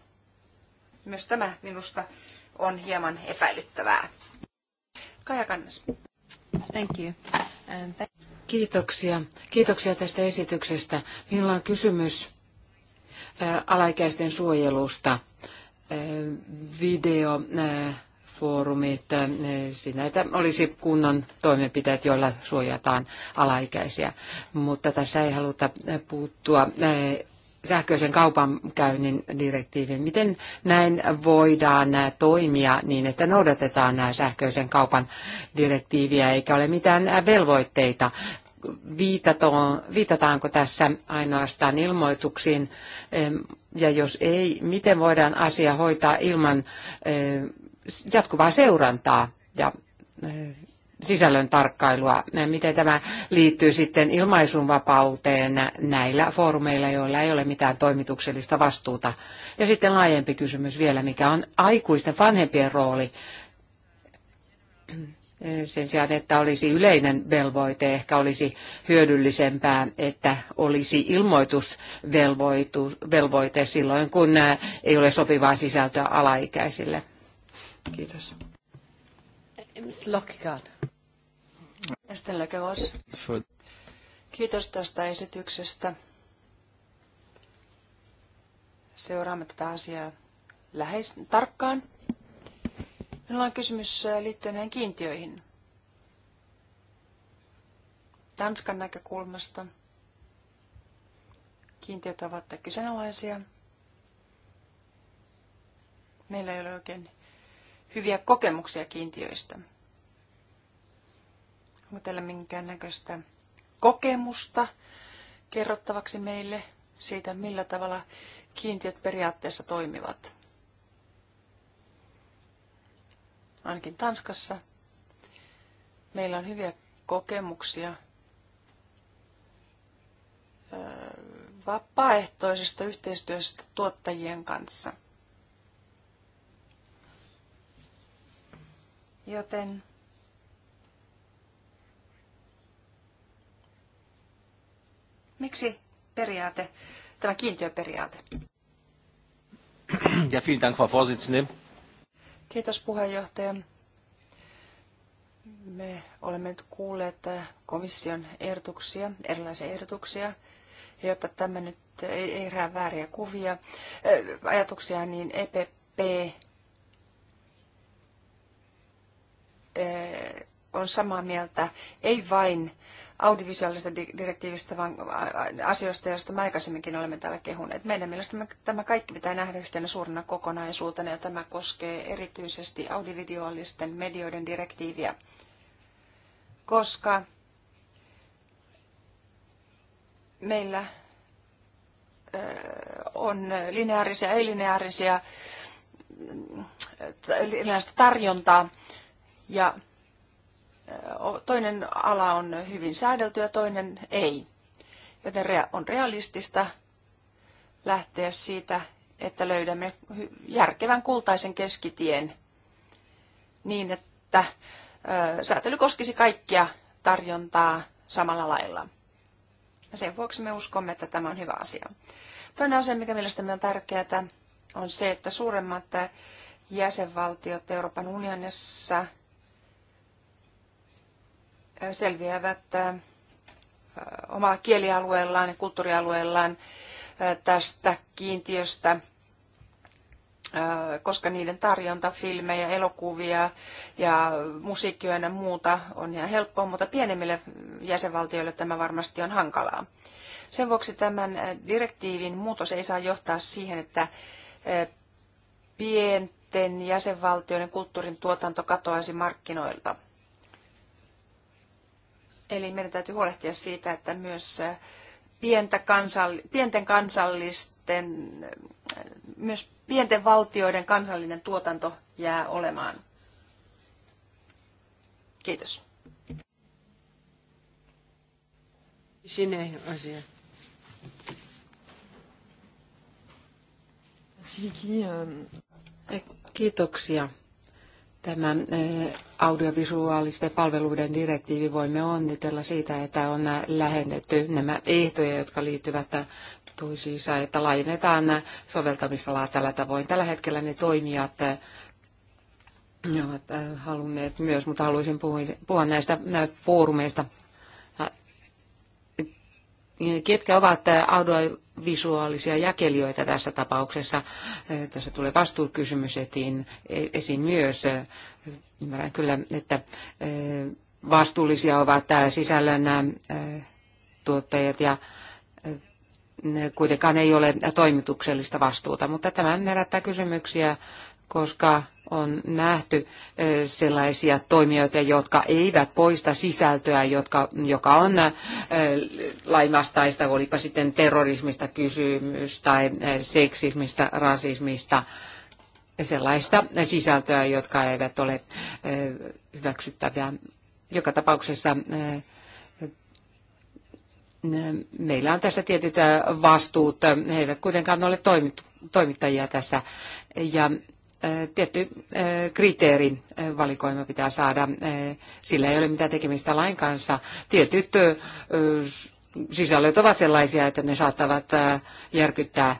Myös tämä minusta on hieman epäilyttävää. Kaja Kannas. Thank you. And thank- Kiitoksia. Kiitoksia tästä esityksestä. Minulla on kysymys alaikäisten suojelusta. Video että eh, näitä olisi kunnon toimenpiteet, joilla suojataan alaikäisiä. Mutta tässä ei haluta eh, puuttua eh, sähköisen kaupankäynnin direktiivin. Miten näin voidaan toimia niin, että noudatetaan nämä sähköisen kaupan direktiiviä eikä ole mitään velvoitteita? Viitataanko tässä ainoastaan ilmoituksiin ja jos ei, miten voidaan asia hoitaa ilman jatkuvaa seurantaa ja eh, sisällön tarkkailua, eh, miten tämä liittyy sitten ilmaisunvapauteen näillä foorumeilla, joilla ei ole mitään toimituksellista vastuuta. Ja sitten laajempi kysymys vielä, mikä on aikuisten vanhempien rooli eh, sen sijaan, että olisi yleinen velvoite, ehkä olisi hyödyllisempää, että olisi ilmoitusvelvoite silloin, kun ei ole sopivaa sisältöä alaikäisille. Kiitos. Kiitos tästä esityksestä. Seuraamme tätä asiaa lähes tarkkaan. Minulla on kysymys äh, liittyen näihin kiintiöihin. Tanskan näkökulmasta kiintiöt ovat kyseenalaisia. Meillä ei ole oikein hyviä kokemuksia kiintiöistä? Onko teillä minkäännäköistä kokemusta kerrottavaksi meille siitä, millä tavalla kiintiöt periaatteessa toimivat? Ainakin Tanskassa meillä on hyviä kokemuksia vapaaehtoisesta yhteistyöstä tuottajien kanssa – Joten miksi periaate, tämä kiintiöperiaate? Ja vielen Dank, Frau Vorsitzende. Kiitos puheenjohtaja. Me olemme nyt kuulleet äh, komission ehdotuksia, erilaisia ehdotuksia, jotta tämä nyt ei herää vääriä kuvia, äh, ajatuksia, niin EPP on samaa mieltä, ei vain audiovisuaalisesta direktiivistä, vaan asioista, joista me aikaisemminkin olemme täällä kehuneet. Meidän mielestämme tämä kaikki pitää nähdä yhtenä suurena kokonaisuutena, ja tämä koskee erityisesti audiovisuaalisten medioiden direktiiviä, koska meillä on lineaarisia ja ei-lineaarisia tarjontaa, ja toinen ala on hyvin säädelty ja toinen ei. Joten on realistista lähteä siitä, että löydämme järkevän kultaisen keskitien niin, että säätely koskisi kaikkia tarjontaa samalla lailla. Ja sen vuoksi me uskomme, että tämä on hyvä asia. Toinen asia, mikä mielestäni on tärkeää, on se, että suuremmat jäsenvaltiot Euroopan unionissa – selviävät omalla kielialueellaan ja kulttuurialueellaan tästä kiintiöstä, koska niiden tarjonta, filmejä, elokuvia ja musiikkia ja muuta on ihan helppoa, mutta pienemmille jäsenvaltioille tämä varmasti on hankalaa. Sen vuoksi tämän direktiivin muutos ei saa johtaa siihen, että pienten jäsenvaltioiden kulttuurin tuotanto katoaisi markkinoilta – Eli meidän täytyy huolehtia siitä, että myös äh, pientä kansall- pienten kansallisten, äh, myös pienten valtioiden kansallinen tuotanto jää olemaan. Kiitos. Sinne asia. Euh, Kiitoksia tämä eh, audiovisuaalisten palveluiden direktiivi voimme onnitella siitä, että on lähennetty nämä ehtoja, jotka liittyvät toisiinsa, että laajennetaan soveltamisalaa tällä tavoin. Tällä hetkellä ne toimijat eh, ovat eh, halunneet myös, mutta haluaisin puhua näistä foorumeista. Ketkä ovat visuaalisia jakelijoita tässä tapauksessa. Eh, tässä tulee vastuukysymys etiin, e, esiin myös. Eh, ymmärrän kyllä, että eh, vastuullisia ovat sisällön tuottajat ja kuitenkaan ei ole toimituksellista vastuuta, mutta tämä herättää kysymyksiä, koska on nähty sellaisia toimijoita, jotka eivät poista sisältöä, jotka, joka on laimastaista, olipa sitten terrorismista kysymys tai seksismistä, rasismista, sellaista sisältöä, jotka eivät ole hyväksyttäviä. Joka tapauksessa meillä on tässä tietyt vastuut, he eivät kuitenkaan ole toimittajia tässä. Ja tietty kriteeri valikoima pitää saada. Sillä ei ole mitään tekemistä lain kanssa. Tietyt sisällöt ovat sellaisia, että ne saattavat järkyttää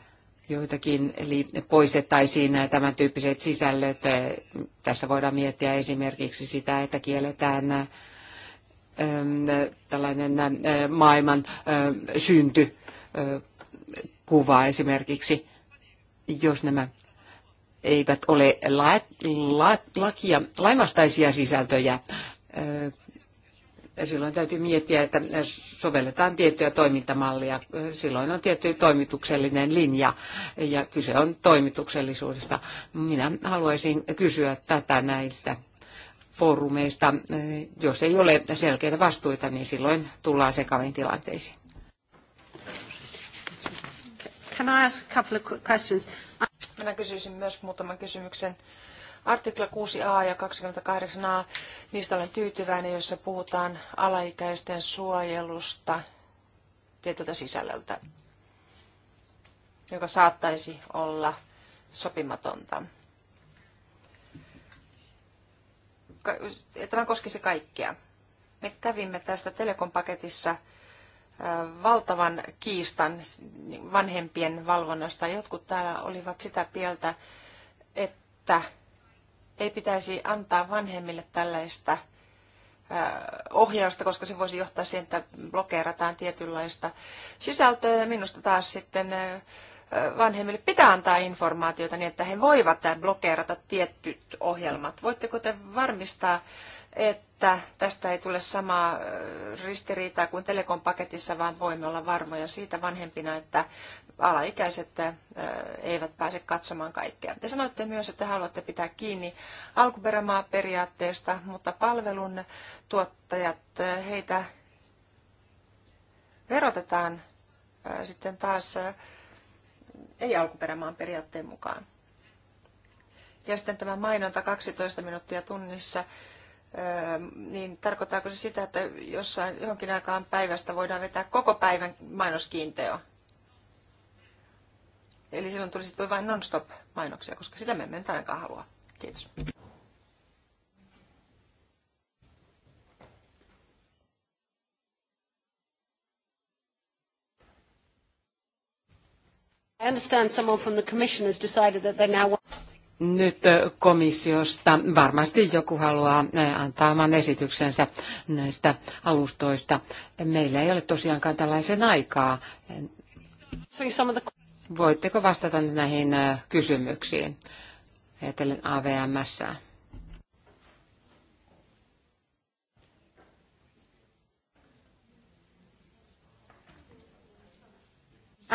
joitakin, eli poistettaisiin tämän tyyppiset sisällöt. Tässä voidaan miettiä esimerkiksi sitä, että kielletään tällainen maailman synty kuva esimerkiksi, jos nämä eivät ole la, la, lakia, lainvastaisia sisältöjä. Silloin täytyy miettiä, että sovelletaan tiettyä toimintamallia. Silloin on tietty toimituksellinen linja ja kyse on toimituksellisuudesta. Minä haluaisin kysyä tätä näistä foorumeista. Jos ei ole selkeitä vastuita, niin silloin tullaan sekaviin tilanteisiin. Can I ask a couple of questions? Minä kysyisin myös muutaman kysymyksen. Artikla 6a ja 28a, niistä olen tyytyväinen, jossa puhutaan alaikäisten suojelusta tietyltä sisällöltä, joka saattaisi olla sopimatonta. Tämä koskisi kaikkea. Me kävimme tästä telekompaketissa paketissa valtavan kiistan vanhempien valvonnasta. Jotkut täällä olivat sitä pieltä, että ei pitäisi antaa vanhemmille tällaista ohjausta, koska se voisi johtaa siihen, että blokeerataan tietynlaista sisältöä. Ja minusta taas sitten vanhemmille pitää antaa informaatiota niin, että he voivat blokeerata tietyt ohjelmat. Voitteko te varmistaa, että että tästä ei tule samaa ristiriitaa kuin telekompaketissa, vaan voimme olla varmoja siitä vanhempina, että alaikäiset eivät pääse katsomaan kaikkea. Te sanoitte myös, että haluatte pitää kiinni alkuperämaaperiaatteesta, mutta palvelun tuottajat, heitä verotetaan sitten taas ei alkuperämaan periaatteen mukaan. Ja sitten tämä mainonta 12 minuuttia tunnissa niin tarkoittaako se sitä, että jossain johonkin aikaan päivästä voidaan vetää koko päivän mainoskiinteo? Eli silloin tulisi tuo vain non-stop mainoksia, koska sitä me emme nyt ainakaan halua. Kiitos. I understand someone from the Commission has decided that they now want nyt komissiosta. Varmasti joku haluaa antaa oman esityksensä näistä alustoista. Meillä ei ole tosiaankaan tällaisen aikaa. Voitteko vastata näihin kysymyksiin? Ajatellen AVMssä.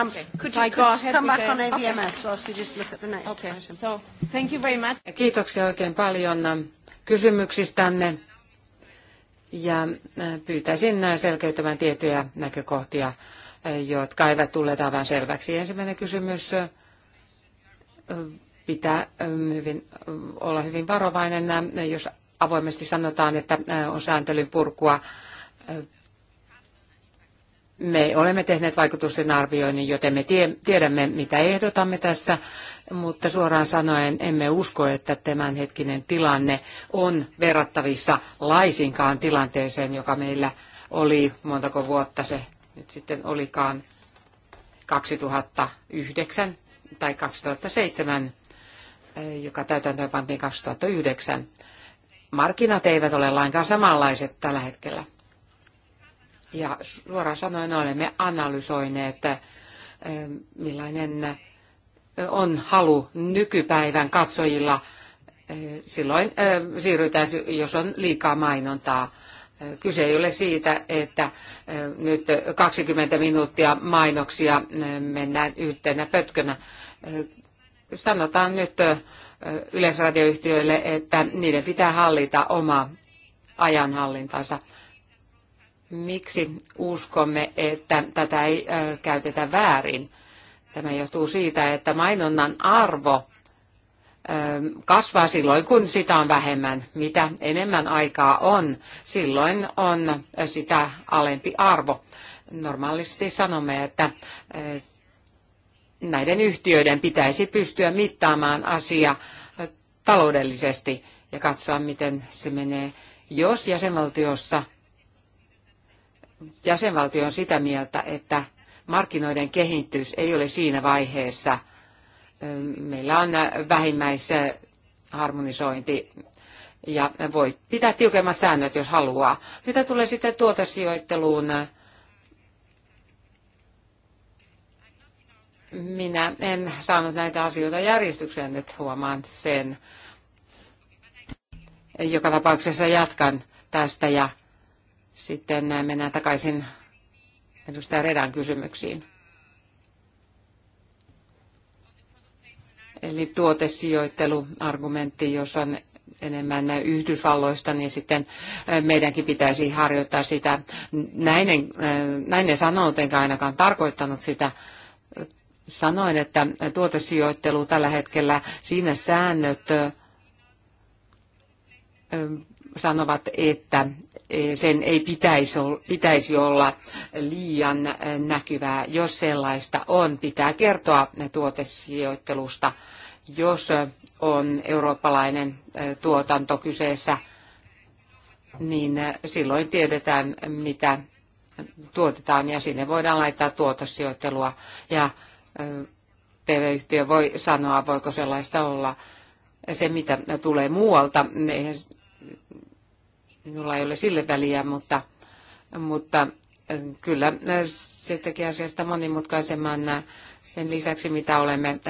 Um, okay. Could you, could you come back on AVMS, okay. or we just look at the next okay. question? So, thank you very much. Kiitoksia oikein paljon um, kysymyksistänne. Ja um, pyytäisin uh, selkeyttämään tiettyjä näkökohtia, uh, jotka eivät tulleet aivan selväksi. Ensimmäinen kysymys uh, pitää um, hyvin, olla hyvin varovainen, jos avoimesti sanotaan, että on sääntelyn purkua me olemme tehneet vaikutusten arvioinnin, joten me tie, tiedämme, mitä ehdotamme tässä, mutta suoraan sanoen emme usko, että tämänhetkinen tilanne on verrattavissa laisinkaan tilanteeseen, joka meillä oli montako vuotta se nyt sitten olikaan 2009 tai 2007, eh, joka täytäntöön pantiin 2009. Markkinat eivät ole lainkaan samanlaiset tällä hetkellä. Ja suoraan sanoen olemme analysoineet, eh, millainen eh, on halu nykypäivän katsojilla. Eh, silloin siirrytään, jos on liikaa mainontaa. Kyse ei ole siitä, että nyt 20 minuuttia mainoksia mennään yhtenä pötkönä. Sanotaan nyt yleisradioyhtiöille, että niiden pitää hallita oma ajanhallintansa. Miksi uskomme, että tätä ei käytetä väärin? Tämä johtuu siitä, että mainonnan arvo kasvaa silloin, kun sitä on vähemmän. Mitä enemmän aikaa on, silloin on sitä alempi arvo. Normaalisti sanomme, että näiden yhtiöiden pitäisi pystyä mittaamaan asia taloudellisesti ja katsoa, miten se menee. Jos jäsenvaltiossa jäsenvaltio on sitä mieltä, että markkinoiden kehitys ei ole siinä vaiheessa. Meillä on vähimmäisharmonisointi ja voi pitää tiukemmat säännöt, jos haluaa. Mitä tulee sitten tuotesijoitteluun? Minä en saanut näitä asioita järjestykseen nyt, huomaan sen. Joka tapauksessa jatkan tästä ja sitten mennään takaisin edustaja Redan kysymyksiin. Eli tuotesijoitteluargumentti, jos on enemmän Yhdysvalloista, niin sitten eh, meidänkin pitäisi harjoittaa sitä. Näin en, eh, näin sanonut, enkä ainakaan tarkoittanut sitä. Sanoin, että tuotesijoittelu tällä hetkellä, siinä säännöt eh, sanovat, että e, sen ei pitäisi, pitäisi olla liian e, näkyvää. Jos sellaista on, pitää kertoa tuotesijoittelusta. Jos e, on eurooppalainen tuotanto kyseessä, niin silloin tiedetään, mitä tuotetaan ja sinne voidaan laittaa tuotesijoittelua. Ja TV-yhtiö voi sanoa, voiko sellaista olla se, mitä tulee muualta, minulla ei ole sille väliä, mutta, mutta eh, kyllä eh, se teki asiasta monimutkaisemman eh, sen lisäksi, mitä olemme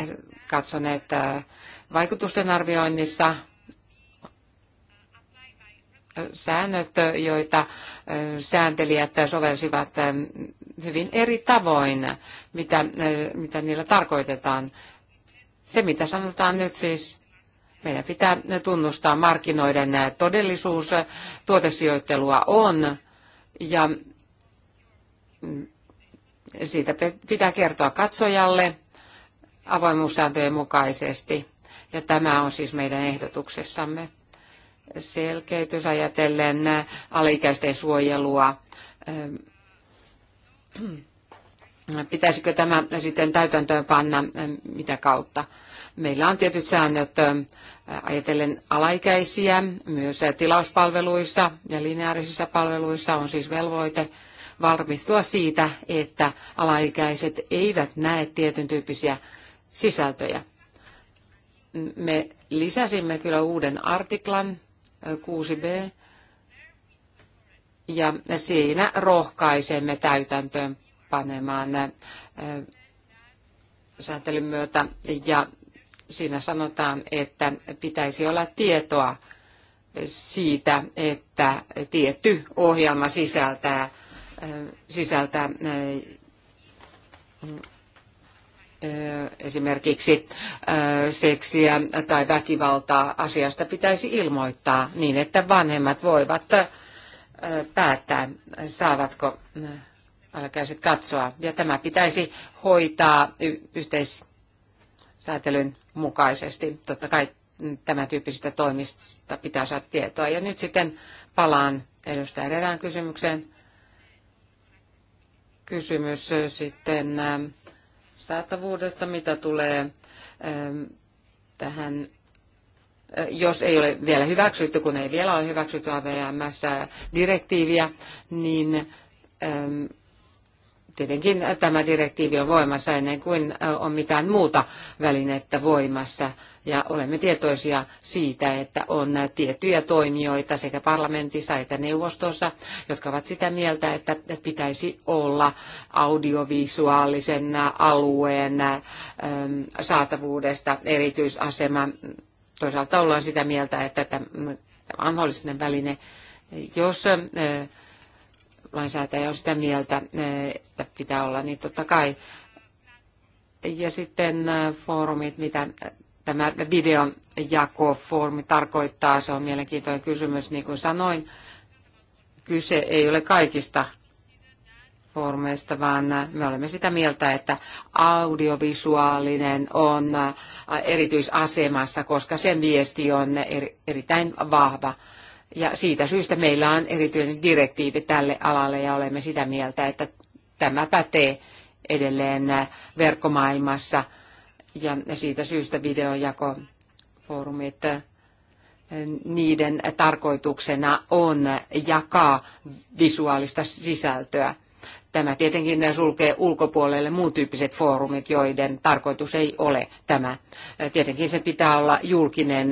katsoneet vaikutusten arvioinnissa. Säännöt, joita sääntelijät sovelsivat hyvin eri tavoin, mitä, mitä niillä tarkoitetaan. Se, mitä sanotaan nyt siis meidän pitää tunnustaa markkinoiden todellisuus. Tuotesijoittelua on ja mm, siitä pitää kertoa katsojalle avoimuussääntöjen mukaisesti. Ja tämä on siis meidän ehdotuksessamme selkeytys ajatellen alikäisten suojelua. Öö, <clears throat> pitäisikö tämä sitten täytäntöön panna, mitä kautta? Meillä on tietyt säännöt ajatellen alaikäisiä myös tilauspalveluissa ja lineaarisissa palveluissa on siis velvoite varmistua siitä, että alaikäiset eivät näe tietyn tyyppisiä sisältöjä. Me lisäsimme kyllä uuden artiklan 6b ja siinä rohkaisemme täytäntöön panemaan sääntelyn myötä ja siinä sanotaan, että pitäisi olla tietoa siitä, että tietty ohjelma sisältää, äh, sisältää äh, äh, esimerkiksi seksiä tai väkivaltaa asiasta pitäisi ilmoittaa niin, että vanhemmat voivat päättää, saavatko alkaiset katsoa. Ja tämä pitäisi hoitaa yhteis- säätelyn mukaisesti. Totta kai tämän tyyppisistä toimista pitää saada tietoa. Ja nyt sitten palaan edustaja Redän kysymykseen. Kysymys sitten ähm, saatavuudesta, mitä tulee ähm, tähän äh, jos ei ole vielä hyväksytty, kun ei vielä ole hyväksytty AVMS-direktiiviä, niin ähm, tietenkin tämä direktiivi on voimassa ennen kuin on mitään muuta välinettä voimassa. Ja olemme tietoisia siitä, että on tiettyjä toimijoita sekä parlamentissa että neuvostossa, jotka ovat sitä mieltä, että pitäisi olla audiovisuaalisen alueen saatavuudesta erityisasema. Toisaalta ollaan sitä mieltä, että tämä on mahdollinen väline. Jos lainsäätäjä on sitä mieltä, eh, että pitää olla, niin totta kai. Ja sitten eh, foorumit, mitä tämä videon jakofoorumi tarkoittaa, se on mielenkiintoinen kysymys, niin kuin sanoin. Kyse ei ole kaikista foorumeista, vaan eh, me olemme sitä mieltä, että audiovisuaalinen on erityisasemassa, koska sen viesti on erittäin vahva ja siitä syystä meillä on erityinen direktiivi tälle alalle ja olemme sitä mieltä, että tämä pätee edelleen verkkomaailmassa. Ja siitä syystä videojakofoorumit, niiden tarkoituksena on jakaa visuaalista sisältöä. Tämä tietenkin sulkee ulkopuolelle muun tyyppiset foorumit, joiden tarkoitus ei ole tämä. Tietenkin se pitää olla julkinen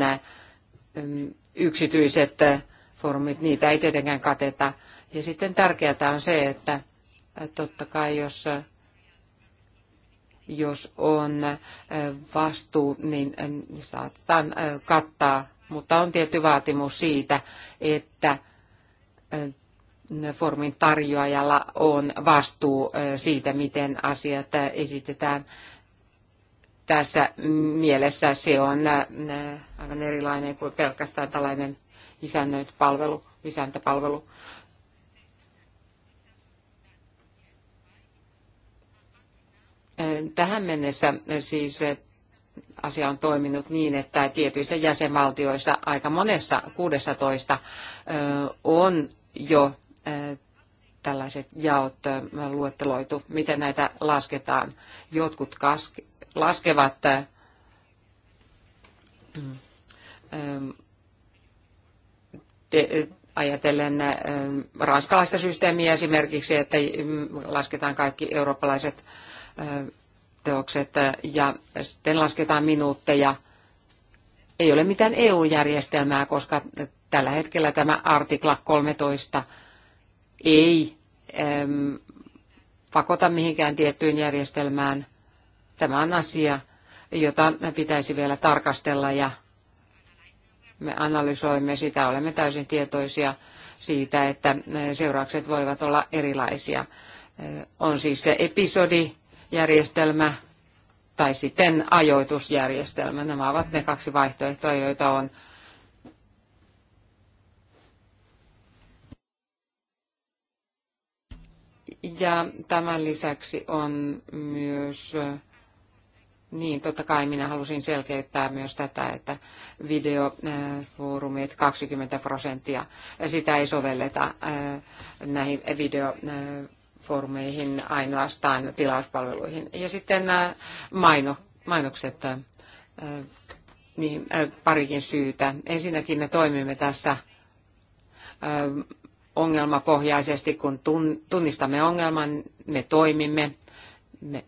yksityiset eh, foorumit, niitä ei tietenkään kateta. Ja sitten tärkeää on se, että eh, totta kai jos, eh, jos on vastuu, niin saatetaan kattaa, mutta on tietty vaatimus siitä, että formin tarjoajalla on vastuu siitä, miten asiat esitetään tässä mielessä se on äh, äh, aivan erilainen kuin pelkästään tällainen isännöintipalvelu, isäntäpalvelu. Äh, tähän mennessä siis asia on toiminut niin, että tietyissä jäsenvaltioissa aika monessa 16 on jo tällaiset jaot luetteloitu, miten näitä lasketaan. Jotkut laskevat äh, ähm, te, äh, ajatellen äh, ranskalaista systeemiä esimerkiksi, että mm, lasketaan kaikki eurooppalaiset teokset ja sitten lasketaan minuutteja. Ei ole mitään EU-järjestelmää, koska tällä hetkellä tämä artikla 13 ei äm, pakota mihinkään tiettyyn järjestelmään. Tämä on asia, jota pitäisi vielä tarkastella ja me analysoimme sitä, olemme täysin tietoisia siitä, että seuraukset voivat olla erilaisia. On siis se episodijärjestelmä tai sitten ajoitusjärjestelmä. Nämä ovat ne kaksi vaihtoehtoa, joita on. Ja tämän lisäksi on myös niin, totta kai minä halusin selkeyttää myös tätä, että videofoorumit 20 prosenttia, sitä ei sovelleta äh, näihin videofoorumeihin ainoastaan tilauspalveluihin. Ja sitten nämä äh, maino, mainokset, äh, niin parikin syytä. Ensinnäkin me toimimme tässä ongelmapohjaisesti, kun tunnistamme ongelman, me toimimme, me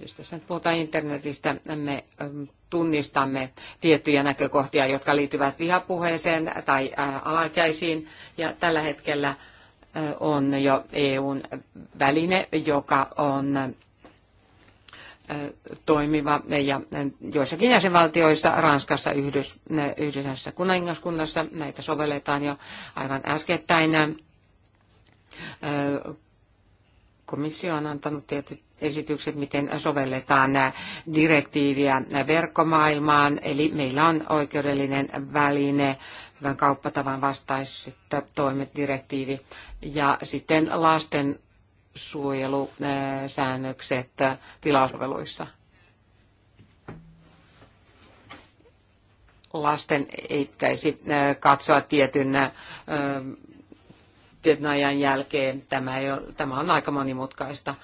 jos tässä nyt puhutaan internetistä, me ähm, tunnistamme tiettyjä näkökohtia, jotka liittyvät vihapuheeseen tai äh, alaikäisiin. Ja tällä hetkellä äh, on jo EUn väline, joka on äh, toimiva ja joissakin jäsenvaltioissa, Ranskassa, Yhdys, Yhdysvässä kuningaskunnassa, näitä sovelletaan jo aivan äskettäin komissio on antanut tietyt esitykset, miten sovelletaan direktiiviä verkkomaailmaan, eli meillä on oikeudellinen väline, hyvän kauppatavan vastaiset toimet direktiivi, ja sitten lasten suojelusäännökset tilauspalveluissa. Lasten ei pitäisi katsoa tietyn tietyn ajan jälkeen. Tämä, ei ole, tämä on aika monimutkaista.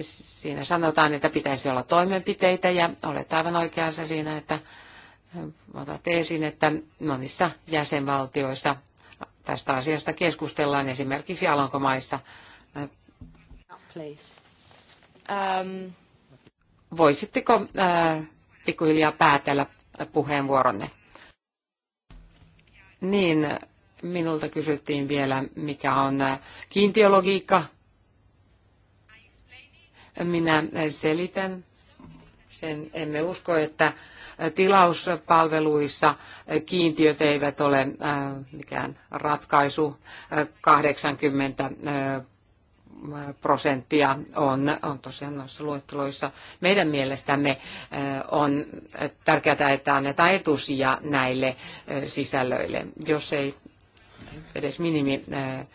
Siinä sanotaan, että pitäisi olla toimenpiteitä ja olet aivan oikeassa siinä, että otat esiin, että monissa jäsenvaltioissa tästä asiasta keskustellaan, esimerkiksi Alankomaissa. Ähm. Voisitteko äh, pikkuhiljaa päätellä puheenvuoronne? Niin, minulta kysyttiin vielä, mikä on äh, kiintiologiikka. Minä äh, selitän sen. Emme usko, että äh, tilauspalveluissa kiintiöt eivät ole mikään ratkaisu. 80 prosenttia on, on tosiaan noissa luetteloissa. Meidän mielestämme on tärkeää, että annetaan etusija näille sisällöille. Jos ei edes minimiosiota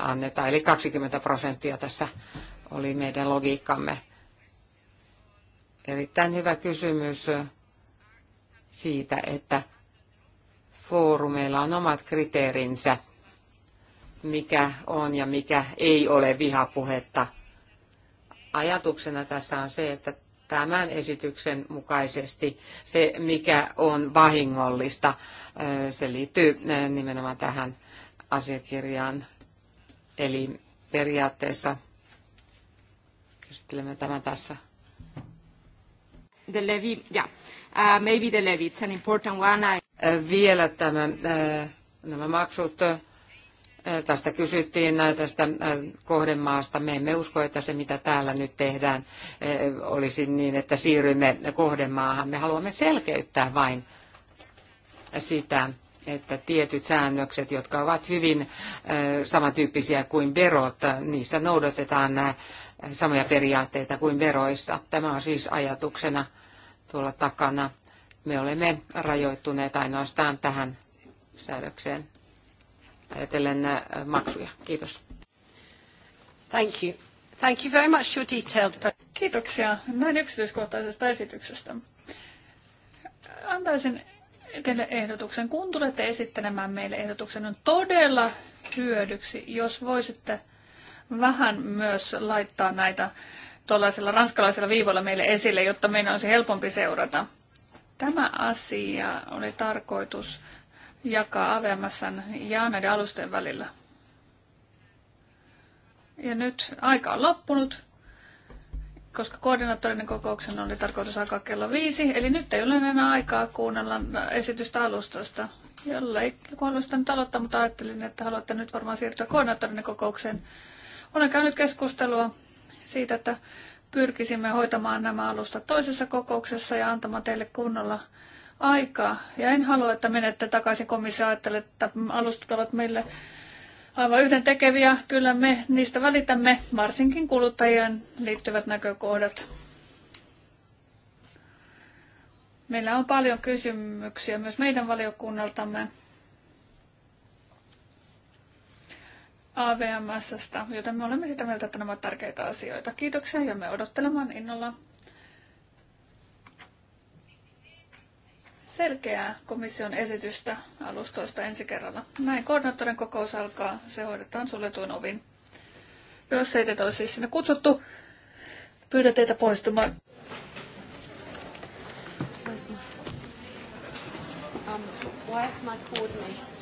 anneta, eli 20 prosenttia tässä oli meidän logiikkamme. Erittäin hyvä kysymys siitä, että foorumeilla on omat kriteerinsä, mikä on ja mikä ei ole vihapuhetta. Ajatuksena tässä on se, että tämän esityksen mukaisesti se, mikä on vahingollista, se liittyy nimenomaan tähän asiakirjaan. Eli periaatteessa käsittelemme tämän tässä. The levy, yeah. Uh, maybe the levy, it's an important one. I... Vielä tämä, nämä maksut. Tästä kysyttiin tästä kohdemaasta. Me emme usko, että se mitä täällä nyt tehdään olisi niin, että siirrymme kohdemaahan. Me haluamme selkeyttää vain sitä, että tietyt säännökset, jotka ovat hyvin samantyyppisiä kuin verot, niissä noudatetaan samoja periaatteita kuin veroissa. Tämä on siis ajatuksena tuolla takana. Me olemme rajoittuneet ainoastaan tähän säädökseen ajatellen maksuja. Kiitos. Thank you. Thank you very much for detailed... Kiitoksia näin yksityiskohtaisesta esityksestä. Antaisin teille ehdotuksen. Kun tulette esittelemään meille ehdotuksen, on todella hyödyksi, jos voisitte vähän myös laittaa näitä tuollaisilla ranskalaisilla viivoilla meille esille, jotta meidän olisi helpompi seurata. Tämä asia oli tarkoitus jakaa AVMSn ja näiden alusten välillä. Ja nyt aika on loppunut koska koordinaattorinen kokouksen oli tarkoitus alkaa kello viisi, eli nyt ei ole enää aikaa kuunnella esitystä alustasta. Jollei haluaisin nyt aloittaa, mutta ajattelin, että haluatte nyt varmaan siirtyä koordinaattorinen kokoukseen. Olen käynyt keskustelua siitä, että pyrkisimme hoitamaan nämä alustat toisessa kokouksessa ja antamaan teille kunnolla aikaa. Ja en halua, että menette takaisin komissio ajattelee, että alustat ovat meille aivan yhden tekeviä. Kyllä me niistä välitämme, varsinkin kuluttajien liittyvät näkökohdat. Meillä on paljon kysymyksiä myös meidän valiokunnaltamme AVMSstä, joten me olemme sitä mieltä, että nämä ovat tärkeitä asioita. Kiitoksia ja me odottelemaan innolla selkeää komission esitystä alustoista ensi kerralla. Näin koordinaattorin kokous alkaa, se hoidetaan suljetuin ovin. Jos teitä olisi siis sinne kutsuttu, pyydän teitä poistumaan. Um, why is my coordinator?